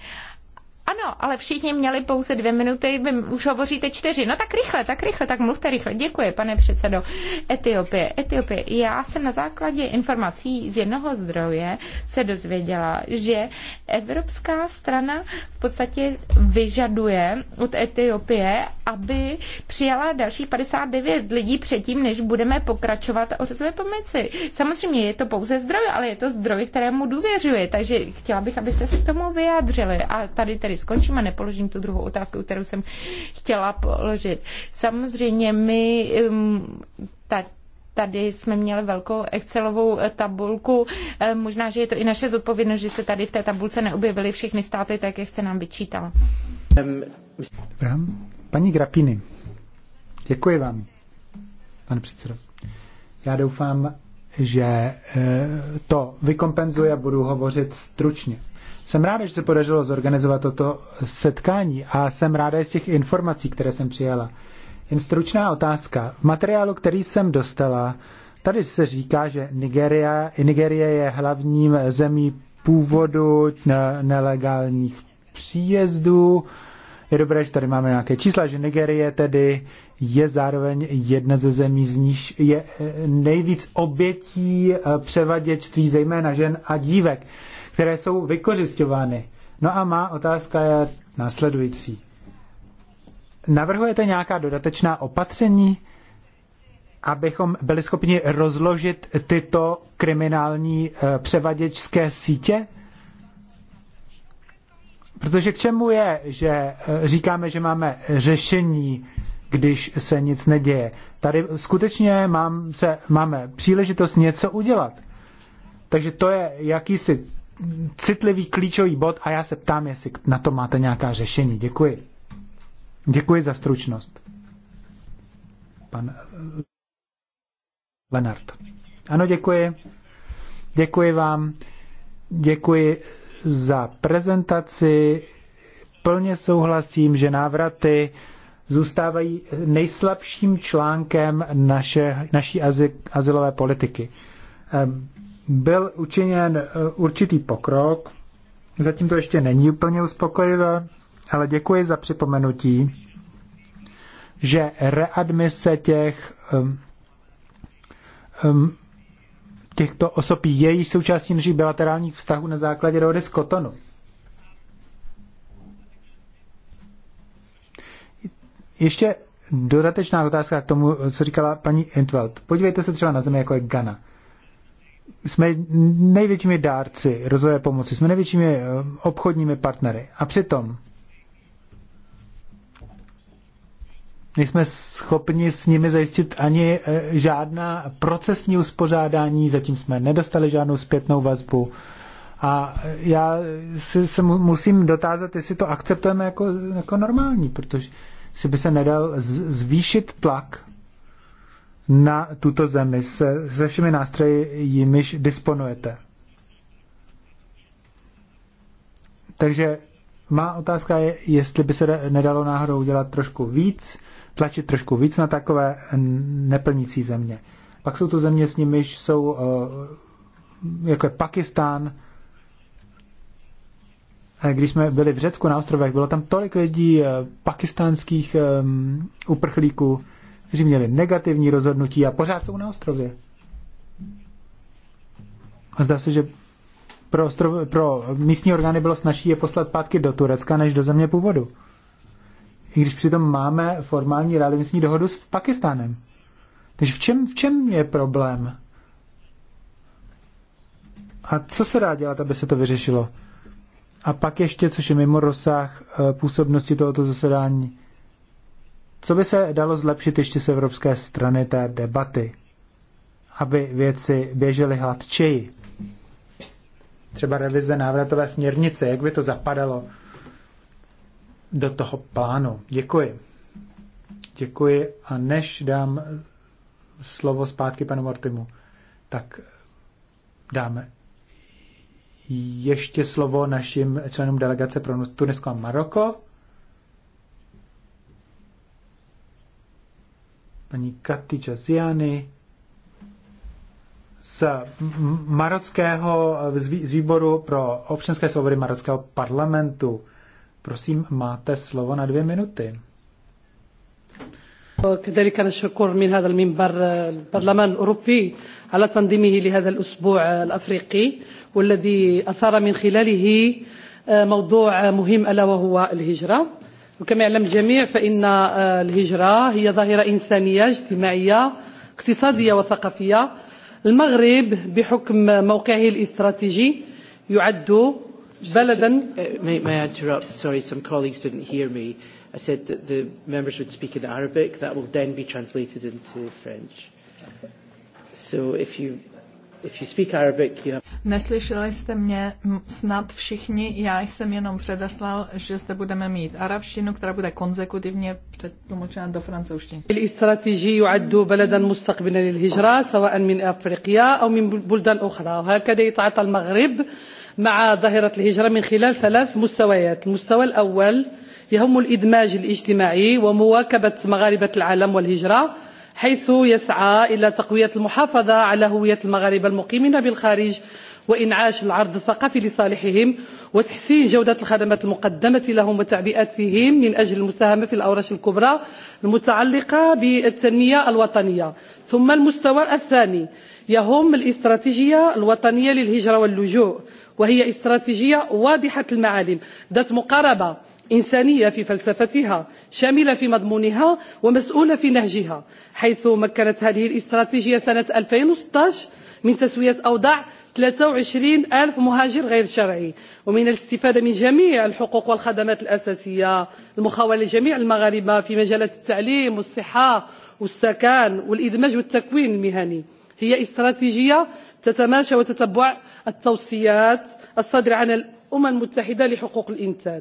Ano, ale všichni měli pouze dvě minuty, vy už hovoříte čtyři. No tak rychle, tak rychle, tak mluvte rychle. Děkuji, pane předsedo. Etiopie, Etiopie. Já jsem na základě informací z jednoho zdroje se dozvěděla, že Evropská strana v podstatě vyžaduje od Etiopie, aby přijala dalších 59 lidí předtím, než budeme pokračovat o své pomoci. Samozřejmě je to pouze zdroj, ale je to zdroj, kterému důvěřuji, takže chtěla bych, abyste se k tomu vyjádřili. A tady tedy tady skončím a nepoložím tu druhou otázku, kterou jsem chtěla položit. Samozřejmě my um, ta, tady jsme měli velkou Excelovou eh, tabulku. Eh, možná, že je to i naše zodpovědnost, že se tady v té tabulce neobjevily všechny státy, tak jak jste nám vyčítal. Dobrá. Paní Grapiny, děkuji vám, pane předsedo. Já doufám, že eh, to vykompenzuje a budu hovořit stručně. Jsem ráda, že se podařilo zorganizovat toto setkání a jsem ráda z těch informací, které jsem přijala. Jen stručná otázka. V materiálu, který jsem dostala, tady se říká, že Nigeria, Nigeria je hlavním zemí původu nelegálních příjezdů. Je dobré, že tady máme nějaké čísla, že Nigerie tedy je zároveň jedna ze zemí, z níž je eh, nejvíc obětí eh, převaděčství, zejména žen a dívek které jsou vykořišťovány. No a má otázka je následující. Navrhujete nějaká dodatečná opatření, abychom byli schopni rozložit tyto kriminální eh, převaděčské sítě? Protože k čemu je, že eh, říkáme, že máme řešení, když se nic neděje? Tady skutečně mám se, máme příležitost něco udělat. Takže to je jakýsi citlivý klíčový bod a já se ptám, jestli na to máte nějaká řešení. Děkuji. Děkuji za stručnost. Pan Lenart. Ano, děkuji. Děkuji vám. Děkuji za prezentaci. Plně souhlasím, že návraty zůstávají nejslabším článkem naše, naší azy, azylové politiky. Ehm, byl učiněn eh, určitý pokrok. Zatím to ještě není úplně uspokojivé, ale děkuji za připomenutí, že readmise těch um, těchto osob je již součástí našich bilaterálních vztahů na základě dohody z Kotonu. Ještě dodatečná otázka k tomu, co říkala paní Intveld. Podívejte se třeba na zemi, jako je Ghana jsme největšími dárci rozvoje pomoci, jsme největšími eh, obchodními partnery. A přitom nejsme schopni s nimi zajistit ani eh, žádná procesní uspořádání, zatím jsme nedostali žádnou zpětnou vazbu. A eh, já si, se musím dotázat, jestli to akceptujeme jako, jako normální, protože si by se nedal zvýšit tlak na tuto zemi se, se všemi nástroji, jimiž disponujete. Takže má otázka je, jestli by se nedalo náhodou udělat trošku víc, tlačit trošku víc na takové neplnící země. Pak jsou to země, s nimiž jsou, eh, jako je Pakistán. Eh, když jsme byli v Řecku na ostrovech, bylo tam tolik lidí eh, pakistánských uprchlíků, kteří měli negativní rozhodnutí a pořád jsou na ostrově. A zdá se, že pro, ostrov, pro místní orgány bylo snažší je poslat zpátky do Turecka než do země původu. I když přitom máme formální readmisní dohodu s Pakistánem. Takže v čem, v čem je problém? A co se dá dělat, aby se to vyřešilo? A pak ještě, což je mimo rozsah eh, působnosti tohoto zasedání, co by se dalo zlepšit ještě z evropské strany té debaty, aby věci běžely hladčeji? Třeba revize návratové směrnice, jak by to zapadalo do toho plánu? Děkuji. Děkuji a než dám slovo zpátky panu Mortimu, tak dáme ještě slovo našim členům delegace pro Tunisko a Maroko. paní Katy Ziany z Marockého z výboru pro občanské svobody Marockého parlamentu. Prosím, máte slovo na dvě minuty. كذلك نشكر من هذا المنبر البرلمان الأوروبي على تنظيمه لهذا الأسبوع الأفريقي والذي أثار من خلاله موضوع مهم ألا وهو الهجرة وكما يعلم الجميع فإن الهجرة هي ظاهرة إنسانية اجتماعية اقتصادية وثقافية المغرب بحكم موقعه الاستراتيجي يعد بلدا uh, may, may I interrupt? Sorry, some colleagues didn't hear me. I said that the members would speak in Arabic. That will then be translated into French. So if you Neslyšeli jste mě snad všichni, já jsem jenom předeslal, že zde budeme mít arabštinu, která bude konzekutivně přetlumočena do francouzštiny. مع ظاهرة الهجرة من خلال ثلاث مستويات المستوى الأول يهم الإدماج الاجتماعي ومواكبة مغاربة العالم والهجرة حيث يسعى إلى تقوية المحافظة على هوية المغاربة المقيمين بالخارج وإنعاش العرض الثقافي لصالحهم وتحسين جودة الخدمات المقدمة لهم وتعبئتهم من أجل المساهمة في الأورش الكبرى المتعلقة بالتنمية الوطنية ثم المستوى الثاني يهم الاستراتيجية الوطنية للهجرة واللجوء وهي استراتيجية واضحة المعالم ذات مقاربة إنسانية في فلسفتها شاملة في مضمونها ومسؤولة في نهجها حيث مكنت هذه الاستراتيجية سنة 2016 من تسوية أوضاع 23 ألف مهاجر غير شرعي ومن الاستفادة من جميع الحقوق والخدمات الأساسية المخاولة لجميع المغاربة في مجالات التعليم والصحة والسكن والإدماج والتكوين المهني هي استراتيجية تتماشى وتتبع التوصيات الصادرة عن الأمم المتحدة لحقوق الإنسان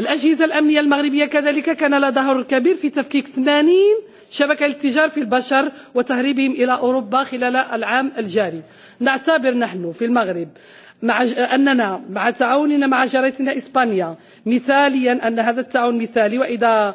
الأجهزة الأمنية المغربية كذلك كان لها دور كبير في تفكيك 80 شبكة للتجار في البشر وتهريبهم إلى أوروبا خلال العام الجاري نعتبر نحن في المغرب مع أننا مع تعاوننا مع جارتنا إسبانيا مثاليا أن هذا التعاون مثالي وإذا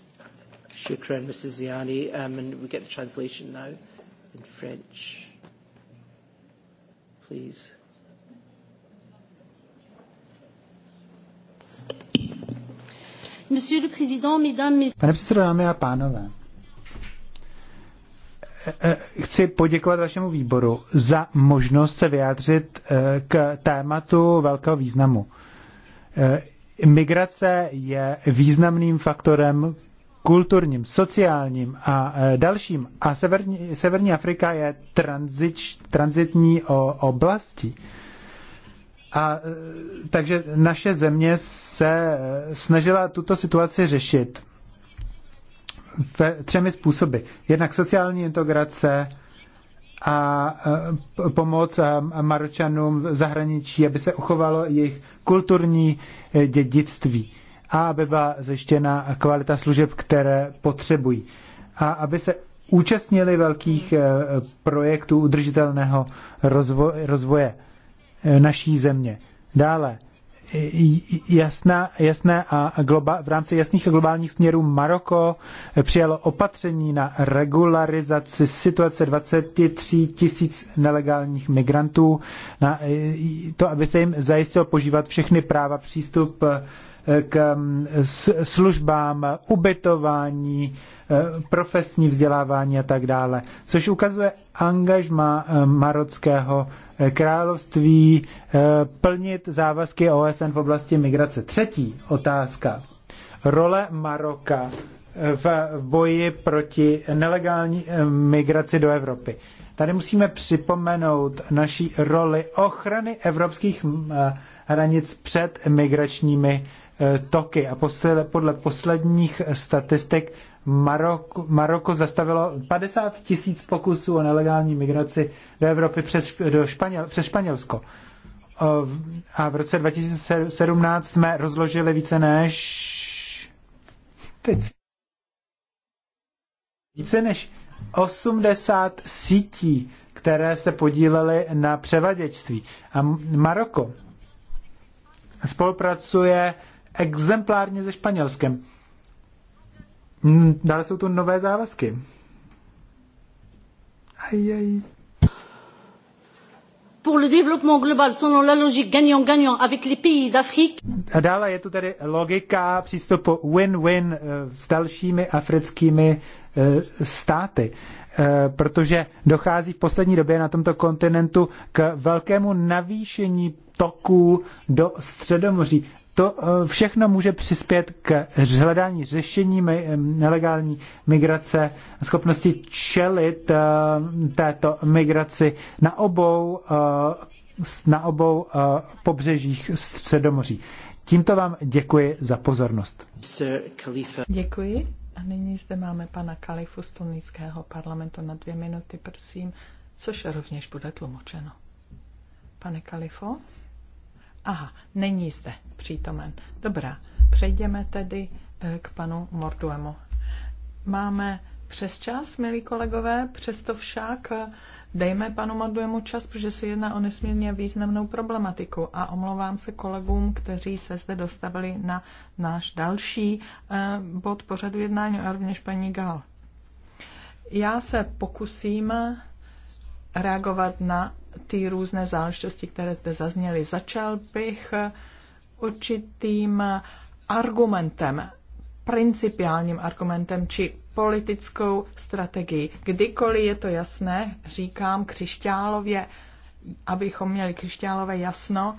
Shukran, Mrs. Ziani. Um, and we get the translation now in French. Please. Pane předsedo, dámy a pánové, eh, eh, chci poděkovat vašemu výboru za možnost se vyjádřit eh, k tématu velkého významu. Migrace je významným faktorem kulturním, sociálním a e, dalším. A Severní, Severní Afrika je transič, transitní oblastí. A e, takže naše země se e, snažila tuto situaci řešit ve třemi způsoby. Jednak sociální integrace a pomoc Maročanům v zahraničí, aby se uchovalo jejich kulturní dědictví a aby byla zjištěna kvalita služeb, které potřebují. A aby se účastnili velkých eh, projektů udržitelného rozvoje eh, naší země. Dále, eh, jasná, jasné a globa, v rámci jasných a globálních směrů Maroko přijalo opatření na regularizaci situace 23 tisíc nelegálních migrantů, na to, aby se jim zajistilo požívat všechny práva, přístup k mm, službám, ubytování, eh, profesní vzdělávání a tak dále. Což ukazuje angažma eh, marockého eh, království plnit závazky OSN v oblasti migrace. Třetí otázka. Role Maroka v boji proti nelegální migraci do Evropy. Tady musíme připomenout naší roli ochrany evropských hranic před migračními Eh, toky. A podle posledních statistik Maroko, Maroko zastavilo 50 tisíc pokusů o nelegální migraci do Evropy přes, do Španěl, přes Španělsko. Eh, a v roce 2017 jsme rozložili více než... Teď. Více než 80 sítí, které se podílely na převaděčství. A Maroko spolupracuje exemplárně se Španělskem. Hmm, dále jsou tu nové závazky. Aj, aj. Pour le développement global, selon la logique gagnant-gagnant avec les pays d'Afrique. A dále je tu tedy logika přístupu win-win eh, s dalšími africkými eh, státy, eh, protože dochází v poslední době na tomto kontinentu k velkému navýšení toků do Středomoří. To eh, všechno může přispět k hledání řešení eh, nelegální migrace, schopnosti čelit eh, této migraci na obou, na obou pobřežích Středomoří. Tímto vám děkuji za pozornost. Děkuji. A nyní zde máme pana Kalifu z Tunijského parlamentu na dvě minuty, prosím, což rovněž bude tlumočeno. Pane Kalifo? Aha, není zde přítomen. Dobrá, přejdeme tedy eh, k panu Mortuemu. Máme přes čas, milí kolegové, přesto však eh, dejme panu Morduemu čas, protože se jedná o nesmírně významnou problematiku a omlouvám se kolegům, kteří se zde dostavili na náš další eh, bod pořadu jednání a rovněž paní Gal. Já se pokusím reagovat na ty různé záležitosti, které zde zazněly. Začal bych určitým argumentem, principiálním argumentem či politickou strategii. Kdykoliv je to jasné, říkám křišťálově, abychom měli křišťálové jasno,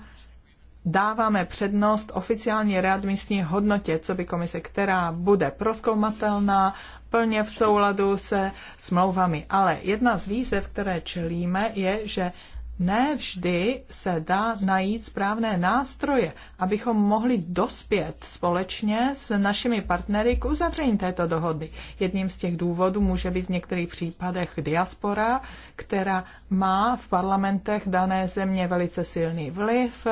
dáváme přednost oficiální readmisní hodnotě, co by komise, která bude proskoumatelná plně v souladu se smlouvami. Ale jedna z výzev, které čelíme, je, že ne vždy se dá najít správné nástroje, abychom mohli dospět společně s našimi partnery k uzavření této dohody. Jedním z těch důvodů může být v některých případech diaspora, která má v parlamentech dané země velice silný vliv,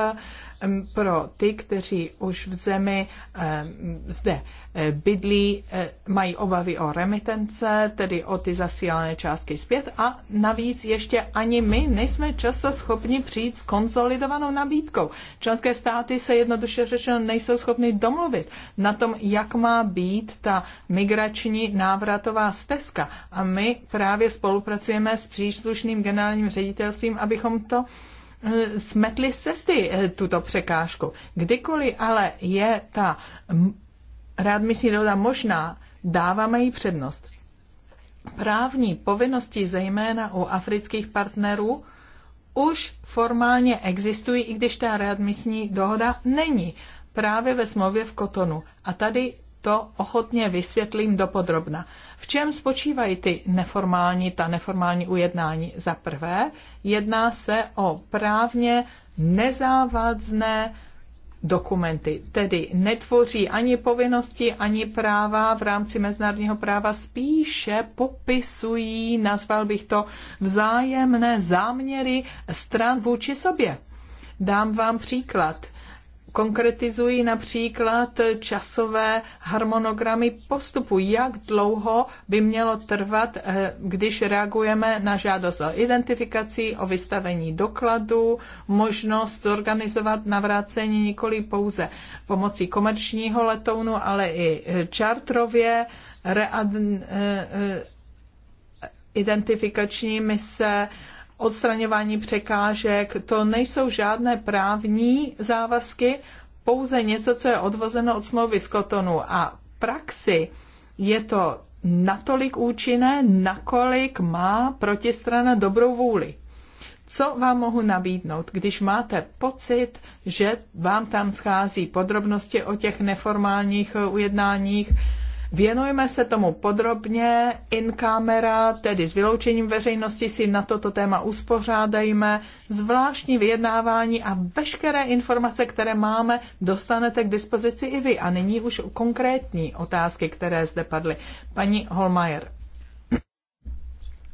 pro ty, kteří už v zemi zde eh, bydlí, eh, mají obavy o remitence, tedy o ty zasílané částky zpět a navíc ještě ani my nejsme často schopni přijít s konsolidovanou nabídkou. Členské státy se jednoduše řečeno nejsou schopny domluvit na tom, jak má být ta migrační návratová stezka. A my právě spolupracujeme s příslušným generálním ředitelstvím, abychom to Eh, smetli z cesty eh, tuto překážku. Kdykoliv ale je ta rád myslí dohoda možná, dáváme jí přednost. Právní povinnosti, zejména u afrických partnerů, už formálně existují, i když ta readmisní dohoda není právě ve smlouvě v Kotonu. A tady to ochotně vysvětlím dopodrobna. V čem spočívají ty neformální, ta neformální ujednání? Za prvé, jedná se o právně nezávazné dokumenty, tedy netvoří ani povinnosti, ani práva v rámci mezinárodního práva, spíše popisují, nazval bych to, vzájemné záměry stran vůči sobě. Dám vám příklad konkretizují například časové harmonogramy postupu, jak dlouho by mělo trvat, eh, když reagujeme na žádost o identifikaci, o vystavení dokladu, možnost organizovat navrácení nikoli pouze pomocí komerčního letounu, ale i eh, čartrově, readn- eh, identifikační mise, odstraňování překážek, to nejsou žádné právní závazky, pouze něco, co je odvozeno od smlouvy z Kotonu. A v praxi je to natolik účinné, nakolik má protistrana dobrou vůli. Co vám mohu nabídnout, když máte pocit, že vám tam schází podrobnosti o těch neformálních ujednáních, Věnujeme se tomu podrobně, in camera, tedy s vyloučením veřejnosti si na toto téma uspořádajme zvláštní vyjednávání a veškeré informace, které máme, dostanete k dispozici i vy. A nyní už konkrétní otázky, které zde padly. Paní Holmajer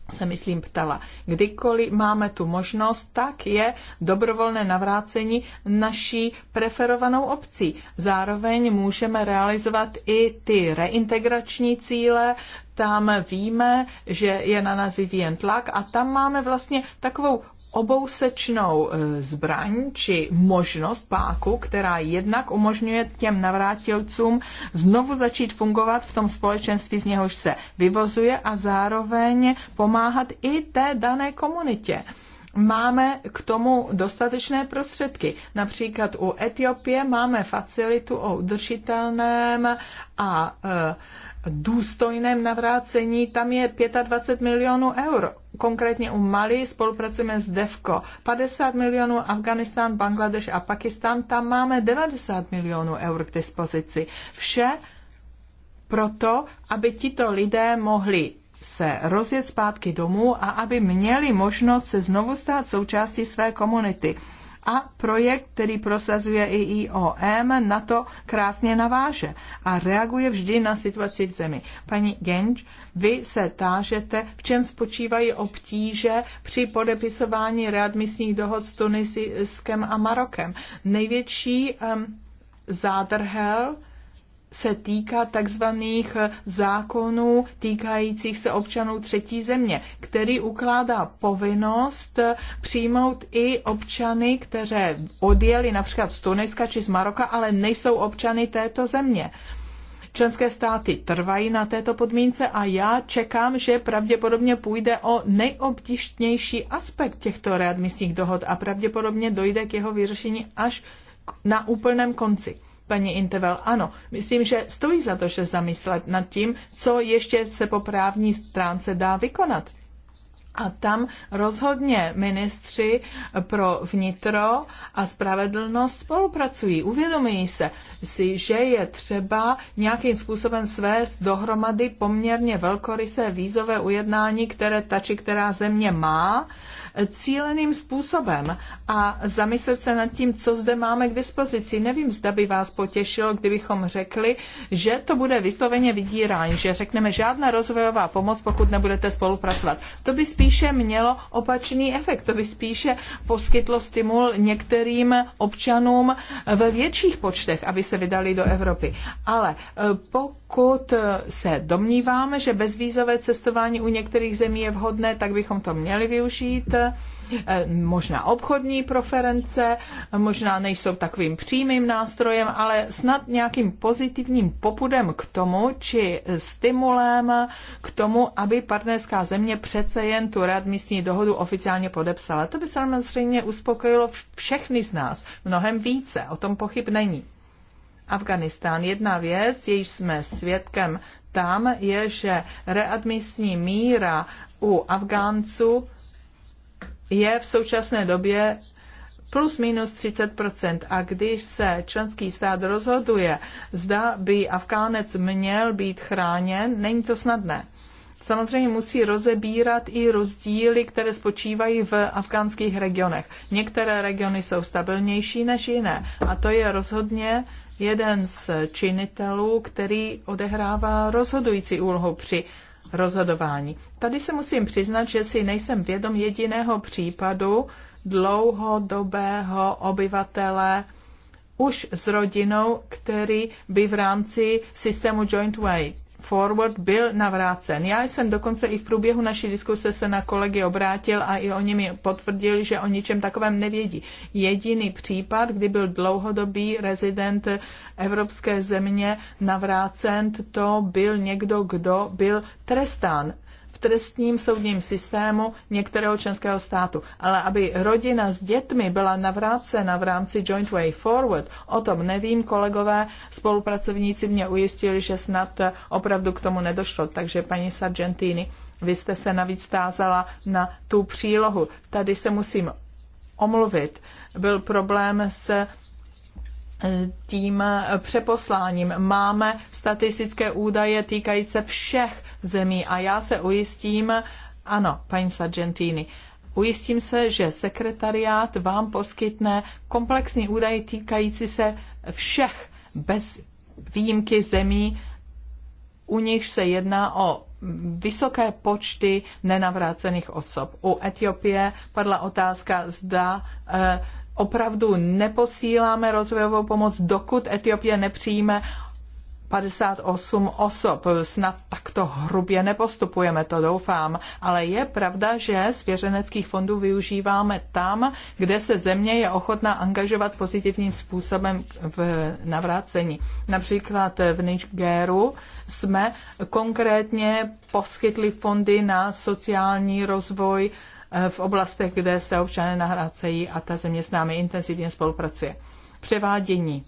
se myslím ptala. Kdykoliv máme tu možnost, tak je dobrovolné navrácení naší preferovanou obcí. Zároveň můžeme realizovat i ty reintegrační cíle, tam víme, že je na nás vyvíjen tlak a tam máme vlastně takovou obousečnou eh, zbraň či možnost páku, která jednak umožňuje těm navrátilcům znovu začít fungovat v tom společenství, z něhož se vyvozuje a zároveň pomáhat i té dané komunitě máme k tomu dostatečné prostředky. Například u Etiopie máme facilitu o udržitelném a e, důstojném navrácení, tam je 25 milionů eur. Konkrétně u Mali spolupracujeme s DEVKO. 50 milionů Afganistán, Bangladeš a Pakistan, tam máme 90 milionů eur k dispozici. Vše proto, aby tito lidé mohli se rozjet zpátky domů a aby měli možnost se znovu stát součástí své komunity a projekt, který prosazuje i IOM, na to krásně naváže a reaguje vždy na situaci v zemi. Paní Genč, vy se tážete, v čem spočívají obtíže při podepisování readmisních dohod s Tunisiskem a Marokem. Největší um, zádrhel se týká takzvaných zákonů týkajících se občanů třetí země, který ukládá povinnost přijmout i občany, které odjeli například z Tuniska či z Maroka, ale nejsou občany této země. Členské státy trvají na této podmínce a já čekám, že pravděpodobně půjde o nejobtížnější aspekt těchto readmisních dohod a pravděpodobně dojde k jeho vyřešení až na úplném konci paní Intervel, ano, myslím, že stojí za to, že zamyslet nad tím, co ještě se po právní stránce dá vykonat. A tam rozhodně ministři pro vnitro a spravedlnost spolupracují. Uvědomují se si, že je třeba nějakým způsobem svést dohromady poměrně velkorysé vízové ujednání, které ta či která země má cíleným způsobem a zamyslet se nad tím, co zde máme k dispozici. Nevím, zda by vás potěšilo, kdybychom řekli, že to bude vysloveně vydírání, že řekneme žádná rozvojová pomoc, pokud nebudete spolupracovat. To by spíše mělo opačný efekt, to by spíše poskytlo stimul některým občanům ve větších počtech, aby se vydali do Evropy. Ale eh, pokud pokud se domníváme, že bezvízové cestování u některých zemí je vhodné, tak bychom to měli využít. Eh, možná obchodní preference, možná nejsou takovým přímým nástrojem, ale snad nějakým pozitivním popudem k tomu, či stimulem k tomu, aby partnerská země přece jen tu radmístní dohodu oficiálně podepsala. To by samozřejmě uspokojilo všechny z nás mnohem více, o tom pochyb není. Afganistán. Jedna věc, jejíž jsme svědkem tam, je, že readmisní míra u Afgánců je v současné době plus minus 30%. A když se členský stát rozhoduje, zda by Afgánec měl být chráněn, není to snadné. Samozřejmě musí rozebírat i rozdíly, které spočívají v afgánských regionech. Některé regiony jsou stabilnější než jiné a to je rozhodně jeden z činitelů, který odehrává rozhodující úlohu při rozhodování. Tady se musím přiznat, že si nejsem vědom jediného případu dlouhodobého obyvatele už s rodinou, který by v rámci systému Joint Way Forward byl navrácen. Já jsem dokonce i v průběhu naší diskuse se na kolegy obrátil a i oni mi potvrdili, že o ničem takovém nevědí. Jediný případ, kdy byl dlouhodobý rezident evropské země navrácen, to byl někdo, kdo byl trestán trestním soudním systému některého členského státu. Ale aby rodina s dětmi byla navrácena v rámci Joint Way Forward, o tom nevím, kolegové, spolupracovníci mě ujistili, že snad opravdu k tomu nedošlo. Takže paní Sargentini, vy jste se navíc tázala na tu přílohu. Tady se musím omluvit. Byl problém s tím přeposláním. Máme statistické údaje týkající se všech zemí a já se ujistím, ano, paní Sargentini, ujistím se, že sekretariát vám poskytne komplexní údaje týkající se všech bez výjimky zemí, u nichž se jedná o vysoké počty nenavrácených osob. U Etiopie padla otázka, zda eh, opravdu neposíláme rozvojovou pomoc, dokud Etiopie nepřijme 58 osob. Snad takto hrubě nepostupujeme, to doufám. Ale je pravda, že svěřeneckých fondů využíváme tam, kde se země je ochotná angažovat pozitivním způsobem v navrácení. Například v Nigeru jsme konkrétně poskytli fondy na sociální rozvoj, Eh, v oblastech, kde se občané nahrácejí a ta země s námi intenzivně spolupracuje. Převádění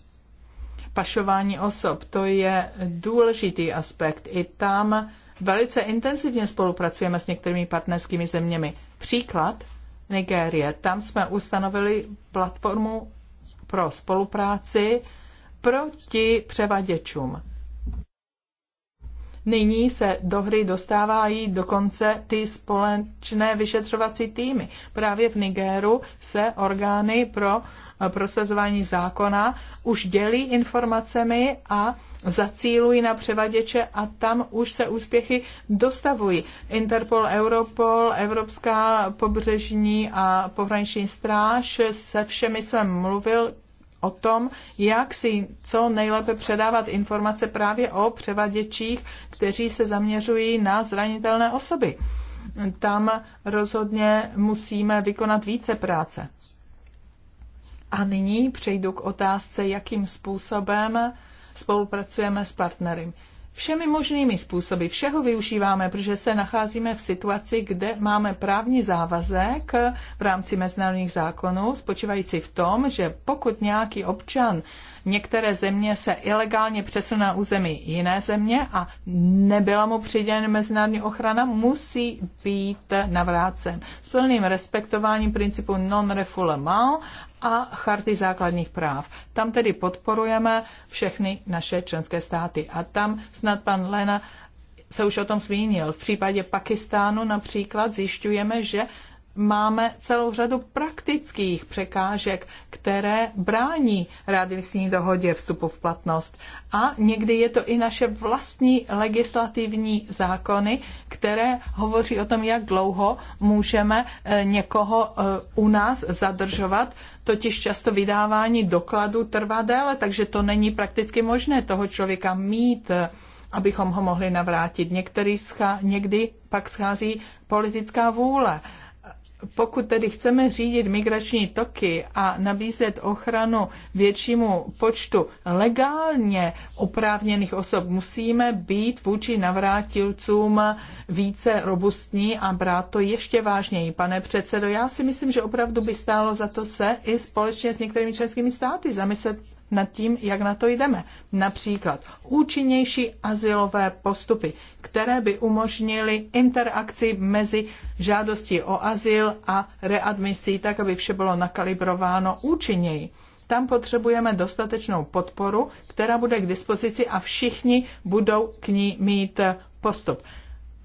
pašování osob. To je důležitý aspekt. I tam velice intenzivně spolupracujeme s některými partnerskými zeměmi. Příklad Nigérie. Tam jsme ustanovili platformu pro spolupráci proti převaděčům. Nyní se do hry dostávají dokonce ty společné vyšetřovací týmy. Právě v Nigéru se orgány pro eh, prosazování zákona už dělí informacemi a zacílují na převaděče a tam už se úspěchy dostavují. Interpol, Europol, Evropská pobřežní a pohraniční stráž se všemi jsem mluvil, o tom, jak si co nejlépe předávat informace právě o převaděčích, kteří se zaměřují na zranitelné osoby. Tam rozhodně musíme vykonat více práce. A nyní přejdu k otázce, jakým způsobem spolupracujeme s partnery. Všemi možnými způsoby všeho využíváme, protože se nacházíme v situaci, kde máme právní závazek v rámci mezinárodních zákonů, spočívající v tom, že pokud nějaký občan některé země se ilegálně přesune na území jiné země a nebyla mu přidělena mezinárodní ochrana, musí být navrácen s plným respektováním principu non-refoulement a charty základních práv. Tam tedy podporujeme všechny naše členské státy. A tam snad pan Lena se už o tom zmínil. V případě Pakistánu například zjišťujeme, že máme celou řadu praktických překážek, které brání readmisní dohodě vstupu v platnost. A někdy je to i naše vlastní legislativní zákony, které hovoří o tom, jak dlouho můžeme eh, někoho eh, u nás zadržovat, totiž často vydávání dokladů trvá déle, takže to není prakticky možné toho člověka mít eh, abychom ho mohli navrátit. Některý schá, někdy pak schází politická vůle pokud tedy chceme řídit migrační toky a nabízet ochranu většímu počtu legálně oprávněných osob, musíme být vůči navrátilcům více robustní a brát to ještě vážněji. Pane předsedo, já si myslím, že opravdu by stálo za to se i společně s některými českými státy zamyslet nad tím, jak na to jdeme. Například účinnější asilové postupy, které by umožnily interakci mezi žádostí o azyl a readmisí, tak aby vše bylo nakalibrováno účinněji. Tam potřebujeme dostatečnou podporu, která bude k dispozici a všichni budou k ní mít postup.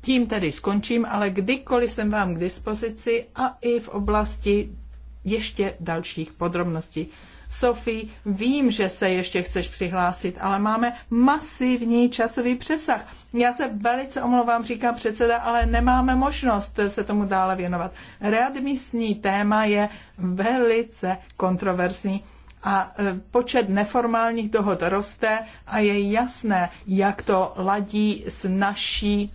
Tím tedy skončím, ale kdykoliv jsem vám k dispozici a i v oblasti ještě dalších podrobností. Sofie, vím, že se ještě chceš přihlásit, ale máme masivní časový přesah. Já se velice omlouvám, říká předseda, ale nemáme možnost se tomu dále věnovat. Readmisní téma je velice kontroverzní a e, počet neformálních dohod roste a je jasné, jak to ladí s naší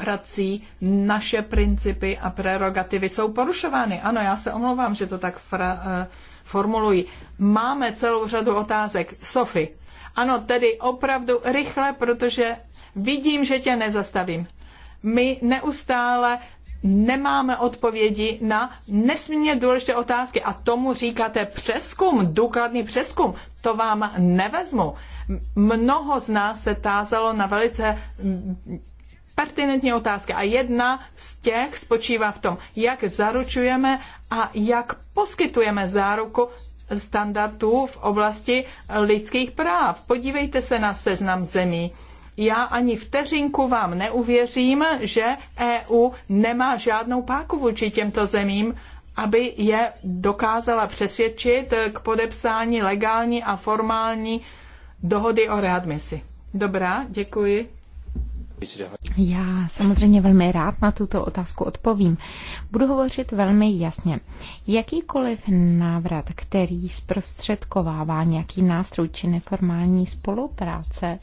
prací naše principy a prerogativy jsou porušovány. Ano, já se omlouvám, že to tak fra, e, formuluji, Máme celou řadu otázek. Sofy. Ano, tedy opravdu rychle, protože vidím, že tě nezastavím. My neustále nemáme odpovědi na nesmírně důležité otázky a tomu říkáte přeskum, důkladný přeskum. To vám nevezmu. Mnoho z nás se tázalo na velice pertinentní otázky a jedna z těch spočívá v tom, jak zaručujeme a jak poskytujeme záruku standardů v oblasti lidských práv. Podívejte se na seznam zemí. Já ani vteřinku vám neuvěřím, že EU nemá žádnou páku vůči těmto zemím, aby je dokázala přesvědčit k podepsání legální a formální dohody o readmisi. Dobrá, děkuji. Já samozřejmě velmi rád na tuto otázku odpovím. Budu hovořit velmi jasně. Jakýkoliv návrat, který zprostředkovává nějaký nástroj či neformální spolupráce,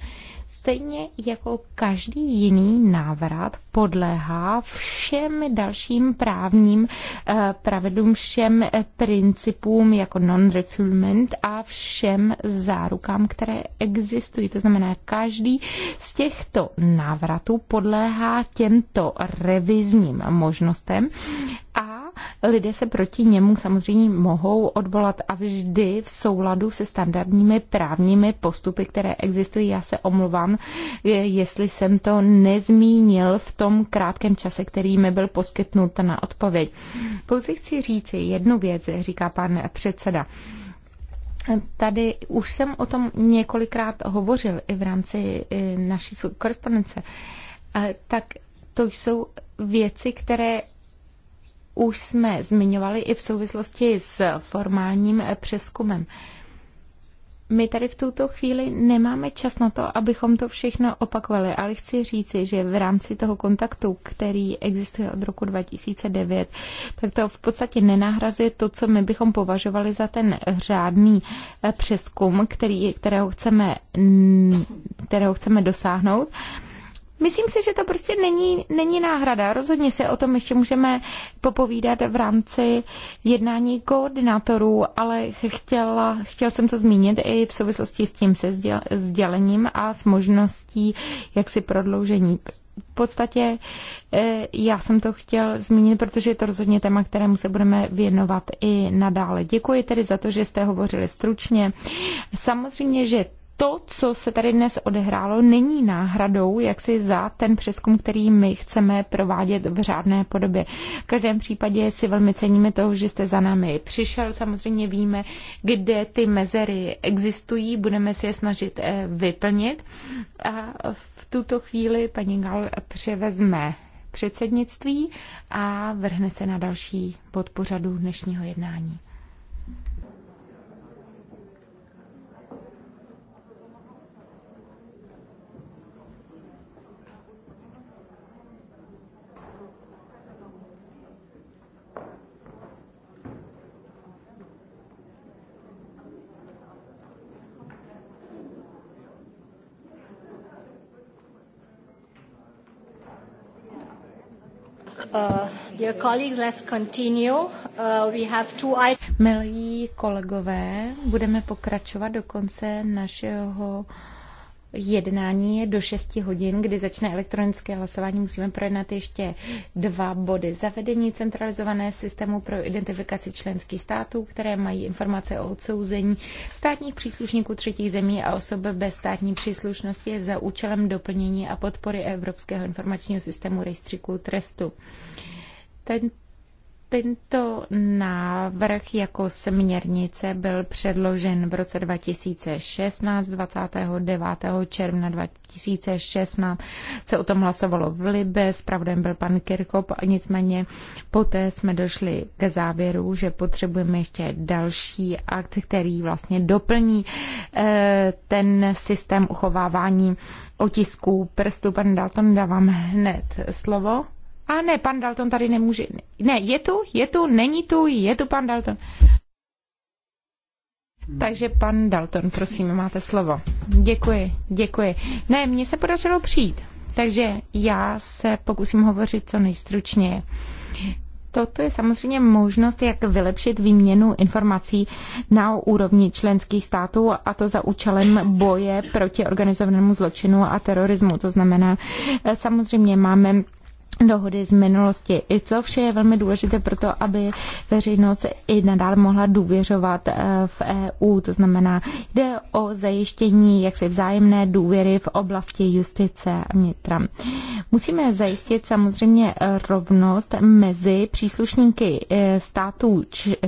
stejně jako každý jiný návrat podléhá všem dalším právním eh, pravidlům, všem eh, principům jako non-refoulement a všem zárukám, které existují. To znamená, každý z těchto návratů podléhá těmto revizním možnostem lidé se proti němu samozřejmě mohou odvolat a vždy v souladu se standardními právními postupy, které existují. Já se omluvám, jestli jsem to nezmínil v tom krátkém čase, který mi byl poskytnut na odpověď. Pouze chci říci jednu věc, říká pan předseda. Tady už jsem o tom několikrát hovořil i v rámci naší korespondence. Eh, tak to jsou věci, které už jsme zmiňovali i v souvislosti s formálním přeskumem. My tady v tuto chvíli nemáme čas na to, abychom to všechno opakovali, ale chci říci, že v rámci toho kontaktu, který existuje od roku 2009, tak to v podstatě nenahrazuje to, co my bychom považovali za ten řádný eh, přeskum, který, kterého, chceme, kterého chceme dosáhnout. Myslím si, že to prostě není, není náhrada. Rozhodně se o tom ještě můžeme popovídat v rámci jednání koordinátorů, ale chtěla, chtěl jsem to zmínit i v souvislosti s tím se sdělením a s možností jaksi prodloužení v podstatě eh, já jsem to chtěl zmínit, protože je to rozhodně téma, kterému se budeme věnovat i nadále. Děkuji tedy za to, že jste hovořili stručně. Samozřejmě, že to, co se tady dnes odehrálo, není náhradou jaksi za ten přeskum, který my chceme provádět v řádné podobě. V každém případě si velmi ceníme toho, že jste za námi přišel. Samozřejmě víme, kde ty mezery existují, budeme se je snažit eh, vyplnit. A v tuto chvíli paní Gal převezme předsednictví a vrhne se na další bod pořadu dnešního jednání. Uh, dear colleagues, let's continue. Uh, we have two Milí kolegové, budeme pokračovat do konce našeho jednání je do 6 hodin, kdy začne elektronické hlasování. Musíme projednat ještě dva body. Zavedení centralizované systému pro identifikaci členských států, které mají informace o odsouzení státních příslušníků třetích zemí a osob bez státní příslušnosti za účelem doplnění a podpory Evropského informačního systému rejstříku trestu. Ten, tento návrh jako směrnice byl předložen v roce 2016, 29. června 2016 se o tom hlasovalo v Libe, spravdem byl pan a nicméně poté jsme došli k závěru, že potřebujeme ještě další akt, který vlastně doplní eh, ten systém uchovávání otisků prstů. Pan Dalton, dávám hned slovo. A ne, pan Dalton tady nemůže. Ne, je tu, je tu, není tu, je tu pan Dalton. Takže pan Dalton, prosím, máte slovo. Děkuji, děkuji. Ne, mně se podařilo přijít, takže já se pokusím hovořit co nejstručněji. Toto je samozřejmě možnost, jak vylepšit výměnu informací na úrovni členských států a to za účelem boje proti organizovanému zločinu a terorismu. To znamená, samozřejmě máme dohody z minulosti. I to vše je velmi důležité pro to, aby veřejnost i nadále mohla důvěřovat eh, v EU. To znamená, jde o zajištění jaksi vzájemné důvěry v oblasti justice a vnitra. Musíme zajistit samozřejmě rovnost mezi příslušníky eh, států,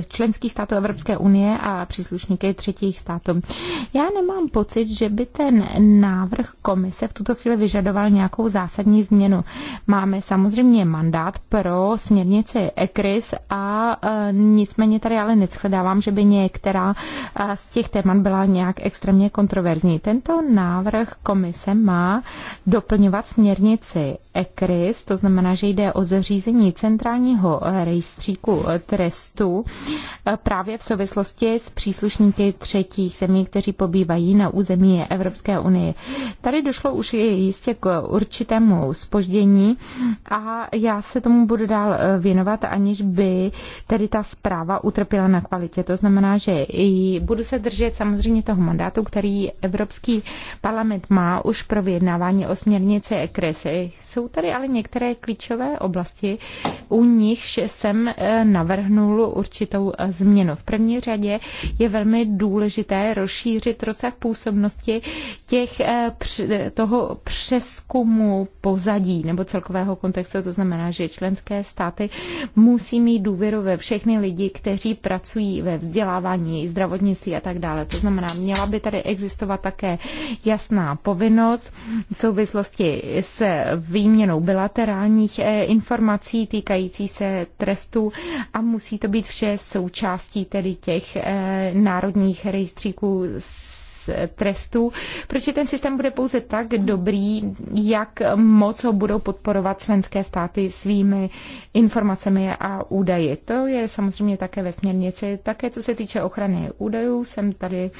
členských států Evropské unie a příslušníky třetích států. Já nemám pocit, že by ten návrh komise v tuto chvíli vyžadoval nějakou zásadní změnu. Máme samozřejmě samozřejmě mandát pro směrnici ECRIS a e, nicméně tady ale neschledávám, že by některá e, z těch témat byla nějak extrémně kontroverzní. Tento návrh komise má doplňovat směrnici ECRIS, to znamená, že jde o zařízení centrálního rejstříku trestu e, právě v souvislosti s příslušníky třetích zemí, kteří pobývají na území Evropské unie. Tady došlo už jistě k určitému spoždění, a já se tomu budu dál eh, věnovat, aniž by tedy ta zpráva utrpěla na kvalitě. To znamená, že i budu se držet samozřejmě toho mandátu, který Evropský parlament má už pro vyjednávání o směrnici ECRISy. Jsou tady ale některé klíčové oblasti, u nichž jsem eh, navrhnul určitou eh, změnu. V první řadě je velmi důležité rozšířit rozsah působnosti těch, toho přeskumu pozadí nebo celkového kontrolu kontextu. To znamená, že členské státy musí mít důvěru ve všechny lidi, kteří pracují ve vzdělávání, zdravotnictví a tak dále. To znamená, měla by tady existovat také jasná povinnost v souvislosti s výměnou bilaterálních eh, informací týkající se trestů a musí to být vše součástí tedy těch eh, národních rejstříků trestů, protože ten systém bude pouze tak dobrý, jak moc ho budou podporovat členské státy svými informacemi a údaji. To je samozřejmě také ve směrnici. Také co se týče ochrany údajů, jsem tady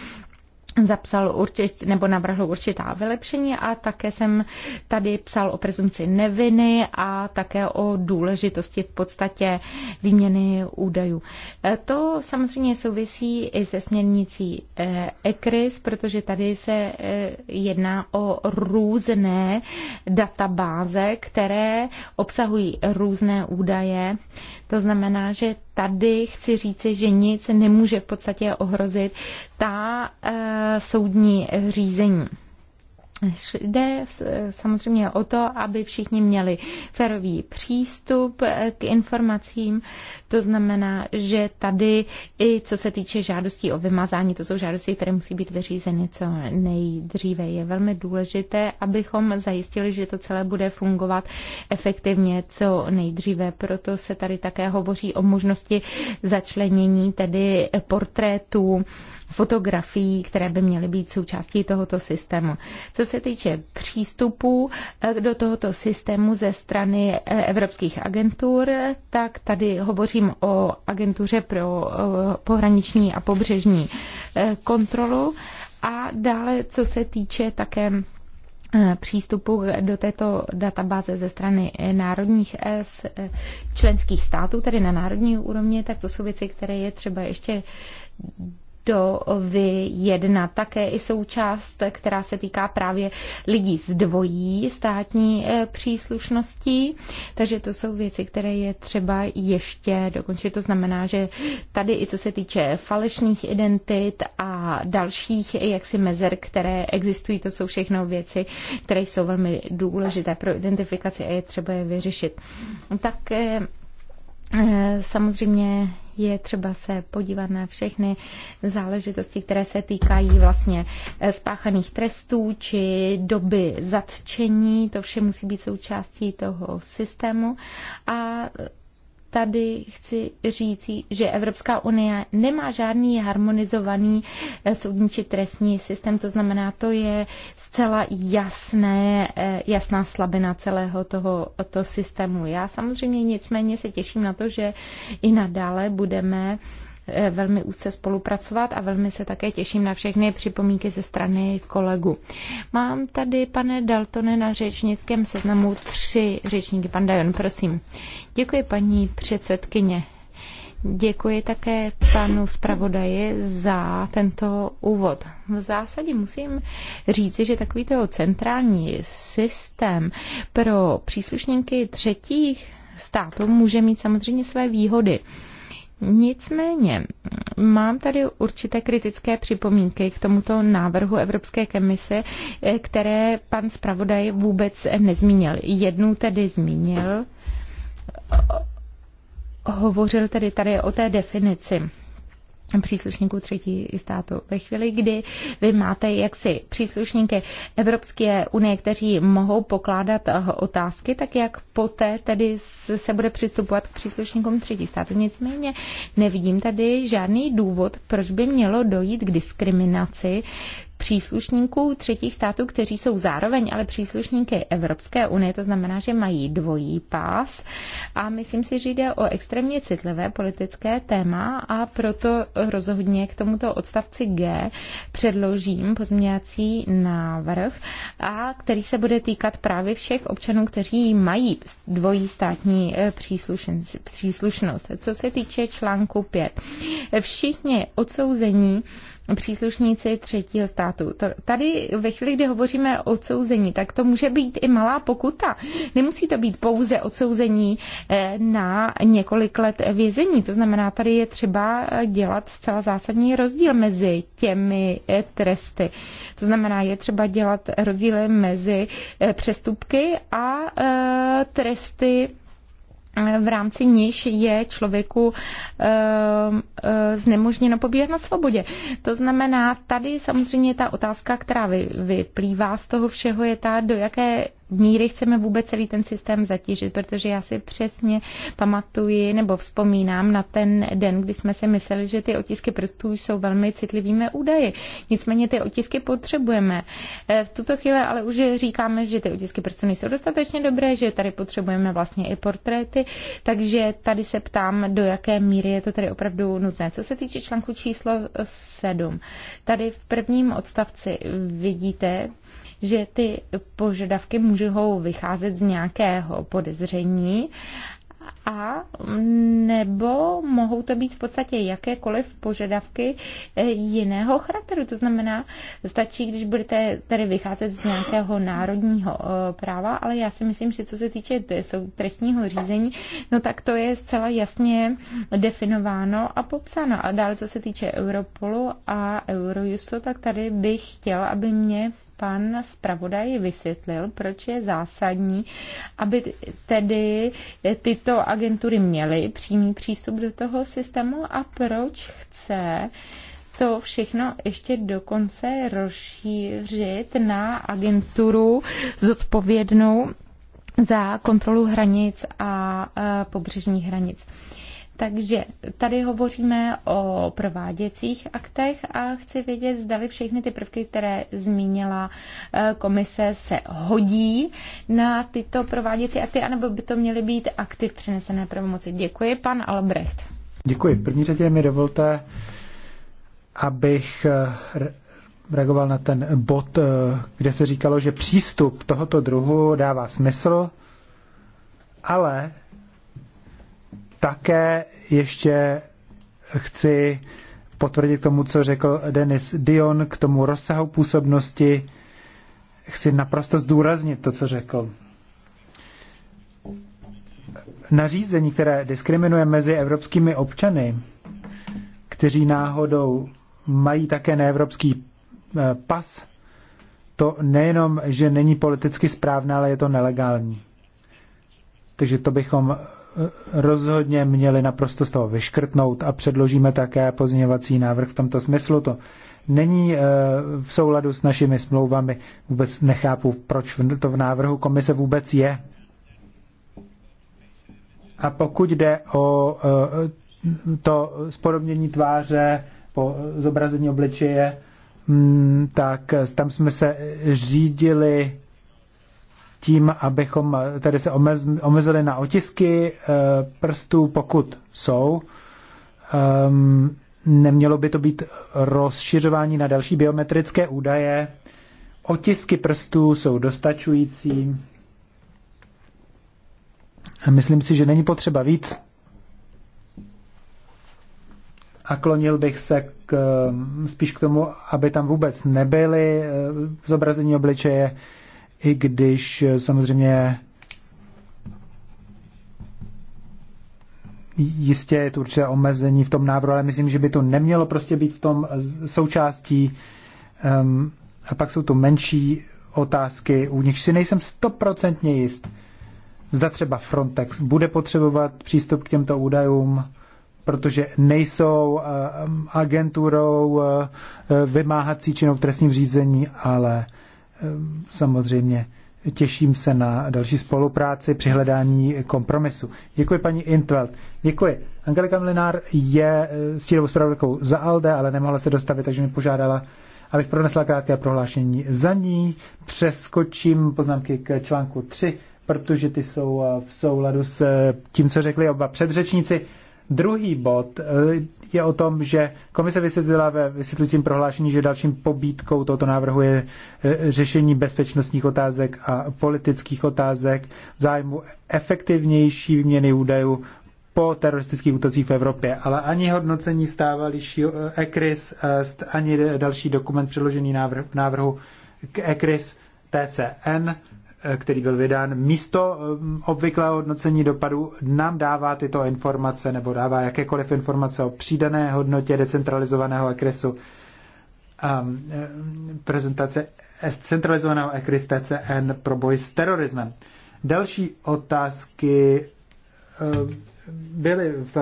zapsal určit, nebo navrhl určitá vylepšení a také jsem tady psal o prezumci neviny a také o důležitosti v podstatě výměny údajů. E, to samozřejmě souvisí i se směrnicí ECRIS, e protože tady se e, jedná o různé databáze, které obsahují různé údaje. To znamená, že tady chci říci, že nic nemůže v podstatě ohrozit ta eh, soudní řízení. Jde samozřejmě o to, aby všichni měli ferový přístup eh, k informacím. To znamená, že tady i co se týče žádostí o vymazání, to jsou žádosti, které musí být vyřízeny co nejdříve. Je velmi důležité, abychom zajistili, že to celé bude fungovat efektivně co nejdříve. Proto se tady také hovoří o možnosti začlenění tedy portrétů fotografií, které by měly být součástí tohoto systému. Co se týče přístupu eh, do tohoto systému ze strany eh, evropských agentur, tak tady hovořím o agentuře pro eh, pohraniční a pobřežní kontrolu. A dále, co se týče také přístupu do této databáze ze strany národních S členských států, tedy na národní úrovni, tak to jsou věci, které je třeba ještě do jedna Také i součást, která se týká právě lidí s dvojí státní eh, příslušností. Takže to jsou věci, které je třeba ještě dokončit. To znamená, že tady i co se týče falešných identit a dalších eh, jaksi mezer, které existují, to jsou všechno věci, které jsou velmi důležité pro identifikaci a je třeba je vyřešit. Tak eh, Eh, samozřejmě je třeba se podívat na všechny záležitosti, které se týkají vlastně eh, spáchaných trestů či doby zatčení. To vše musí být součástí toho systému. A eh, tady chci říct, že Evropská unie nemá žádný harmonizovaný eh, soudní či trestní systém, to znamená, to je zcela jasné, eh, jasná slabina celého toho, toho systému. Já samozřejmě nicméně se těším na to, že i nadále budeme uh, Eh, velmi úzce spolupracovat a velmi se také těším na všechny připomínky ze strany kolegu. Mám tady, pane Daltone, na řečnickém seznamu tři řečníky. Pan Dajon, prosím. Děkuji, paní předsedkyně. Děkuji také panu zpravodaji za tento úvod. V zásadě musím říci, že takovýto centrální systém pro příslušníky třetích států může mít samozřejmě své výhody. Nicméně mám tady určité kritické připomínky k tomuto návrhu Evropské komise, které pan zpravodaj vůbec nezmínil. Jednu tedy zmínil, hovořil tedy tady o té definici příslušníků třetí státu. Ve chvíli, kdy vy máte jaksi příslušníky Evropské unie, kteří mohou pokládat eh, otázky, tak jak poté tedy se bude přistupovat k příslušníkům třetí státu. Nicméně nevidím tady žádný důvod, proč by mělo dojít k diskriminaci příslušníků třetích států, kteří jsou zároveň ale příslušníky Evropské unie, to znamená, že mají dvojí pás. A myslím si, že jde o extrémně citlivé politické téma a proto rozhodně k tomuto odstavci G předložím pozměňací návrh, a který se bude týkat právě všech občanů, kteří mají dvojí státní eh, příslušnost. Co se týče článku 5, všichni odsouzení příslušníci třetího státu. Tady ve chvíli, kdy hovoříme o odsouzení, tak to může být i malá pokuta. Nemusí to být pouze odsouzení eh, na několik let vězení. To znamená, tady je třeba dělat zcela zásadní rozdíl mezi těmi eh, tresty. To znamená, je třeba dělat rozdíly mezi eh, přestupky a tresty v rámci níž je člověku eh, eh, znemožněno pobíhat na svobodě. To znamená, tady samozřejmě ta otázka, která vyplývá z toho všeho, je ta, do jaké míry chceme vůbec celý ten systém zatížit, protože já si přesně pamatuji nebo vzpomínám na ten den, kdy jsme si mysleli, že ty otisky prstů jsou velmi citlivými údaji. Nicméně ty otisky potřebujeme. E, v tuto chvíli ale už říkáme, že ty otisky prstů nejsou dostatečně dobré, že tady potřebujeme vlastně i portréty, takže tady se ptám, do jaké míry je to tady opravdu nutné. Co se týče článku číslo 7, tady v prvním odstavci vidíte, že ty požadavky můžou vycházet z nějakého podezření a nebo mohou to být v podstatě jakékoliv požadavky eh, jiného charakteru. To znamená, stačí, když budete tady vycházet z nějakého národního eh, práva, ale já si myslím, že co se týče trestního řízení, no tak to je zcela jasně definováno a popsáno. A dále, co se týče Europolu a Eurojustu, tak tady bych chtěla, aby mě pan zpravodaj vysvětlil, proč je zásadní, aby tedy tyto agentury měly přímý přístup do toho systému a proč chce to všechno ještě dokonce rozšířit na agenturu zodpovědnou za kontrolu hranic a e, pobřežních hranic. Takže tady hovoříme o prováděcích aktech a chci vědět, zdali všechny ty prvky, které zmínila eh, komise, se hodí na tyto prováděcí akty, anebo by to měly být akty v přenesené pravomoci. Děkuji, pan Albrecht. Děkuji. V první řadě mi dovolte, abych eh, reagoval na ten bod, eh, kde se říkalo, že přístup tohoto druhu dává smysl, ale také ještě chci potvrdit tomu, co řekl Denis Dion, k tomu rozsahu působnosti. Chci naprosto zdůraznit to, co řekl. Nařízení, které diskriminuje mezi evropskými občany, kteří náhodou mají také neevropský eh, pas, to nejenom, že není politicky správné, ale je to nelegální. Takže to bychom rozhodně měli naprosto z toho vyškrtnout a předložíme také pozměňovací návrh v tomto smyslu. To není eh, v souladu s našimi smlouvami. Vůbec nechápu, proč to v návrhu komise vůbec je. A pokud jde o eh, to spodobnění tváře, po zobrazení obličeje, mm, tak eh, tam jsme se řídili tím, abychom tedy se omezili na otisky eh, prstů, pokud jsou. Ehm, nemělo by to být rozšiřování na další biometrické údaje. Otisky prstů jsou dostačující. Myslím si, že není potřeba víc. A klonil bych se k, ehm, spíš k tomu, aby tam vůbec nebyly eh, zobrazení obličeje, i když eh, samozřejmě jistě je to určitě omezení v tom návrhu, ale myslím, že by to nemělo prostě být v tom eh, součástí. Um, a pak jsou tu menší otázky, u nich si nejsem stoprocentně jist. Zda třeba Frontex bude potřebovat přístup k těmto údajům, protože nejsou eh, ehm, agenturou vymáhací činou v trestním řízení, ale Ehm, samozřejmě těším se na další spolupráci při hledání kompromisu. Děkuji paní Intveld. Děkuji. Angelika Mlinár je eh, stílovou zpravodajkou za ALDE, ale nemohla se dostavit, takže mi požádala, abych pronesla krátké prohlášení za ní. Přeskočím poznámky k článku 3, protože ty jsou eh, v souladu s eh, tím, co řekli oba předřečníci. Druhý bod je o tom, že komise vysvětlila ve vysvětlujícím prohlášení, že dalším pobítkou tohoto návrhu je e, řešení bezpečnostních otázek a politických otázek v zájmu efektivnější výměny údajů po teroristických útocích v Evropě. Ale ani hodnocení stávalýšího e, ECRIS, e, ani další dokument předložený návrhu k ECRIS TCN Eh, který byl vydán místo eh, obvyklého hodnocení dopadu, nám dává tyto informace nebo dává jakékoliv informace o přidané hodnotě decentralizovaného ekresu. Um, ehm, eh, prezentace centralizovaného ekris TCN pro boj s terorismem. Další otázky byly v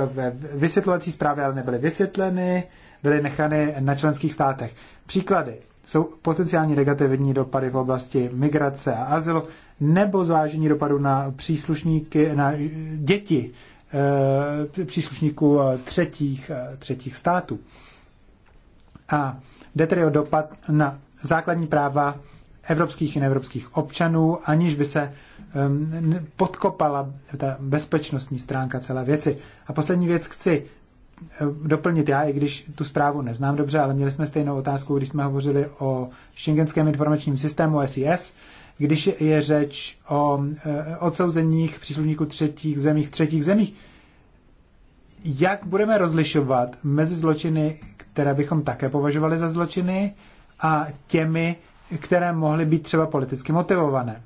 vysvětlovací zprávě, ale nebyly vysvětleny, byly nechány na členských státech. Příklady jsou potenciální negativní dopady v oblasti migrace a azylu nebo zvážení dopadu na příslušníky, na děti eh, příslušníků eh, třetích, eh, třetích států. A jde tedy o dopad na základní práva evropských i neevropských občanů, aniž by se podkopala ta bezpečnostní stránka celé věci. A poslední věc chci Eh, doplnit já, i když tu zprávu neznám dobře, ale měli jsme stejnou otázku, když jsme hovořili o šengenském informačním systému SIS, když je řeč o eh, odsouzeních příslušníků třetích zemích v třetích zemích. Jak budeme rozlišovat mezi zločiny, které bychom také považovali za zločiny, a těmi, které mohly být třeba politicky motivované?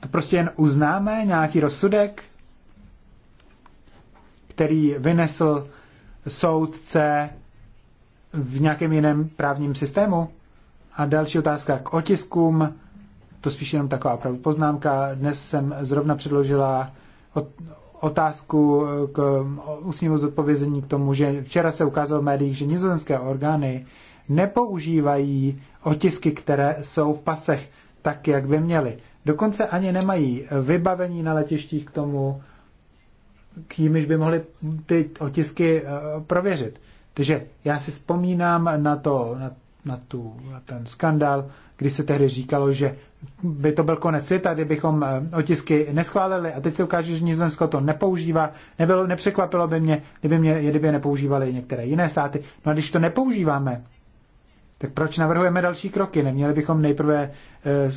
To prostě jen uznáme nějaký rozsudek, který vynesl soudce v nějakém jiném právním systému? A další otázka k otiskům, to spíš jenom taková opravdu poznámka. Dnes jsem zrovna předložila otázku k ústnímu zodpovězení k tomu, že včera se ukázalo v médiích, že nizozemské orgány nepoužívají otisky, které jsou v pasech tak, jak by měly. Dokonce ani nemají vybavení na letištích k tomu, k nímž by mohli ty otisky eh, prověřit. Takže já si vzpomínám na, to, na, na, tu, na ten skandál, kdy se tehdy říkalo, že by to byl konec světa, kdybychom eh, otisky neschválili a teď se ukáže, že Nizozemsko to nepoužívá. Nebylo, nepřekvapilo by mě, kdyby, mě, kdyby nepoužívali některé jiné státy. No a když to nepoužíváme, tak proč navrhujeme další kroky? Neměli bychom nejprve eh,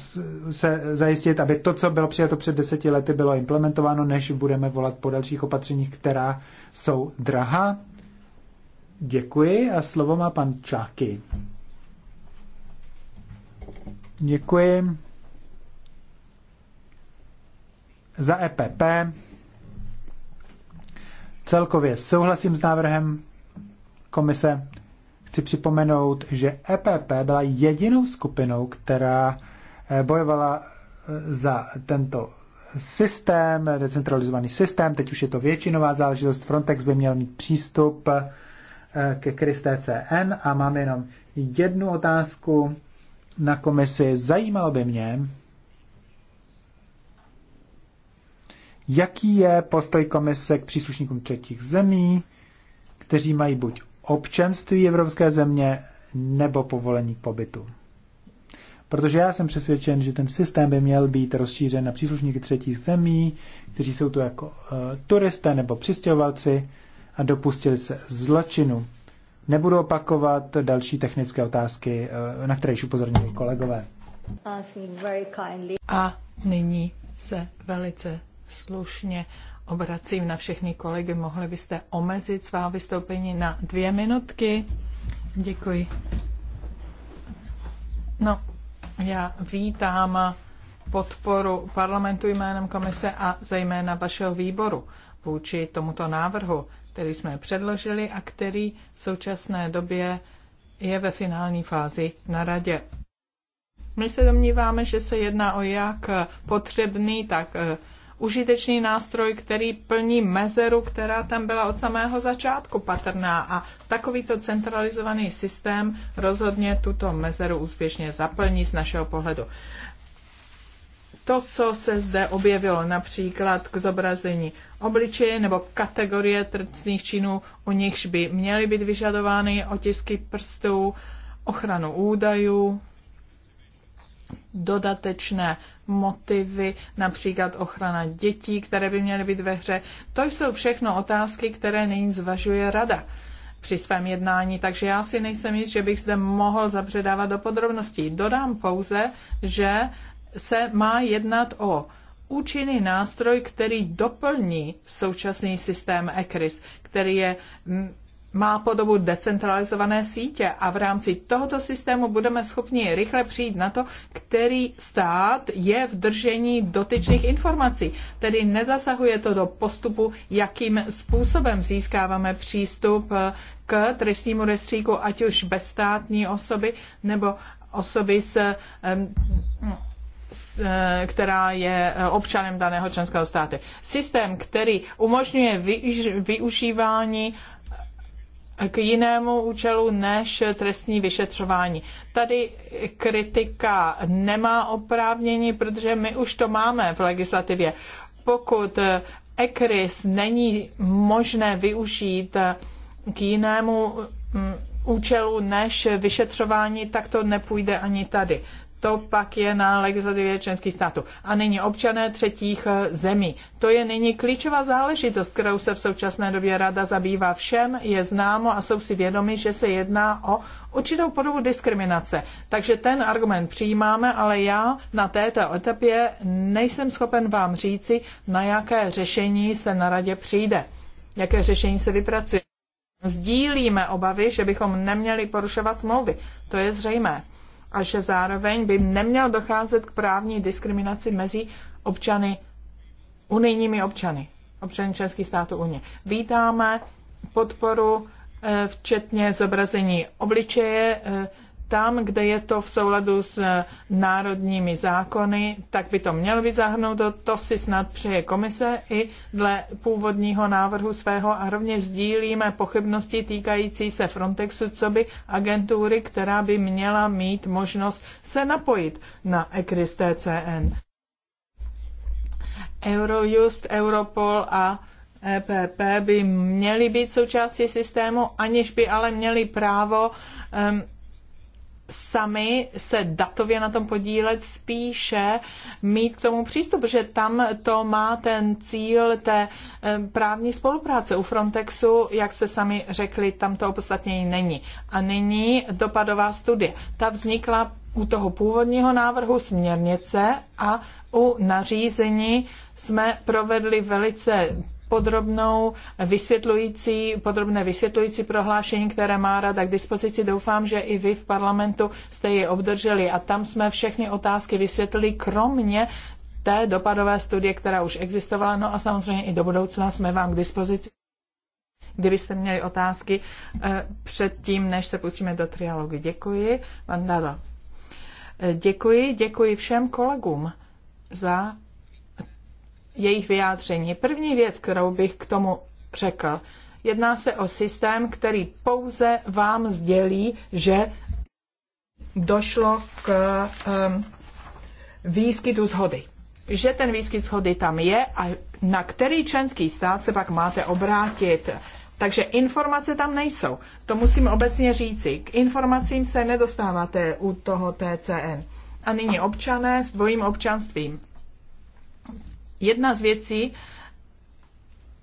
se zajistit, aby to, co bylo přijato před deseti lety, bylo implementováno, než budeme volat po dalších opatřeních, která jsou drahá? Děkuji a slovo má pan Čáky. Děkuji. Za EPP celkově souhlasím s návrhem komise Chci připomenout, že EPP byla jedinou skupinou, která eh, bojovala eh, za tento systém, decentralizovaný systém, teď už je to většinová záležitost, Frontex by měl mít přístup eh, ke CN a mám jenom jednu otázku na komisi. Zajímalo by mě, jaký je postoj komise k příslušníkům třetích zemí, kteří mají buď občanství evropské země nebo povolení k pobytu. Protože já jsem přesvědčen, že ten systém by měl být rozšířen na příslušníky třetích zemí, kteří jsou tu jako e, turisté nebo přistěhovalci a dopustili se zločinu. Nebudu opakovat další technické otázky, e, na které již upozornili kolegové. A nyní se velice slušně obracím na všechny kolegy. Mohli byste omezit svá vystoupení na dvě minutky? Děkuji. No, já vítám podporu parlamentu jménem komise a zejména vašeho výboru vůči tomuto návrhu, který jsme předložili a který v současné době je ve finální fázi na radě. My se domníváme, že se jedná o jak potřebný, tak eh, užitečný nástroj, který plní mezeru, která tam byla od samého začátku patrná a takovýto centralizovaný systém rozhodně tuto mezeru úspěšně zaplní z našeho pohledu. To, co se zde objevilo například k zobrazení obličeje nebo kategorie trcných činů, u nichž by měly být vyžadovány otisky prstů, ochranu údajů, dodatečné motivy, například ochrana dětí, které by měly být ve hře. To jsou všechno otázky, které nyní zvažuje rada při svém jednání, takže já si nejsem jist, že bych zde mohl zabředávat do podrobností. Dodám pouze, že se má jednat o účinný nástroj, který doplní současný systém ECRIS, který je mm, má podobu decentralizované sítě a v rámci tohoto systému budeme schopni rychle přijít na to, který stát je v držení dotyčných informací. Tedy nezasahuje to do postupu, jakým způsobem získáváme přístup eh, k trestnímu rejstříku, ať už bezstátní osoby nebo osoby s, eh, s, eh, která je občanem daného členského státu. Systém, který umožňuje využívání k jinému účelu než trestní vyšetřování. Tady kritika nemá oprávnění, protože my už to máme v legislativě. Pokud ECRIS není možné využít k jinému mm, účelu než vyšetřování, tak to nepůjde ani tady to pak je na legislativě členských států. A nyní občané třetích eh, zemí. To je nyní klíčová záležitost, kterou se v současné době rada zabývá všem, je známo a jsou si vědomi, že se jedná o určitou podobu diskriminace. Takže ten argument přijímáme, ale já na této etapě nejsem schopen vám říci, na jaké řešení se na radě přijde, jaké řešení se vypracuje. Sdílíme obavy, že bychom neměli porušovat smlouvy. To je zřejmé a že zároveň by neměl docházet k právní diskriminaci mezi občany, unijními občany, občany členských států Unie. Vítáme podporu eh, včetně zobrazení obličeje eh, tam, kde je to v souladu s eh, národními zákony, tak by to mělo být zahrnuto. To si snad přeje komise i dle původního návrhu svého a rovněž sdílíme pochybnosti týkající se Frontexu, co by agentury, která by měla mít možnost se napojit na ECRIS TCN. Eurojust, Europol a EPP by měly být součástí systému, aniž by ale měly právo um, sami se datově na tom podílet, spíše mít k tomu přístup, protože tam to má ten cíl té eh, právní spolupráce. U Frontexu, jak jste sami řekli, tam to opodstatnění není. A nyní dopadová studie. Ta vznikla u toho původního návrhu směrnice a u nařízení jsme provedli velice podrobnou vysvětlující, podrobné vysvětlující prohlášení, které má rada k dispozici. Doufám, že i vy v parlamentu jste ji obdrželi a tam jsme všechny otázky vysvětlili, kromě té dopadové studie, která už existovala, no a samozřejmě i do budoucna jsme vám k dispozici, kdybyste měli otázky eh, předtím, než se pustíme do trialogu. Děkuji, pan eh, Děkuji, děkuji všem kolegům za jejich vyjádření. První věc, kterou bych k tomu řekl, jedná se o systém, který pouze vám sdělí, že došlo k um, výskytu shody. Že ten výskyt shody tam je a na který členský stát se pak máte obrátit. Takže informace tam nejsou. To musím obecně říci. K informacím se nedostáváte u toho TCN. A nyní občané s dvojím občanstvím. Jedna z věcí,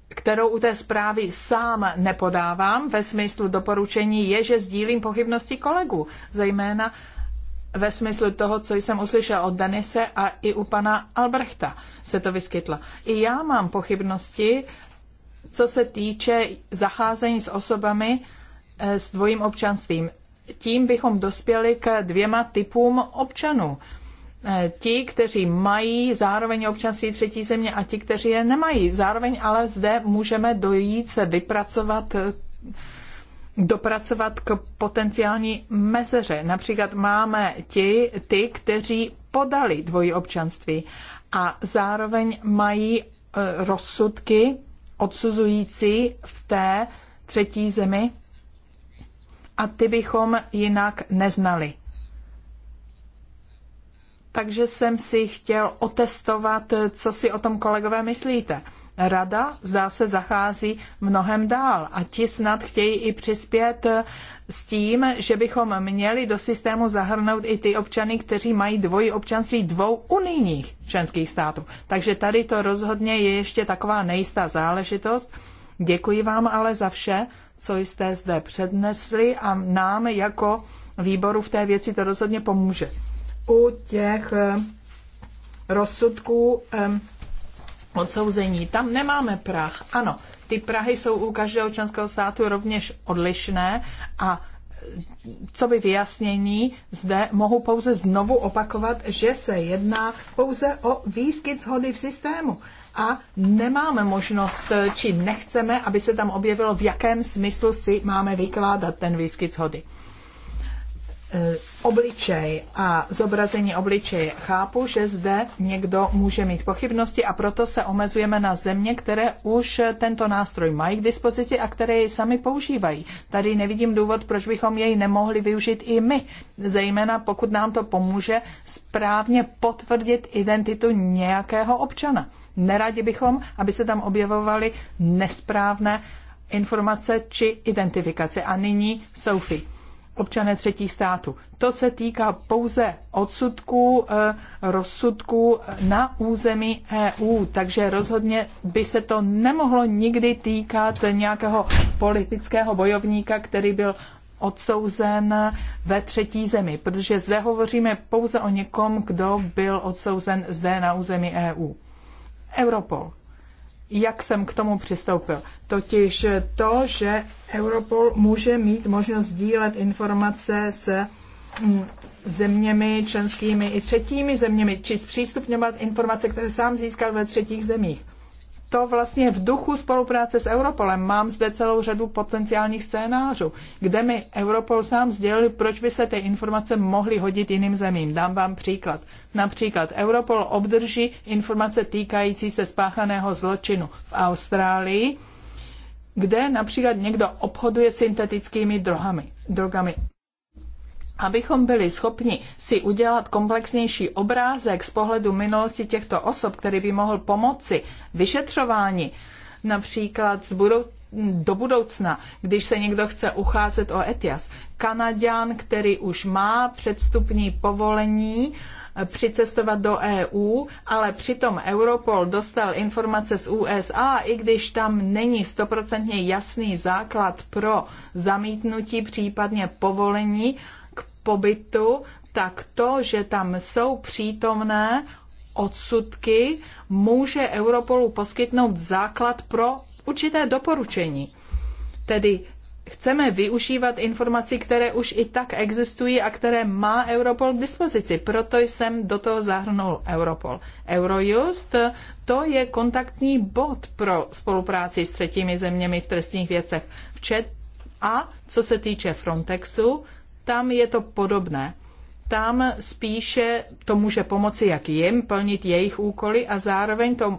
kterou u té zprávy sám nepodávám ve smyslu doporučení, je, že sdílím pochybnosti kolegů, zejména ve smyslu toho, co jsem uslyšel od Denise a i u pana Albrechta se to vyskytlo. I já mám pochybnosti, co se týče zacházení s osobami eh, s dvojím občanstvím. Tím bychom dospěli k dvěma typům občanů. Eh, ti, kteří mají zároveň občanství třetí země a ti, kteří je nemají. Zároveň ale zde můžeme dojít se vypracovat eh, dopracovat k potenciální mezeře. Například máme ti, ty, kteří podali dvojí občanství a zároveň mají eh, rozsudky odsuzující v té třetí zemi a ty bychom jinak neznali takže jsem si chtěl otestovat, co si o tom kolegové myslíte. Rada, zdá se, zachází mnohem dál a ti snad chtějí i přispět s tím, že bychom měli do systému zahrnout i ty občany, kteří mají dvojí občanství dvou unijních členských států. Takže tady to rozhodně je ještě taková nejistá záležitost. Děkuji vám ale za vše, co jste zde přednesli a nám jako výboru v té věci to rozhodně pomůže u těch eh, rozsudků odsouzení. Tam nemáme prach. Ano, ty prahy jsou u každého členského státu rovněž odlišné a eh, co by vyjasnění, zde mohu pouze znovu opakovat, že se jedná pouze o výskyt shody v systému a nemáme možnost, eh, či nechceme, aby se tam objevilo, v jakém smyslu si máme vykládat ten výskyt shody. Eh, obličej a zobrazení obličeje. Chápu, že zde někdo může mít pochybnosti a proto se omezujeme na země, které už tento nástroj mají k dispozici a které jej sami používají. Tady nevidím důvod, proč bychom jej nemohli využít i my, zejména pokud nám to pomůže správně potvrdit identitu nějakého občana. Neradi bychom, aby se tam objevovaly nesprávné informace či identifikace. A nyní Sophie občané třetích států. To se týká pouze odsudků, eh, rozsudků na území EU, takže rozhodně by se to nemohlo nikdy týkat nějakého politického bojovníka, který byl odsouzen ve třetí zemi, protože zde hovoříme pouze o někom, kdo byl odsouzen zde na území EU. Europol jak jsem k tomu přistoupil. Totiž to, že Europol může mít možnost sdílet informace s mm, zeměmi členskými i třetími zeměmi, či zpřístupňovat informace, které sám získal ve třetích zemích to vlastně v duchu spolupráce s Europolem. Mám zde celou řadu potenciálních scénářů, kde mi Europol sám sdělil, proč by se ty informace mohly hodit jiným zemím. Dám vám příklad. Například Europol obdrží informace týkající se spáchaného zločinu v Austrálii, kde například někdo obchoduje syntetickými drogami. drogami abychom byli schopni si udělat komplexnější obrázek z pohledu minulosti těchto osob, který by mohl pomoci vyšetřování, například z budou, do budoucna, když se někdo chce ucházet o ETIAS. Kanaďan, který už má předstupní povolení eh, přicestovat do EU, ale přitom Europol dostal informace z USA, i když tam není stoprocentně jasný základ pro zamítnutí, případně povolení, pobytu, tak to, že tam jsou přítomné odsudky, může Europolu poskytnout základ pro určité doporučení. Tedy chceme využívat informací, které už i tak existují a které má Europol k dispozici. Proto jsem do toho zahrnul Europol. Eurojust to je kontaktní bod pro spolupráci s třetími zeměmi v trestních věcech. Včet a co se týče Frontexu, tam je to podobné. Tam spíše to může pomoci jak jim plnit jejich úkoly a zároveň to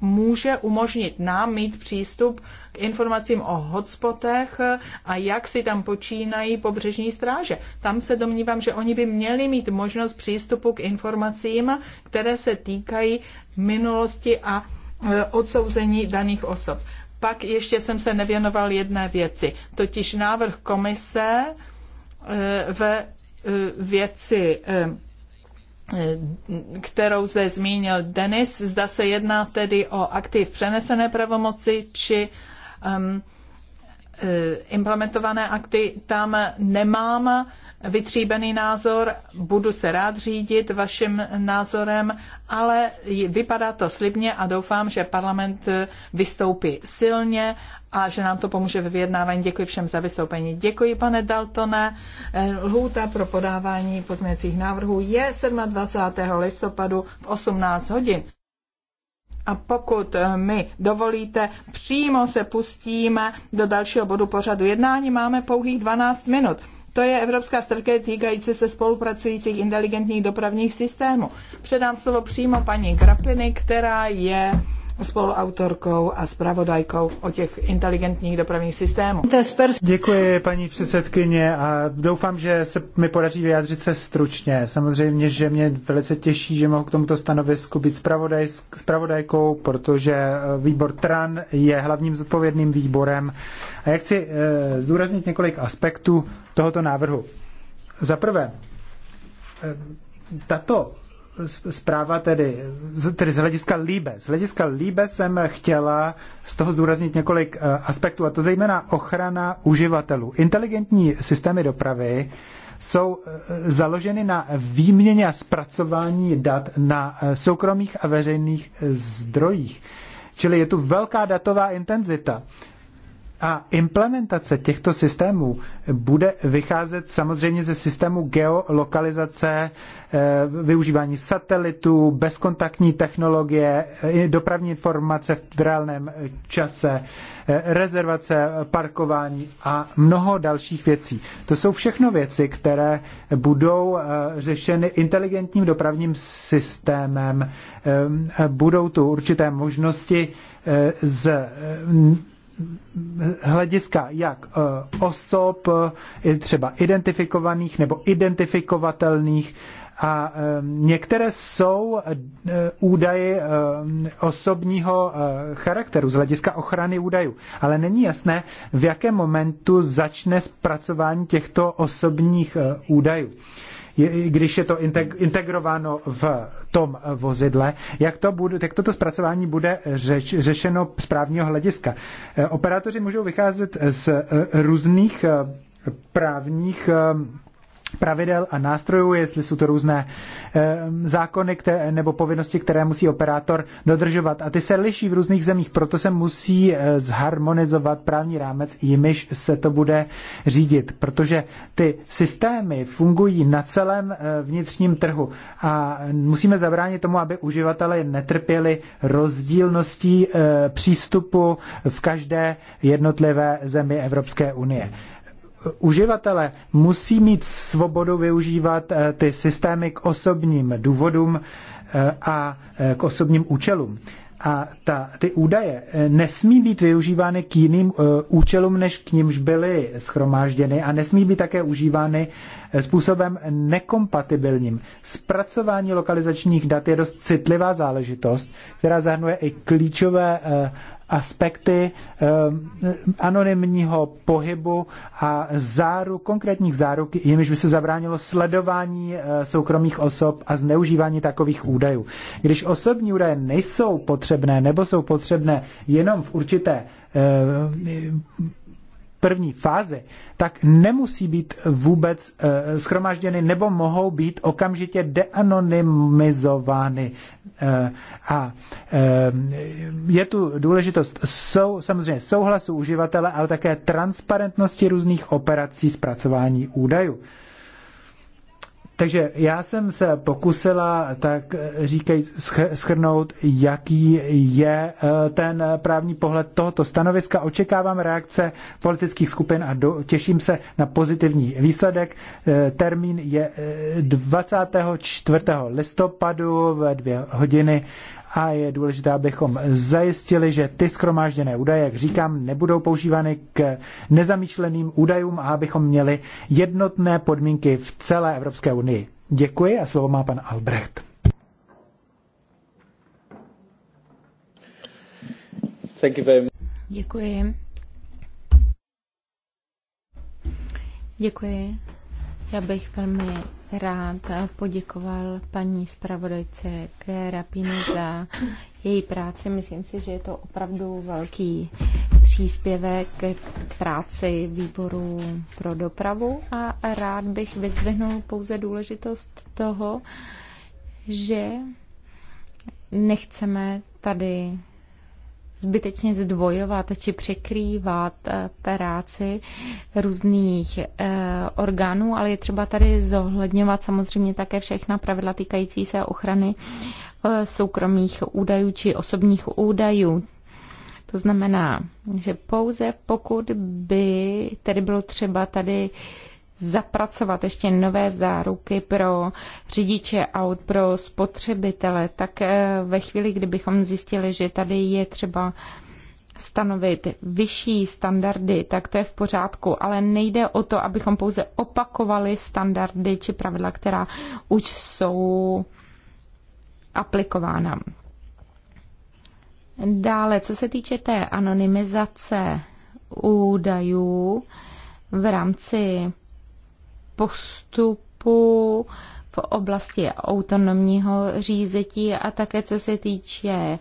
může umožnit nám mít přístup k informacím o hotspotech a jak si tam počínají pobřežní stráže. Tam se domnívám, že oni by měli mít možnost přístupu k informacím, které se týkají minulosti a e, odsouzení daných osob. Pak ještě jsem se nevěnoval jedné věci, totiž návrh komise Eh, ve eh, věci eh, kterou zde zmínil Denis. Zda se jedná tedy o aktiv přenesené pravomoci či ehm, implementované akty. Tam nemám vytříbený názor, budu se rád řídit vaším názorem, ale vypadá to slibně a doufám, že parlament vystoupí silně a že nám to pomůže ve vyjednávání. Děkuji všem za vystoupení. Děkuji, pane Daltone. Lhůta pro podávání pozměňovacích návrhů je 27. listopadu v 18 hodin. A pokud mi dovolíte, přímo se pustíme do dalšího bodu pořadu jednání. Máme pouhých 12 minut. To je Evropská strategie týkající se spolupracujících inteligentních dopravních systémů. Předám slovo přímo paní Grapiny, která je spoluautorkou a zpravodajkou o těch inteligentních dopravních systémů. Děkuji, paní předsedkyně, a doufám, že se mi podaří vyjádřit se stručně. Samozřejmě, že mě velice těší, že mohu k tomuto stanovisku být zpravodaj, zpravodajkou, protože eh, výbor TRAN je hlavním zodpovědným výborem. A já chci e, zdůraznit několik aspektů tohoto návrhu. Za prvé, e, tato zpráva tedy, tedy z hlediska líbe. Z hlediska líbe jsem chtěla z toho zdůraznit několik eh, aspektů, a to zejména ochrana uživatelů. Inteligentní systémy dopravy jsou eh, založeny na výměně a zpracování dat na eh, soukromých a veřejných zdrojích. Čili je tu velká datová intenzita. A implementace těchto systémů bude vycházet samozřejmě ze systému geolokalizace, eh, využívání satelitů, bezkontaktní technologie, eh, dopravní informace v reálném eh, čase, rezervace, parkování a mnoho dalších věcí. To jsou všechno věci, které budou řešeny inteligentním dopravním systémem. Ehm, budou tu určité možnosti z hlediska jak e, osob, e, třeba identifikovaných nebo identifikovatelných, a e, některé jsou údaje osobního charakteru z hlediska ochrany údajů, ale není jasné, v jakém momentu začne zpracování těchto osobních údajů když je to integrováno v tom vozidle, jak, to bude, jak toto zpracování bude řeč, řešeno z právního hlediska. Eh, operátoři můžou vycházet z eh, různých eh, právních pravidel a nástrojů, jestli jsou to různé e, zákony které, nebo povinnosti, které musí operátor dodržovat. A ty se liší v různých zemích, proto se musí e, zharmonizovat právní rámec, jimiž se to bude řídit, protože ty systémy fungují na celém e, vnitřním trhu a musíme zabránit tomu, aby uživatelé netrpěli rozdílností e, přístupu v každé jednotlivé zemi Evropské unie uživatelé musí mít svobodu využívat eh, ty systémy k osobním důvodům eh, a eh, k osobním účelům. A ta, ty údaje nesmí být využívány k jiným účelům, než k nímž byly schromážděny a nesmí být také užívány způsobem nekompatibilním. Zpracování lokalizačních dat je dost citlivá záležitost, která zahrnuje i klíčové aspekty eh, anonymního pohybu a záru, konkrétních záruk, jimiž by se zabránilo sledování eh, soukromých osob a zneužívání takových údajů. Když osobní údaje nejsou potřebné nebo jsou potřebné jenom v určité eh, první fázi, tak nemusí být vůbec schromážděny nebo mohou být okamžitě deanonymizovány Eh, a eh, je tu důležitost sou, samozřejmě souhlasu uživatele, ale také transparentnosti různých operací zpracování údajů. Takže já jsem se pokusila tak eh, říkej schrnout, jaký je eh, ten eh, právní pohled tohoto stanoviska. Očekávám reakce politických skupin a do, těším se na pozitivní výsledek. Termín je 24. listopadu ve dvě hodiny a je důležité, abychom zajistili, že ty skromážděné údaje, jak říkám, nebudou používány k nezamýšleným údajům a abychom měli jednotné podmínky v celé Evropské unii. Děkuji a slovo má pan Albrecht. Děkuji. Děkuji. Já bych velmi rád poděkoval paní zpravodajce Kerapiny za její práci. Myslím si, že je to opravdu velký příspěvek k práci výboru pro dopravu a rád bych vyzdvihnul pouze důležitost toho, že nechceme tady zbytečně zdvojovat či překrývat eh, práci různých eh, orgánů, ale je třeba tady zohledňovat samozřejmě také všechna pravidla týkající se ochrany eh, soukromých údajů či osobních údajů. To znamená, že pouze pokud by tedy bylo třeba tady zapracovat ještě nové záruky pro řidiče aut, pro spotřebitele, tak eh, ve chvíli, kdybychom zjistili, že tady je třeba stanovit vyšší standardy, tak to je v pořádku, ale nejde o to, abychom pouze opakovali standardy či pravidla, která už jsou aplikována. Dále, co se týče té anonymizace údajů v rámci postupu v oblasti autonomního řízetí a také co se týče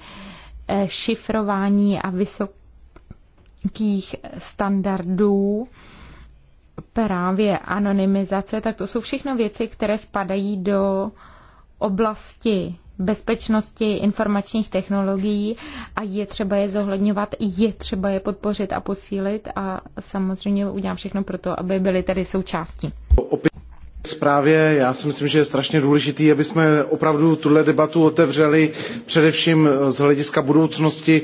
eh, šifrování a vysokých standardů právě anonymizace, tak to jsou všechno věci, které spadají do oblasti bezpečnosti informačních technologií a je třeba je zohledňovat, je třeba je podpořit a posílit a samozřejmě udělám všechno pro to, aby byly tady součástí. Opět zprávě, já si myslím, že je strašně důležitý, aby jsme opravdu tuhle debatu otevřeli především z hlediska budoucnosti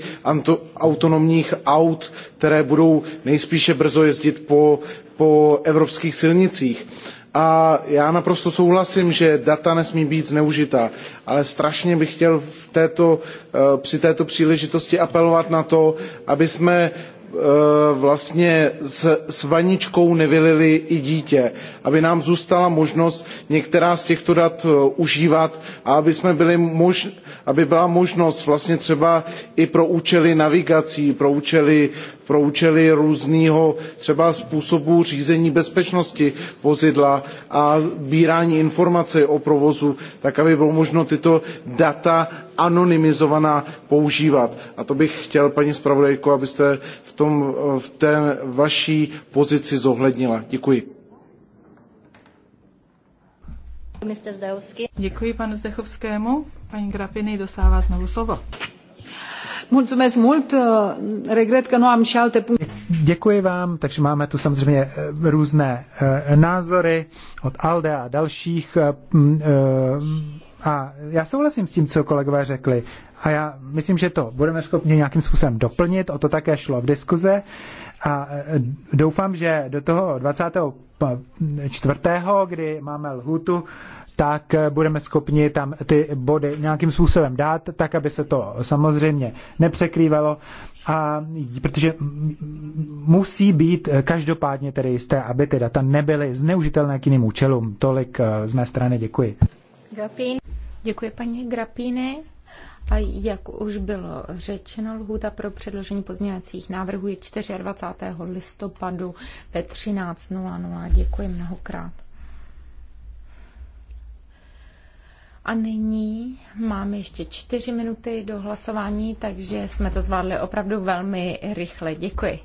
autonomních aut, které budou nejspíše brzo jezdit po, po evropských silnicích a já naprosto souhlasím, že data nesmí být zneužita, ale strašně bych chtěl v této, eh, při této příležitosti apelovat na to, aby jsme eh, vlastně s, s vaničkou nevylili i dítě, aby nám zůstala možnost některá z těchto dat eh, užívat a aby, jsme byli mož, aby byla možnost vlastně třeba i pro účely navigací, pro účely pro účely různého třeba způsobu řízení bezpečnosti vozidla a sbírání informací o provozu, tak aby bylo možno tyto data anonymizovaná používat. A to bych chtěl, paní zpravodajko, abyste v, tom, v té vaší pozici zohlednila. Děkuji. Děkuji panu Zdechovskému. Paní Grapiny dostává znovu slovo. Mulțumesc mult, uh, regret că nu am și alte puncte. Děkuji vám, takže máme tu samozřejmě eh, různé eh, názory od ALDE a dalších. Eh, mm, a já souhlasím s tím, co kolegové řekli. A já myslím, že to budeme schopni nějakým způsobem doplnit, o to také šlo v diskuze. A doufám, že do toho 24., kdy máme lhutu tak eh, budeme schopni tam ty body nějakým způsobem dát, tak aby se to samozřejmě nepřekrývalo, a, protože musí být eh, každopádně tedy jisté, aby ty data nebyly zneužitelné k jiným účelům. Tolik eh, z mé strany děkuji. Grapín. Děkuji paní Grapíny. A jak už bylo řečeno, lhůta pro předložení pozměňovacích návrhů je 24. listopadu ve 13.00. Děkuji mnohokrát. A nyní máme ještě čtyři minuty do hlasování, takže jsme to zvládli opravdu velmi rychle. Děkuji.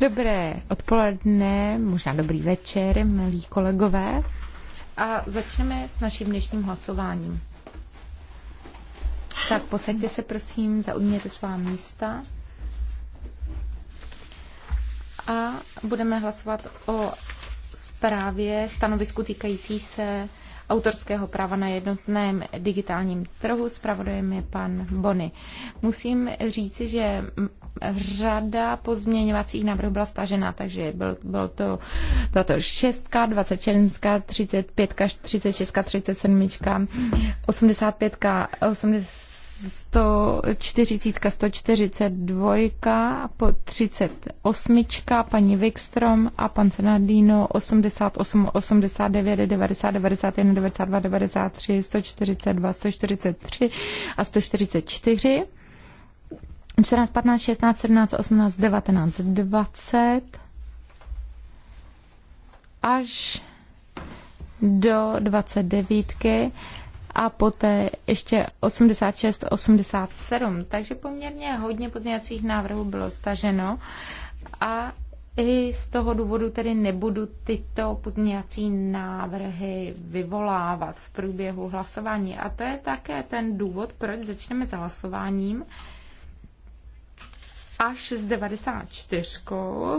Dobré odpoledne, možná dobrý večer, milí kolegové. A začneme s naším dnešním hlasováním. Tak posaďte se prosím, zaujměte svá místa. A budeme hlasovat o zprávě stanovisku týkající se autorského práva na jednotném digitálním trhu. Spravodajem je pan Bony. Musím říci, že řada pozměňovacích návrhů byla stažena, takže byl, byl to, bylo to 6, 27, 35, 36, 37, 85, 80 140, 142, po 38, paní Wikstrom a pan Fernandino 88, 89, 90, 91, 92, 93, 142, 143 a 144. 14, 15, 16, 17, 18, 19, 20 až do 29 a poté ještě 86, 87. Takže poměrně hodně pozměňovacích návrhů bylo staženo a i z toho důvodu tedy nebudu tyto pozměňovací návrhy vyvolávat v průběhu hlasování. A to je také ten důvod, proč začneme s hlasováním až s 94.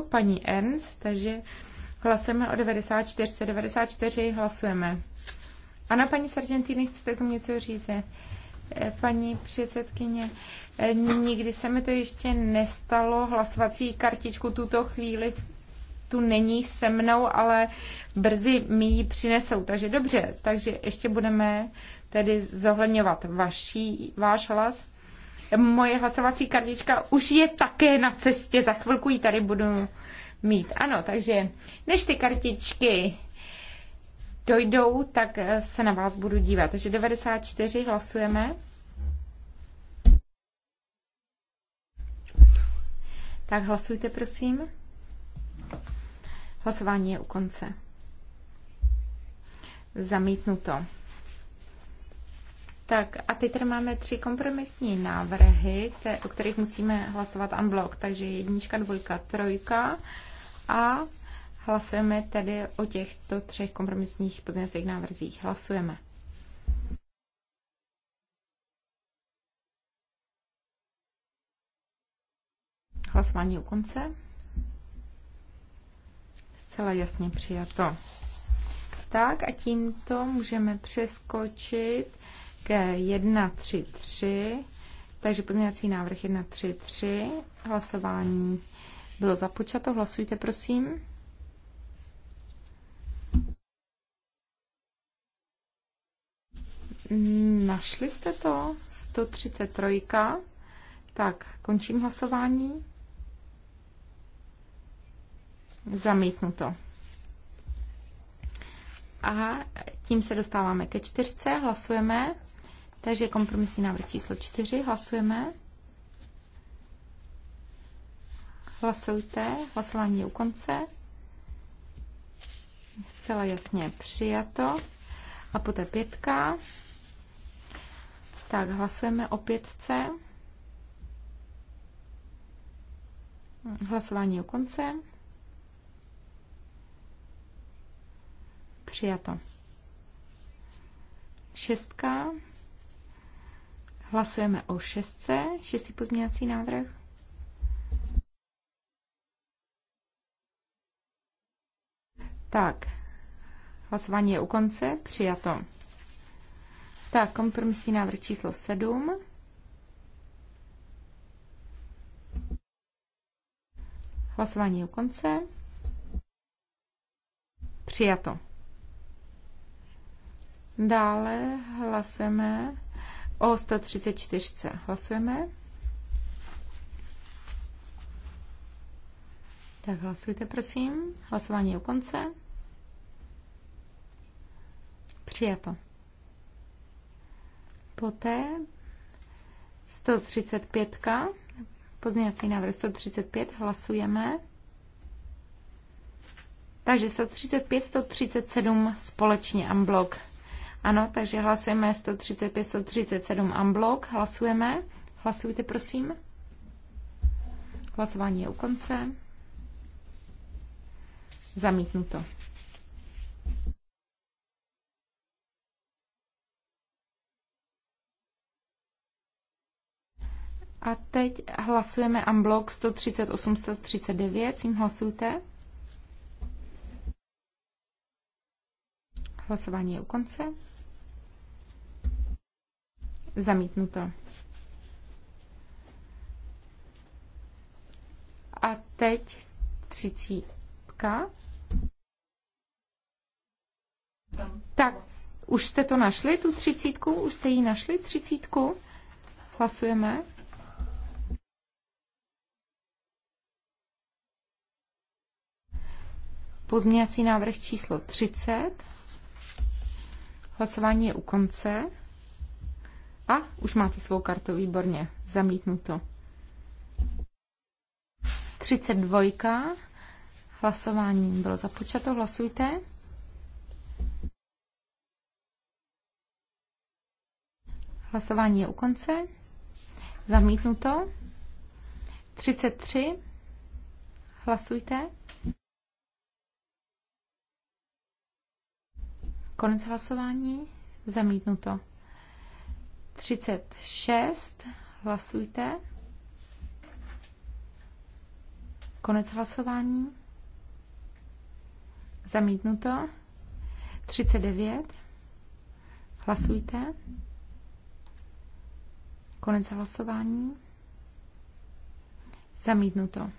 paní Ernst, takže hlasujeme o 94. 94 hlasujeme. Ano, paní Sargentini, chcete tomu něco říct? Eh, paní předsedkyně, eh, nikdy se mi to ještě nestalo. Hlasovací kartičku tuto chvíli tu není se mnou, ale brzy mi ji přinesou. Takže dobře, takže ještě budeme tedy zohledňovat vaší, váš hlas. Moje hlasovací kartička už je také na cestě, za chvilku ji tady budu mít. Ano, takže než ty kartičky dojdou, tak eh, se na vás budu dívat. Takže 94 hlasujeme. Tak hlasujte, prosím. Hlasování je u konce. Zamítnuto. Tak a teď tady máme tři kompromisní návrhy, te, o kterých musíme hlasovat unblock. Takže jednička, dvojka, trojka a Hlasujeme tedy o těchto třech kompromisních pozměňovacích návrzích. Hlasujeme. Hlasování u konce. Zcela jasně přijato. Tak a tímto můžeme přeskočit ke 1.3.3. Takže pozměňovací návrh 1.3.3. Hlasování bylo započato. Hlasujte, prosím. Našli jste to? 133. Tak, končím hlasování. Zamítnu to. A tím se dostáváme ke čtyřce, hlasujeme. Takže kompromisní návrh číslo čtyři, hlasujeme. Hlasujte, hlasování je u konce. Zcela jasně přijato. A poté pětka. Tak, hlasujeme o pětce. Hlasování o konce. Přijato. Šestka. Hlasujeme o šestce. Šestý pozměňovací návrh. Tak, hlasování je u konce. Přijato. Tak, kompromisní návrh číslo 7. Hlasování je u konce. Přijato. Dále hlasujeme o 134. Hlasujeme. Tak hlasujte, prosím. Hlasování je u konce. Přijato. Poté 135. Pozměňovací návrh 135. Hlasujeme. Takže 135, 137 společně unblock. Ano, takže hlasujeme 135, 137 unblock. Hlasujeme. Hlasujte, prosím. Hlasování je u konce. Zamítnuto. A teď hlasujeme unblock 138, 139, s hlasujte. Hlasování je u konce. Zamítnuto. A teď třicítka. Tak, už jste to našli, tu třicítku? Už jste ji našli, třicítku? Hlasujeme. Pozměňovací návrh číslo 30. Hlasování je u konce. A už máte svou kartu, výborně, zamítnuto. 32. Hlasování bylo započato, hlasujte. Hlasování je u konce. Zamítnuto. 33. Hlasujte. Konec hlasování. Zamítnuto. 36. Hlasujte. Konec hlasování. Zamítnuto. 39. Hlasujte. Konec hlasování. Zamítnuto.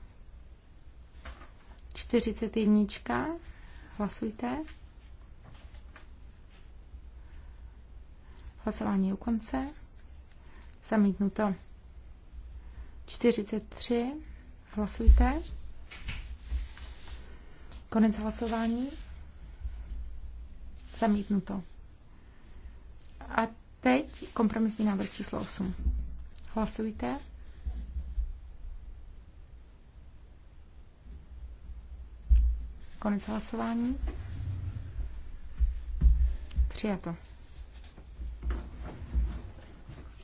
41. Hlasujte. Hlasování je u konce. Zamítnuto. 43. Hlasujte. Konec hlasování. Zamítnuto. A teď kompromisní návrh číslo 8. Hlasujte. Konec hlasování. Přijato.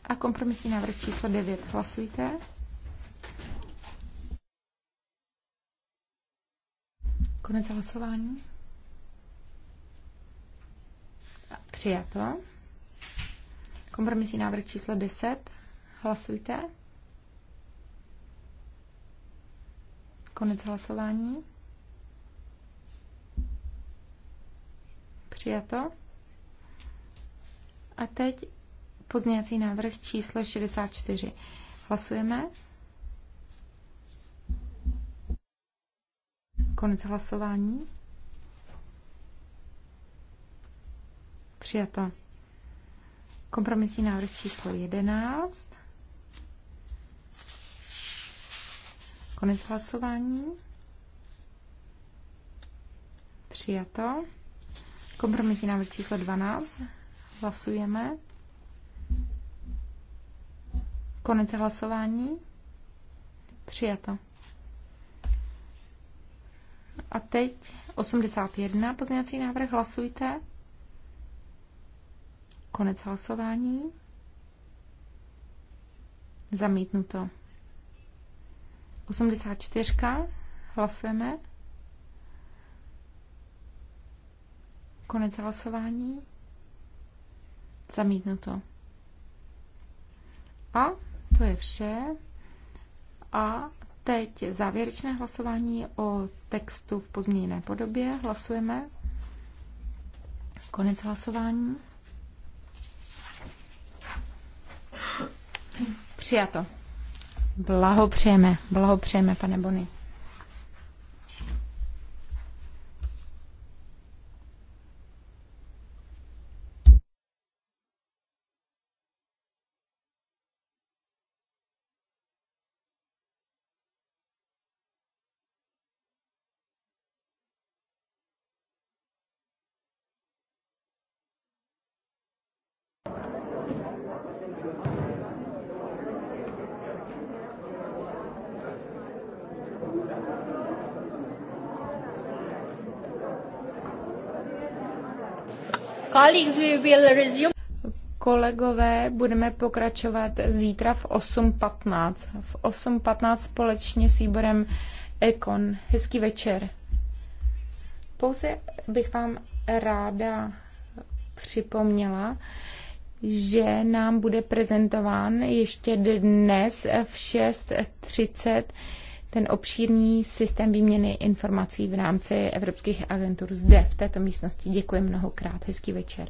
A kompromisní návrh číslo 9. Hlasujte. Konec hlasování. Přijato. Kompromisní návrh číslo 10. Hlasujte. Konec hlasování. Přijato. A teď Pozměňovací návrh číslo 64. Hlasujeme. Konec hlasování. Přijato. Kompromisní návrh číslo 11. Konec hlasování. Přijato. Kompromisní návrh číslo 12. Hlasujeme. Konec hlasování. Přijato. A teď 81 pozměňovací návrh. Hlasujte. Konec hlasování. Zamítnuto. 84. Hlasujeme. Konec hlasování. Zamítnuto. A to je vše. A teď závěrečné hlasování o textu v pozměněné podobě. Hlasujeme. Konec hlasování. Přijato. Blahopřejeme, blahopřejeme, pane Bony. Kolegové, budeme pokračovat zítra v 8.15. V 8.15 společně s výborem Ekon. Hezký večer. Pouze bych vám ráda připomněla, že nám bude prezentován ještě dnes v 6.30 ten obšírný systém výměny informací v rámci evropských agentur zde v této místnosti. Děkuji mnohokrát. Hezký večer.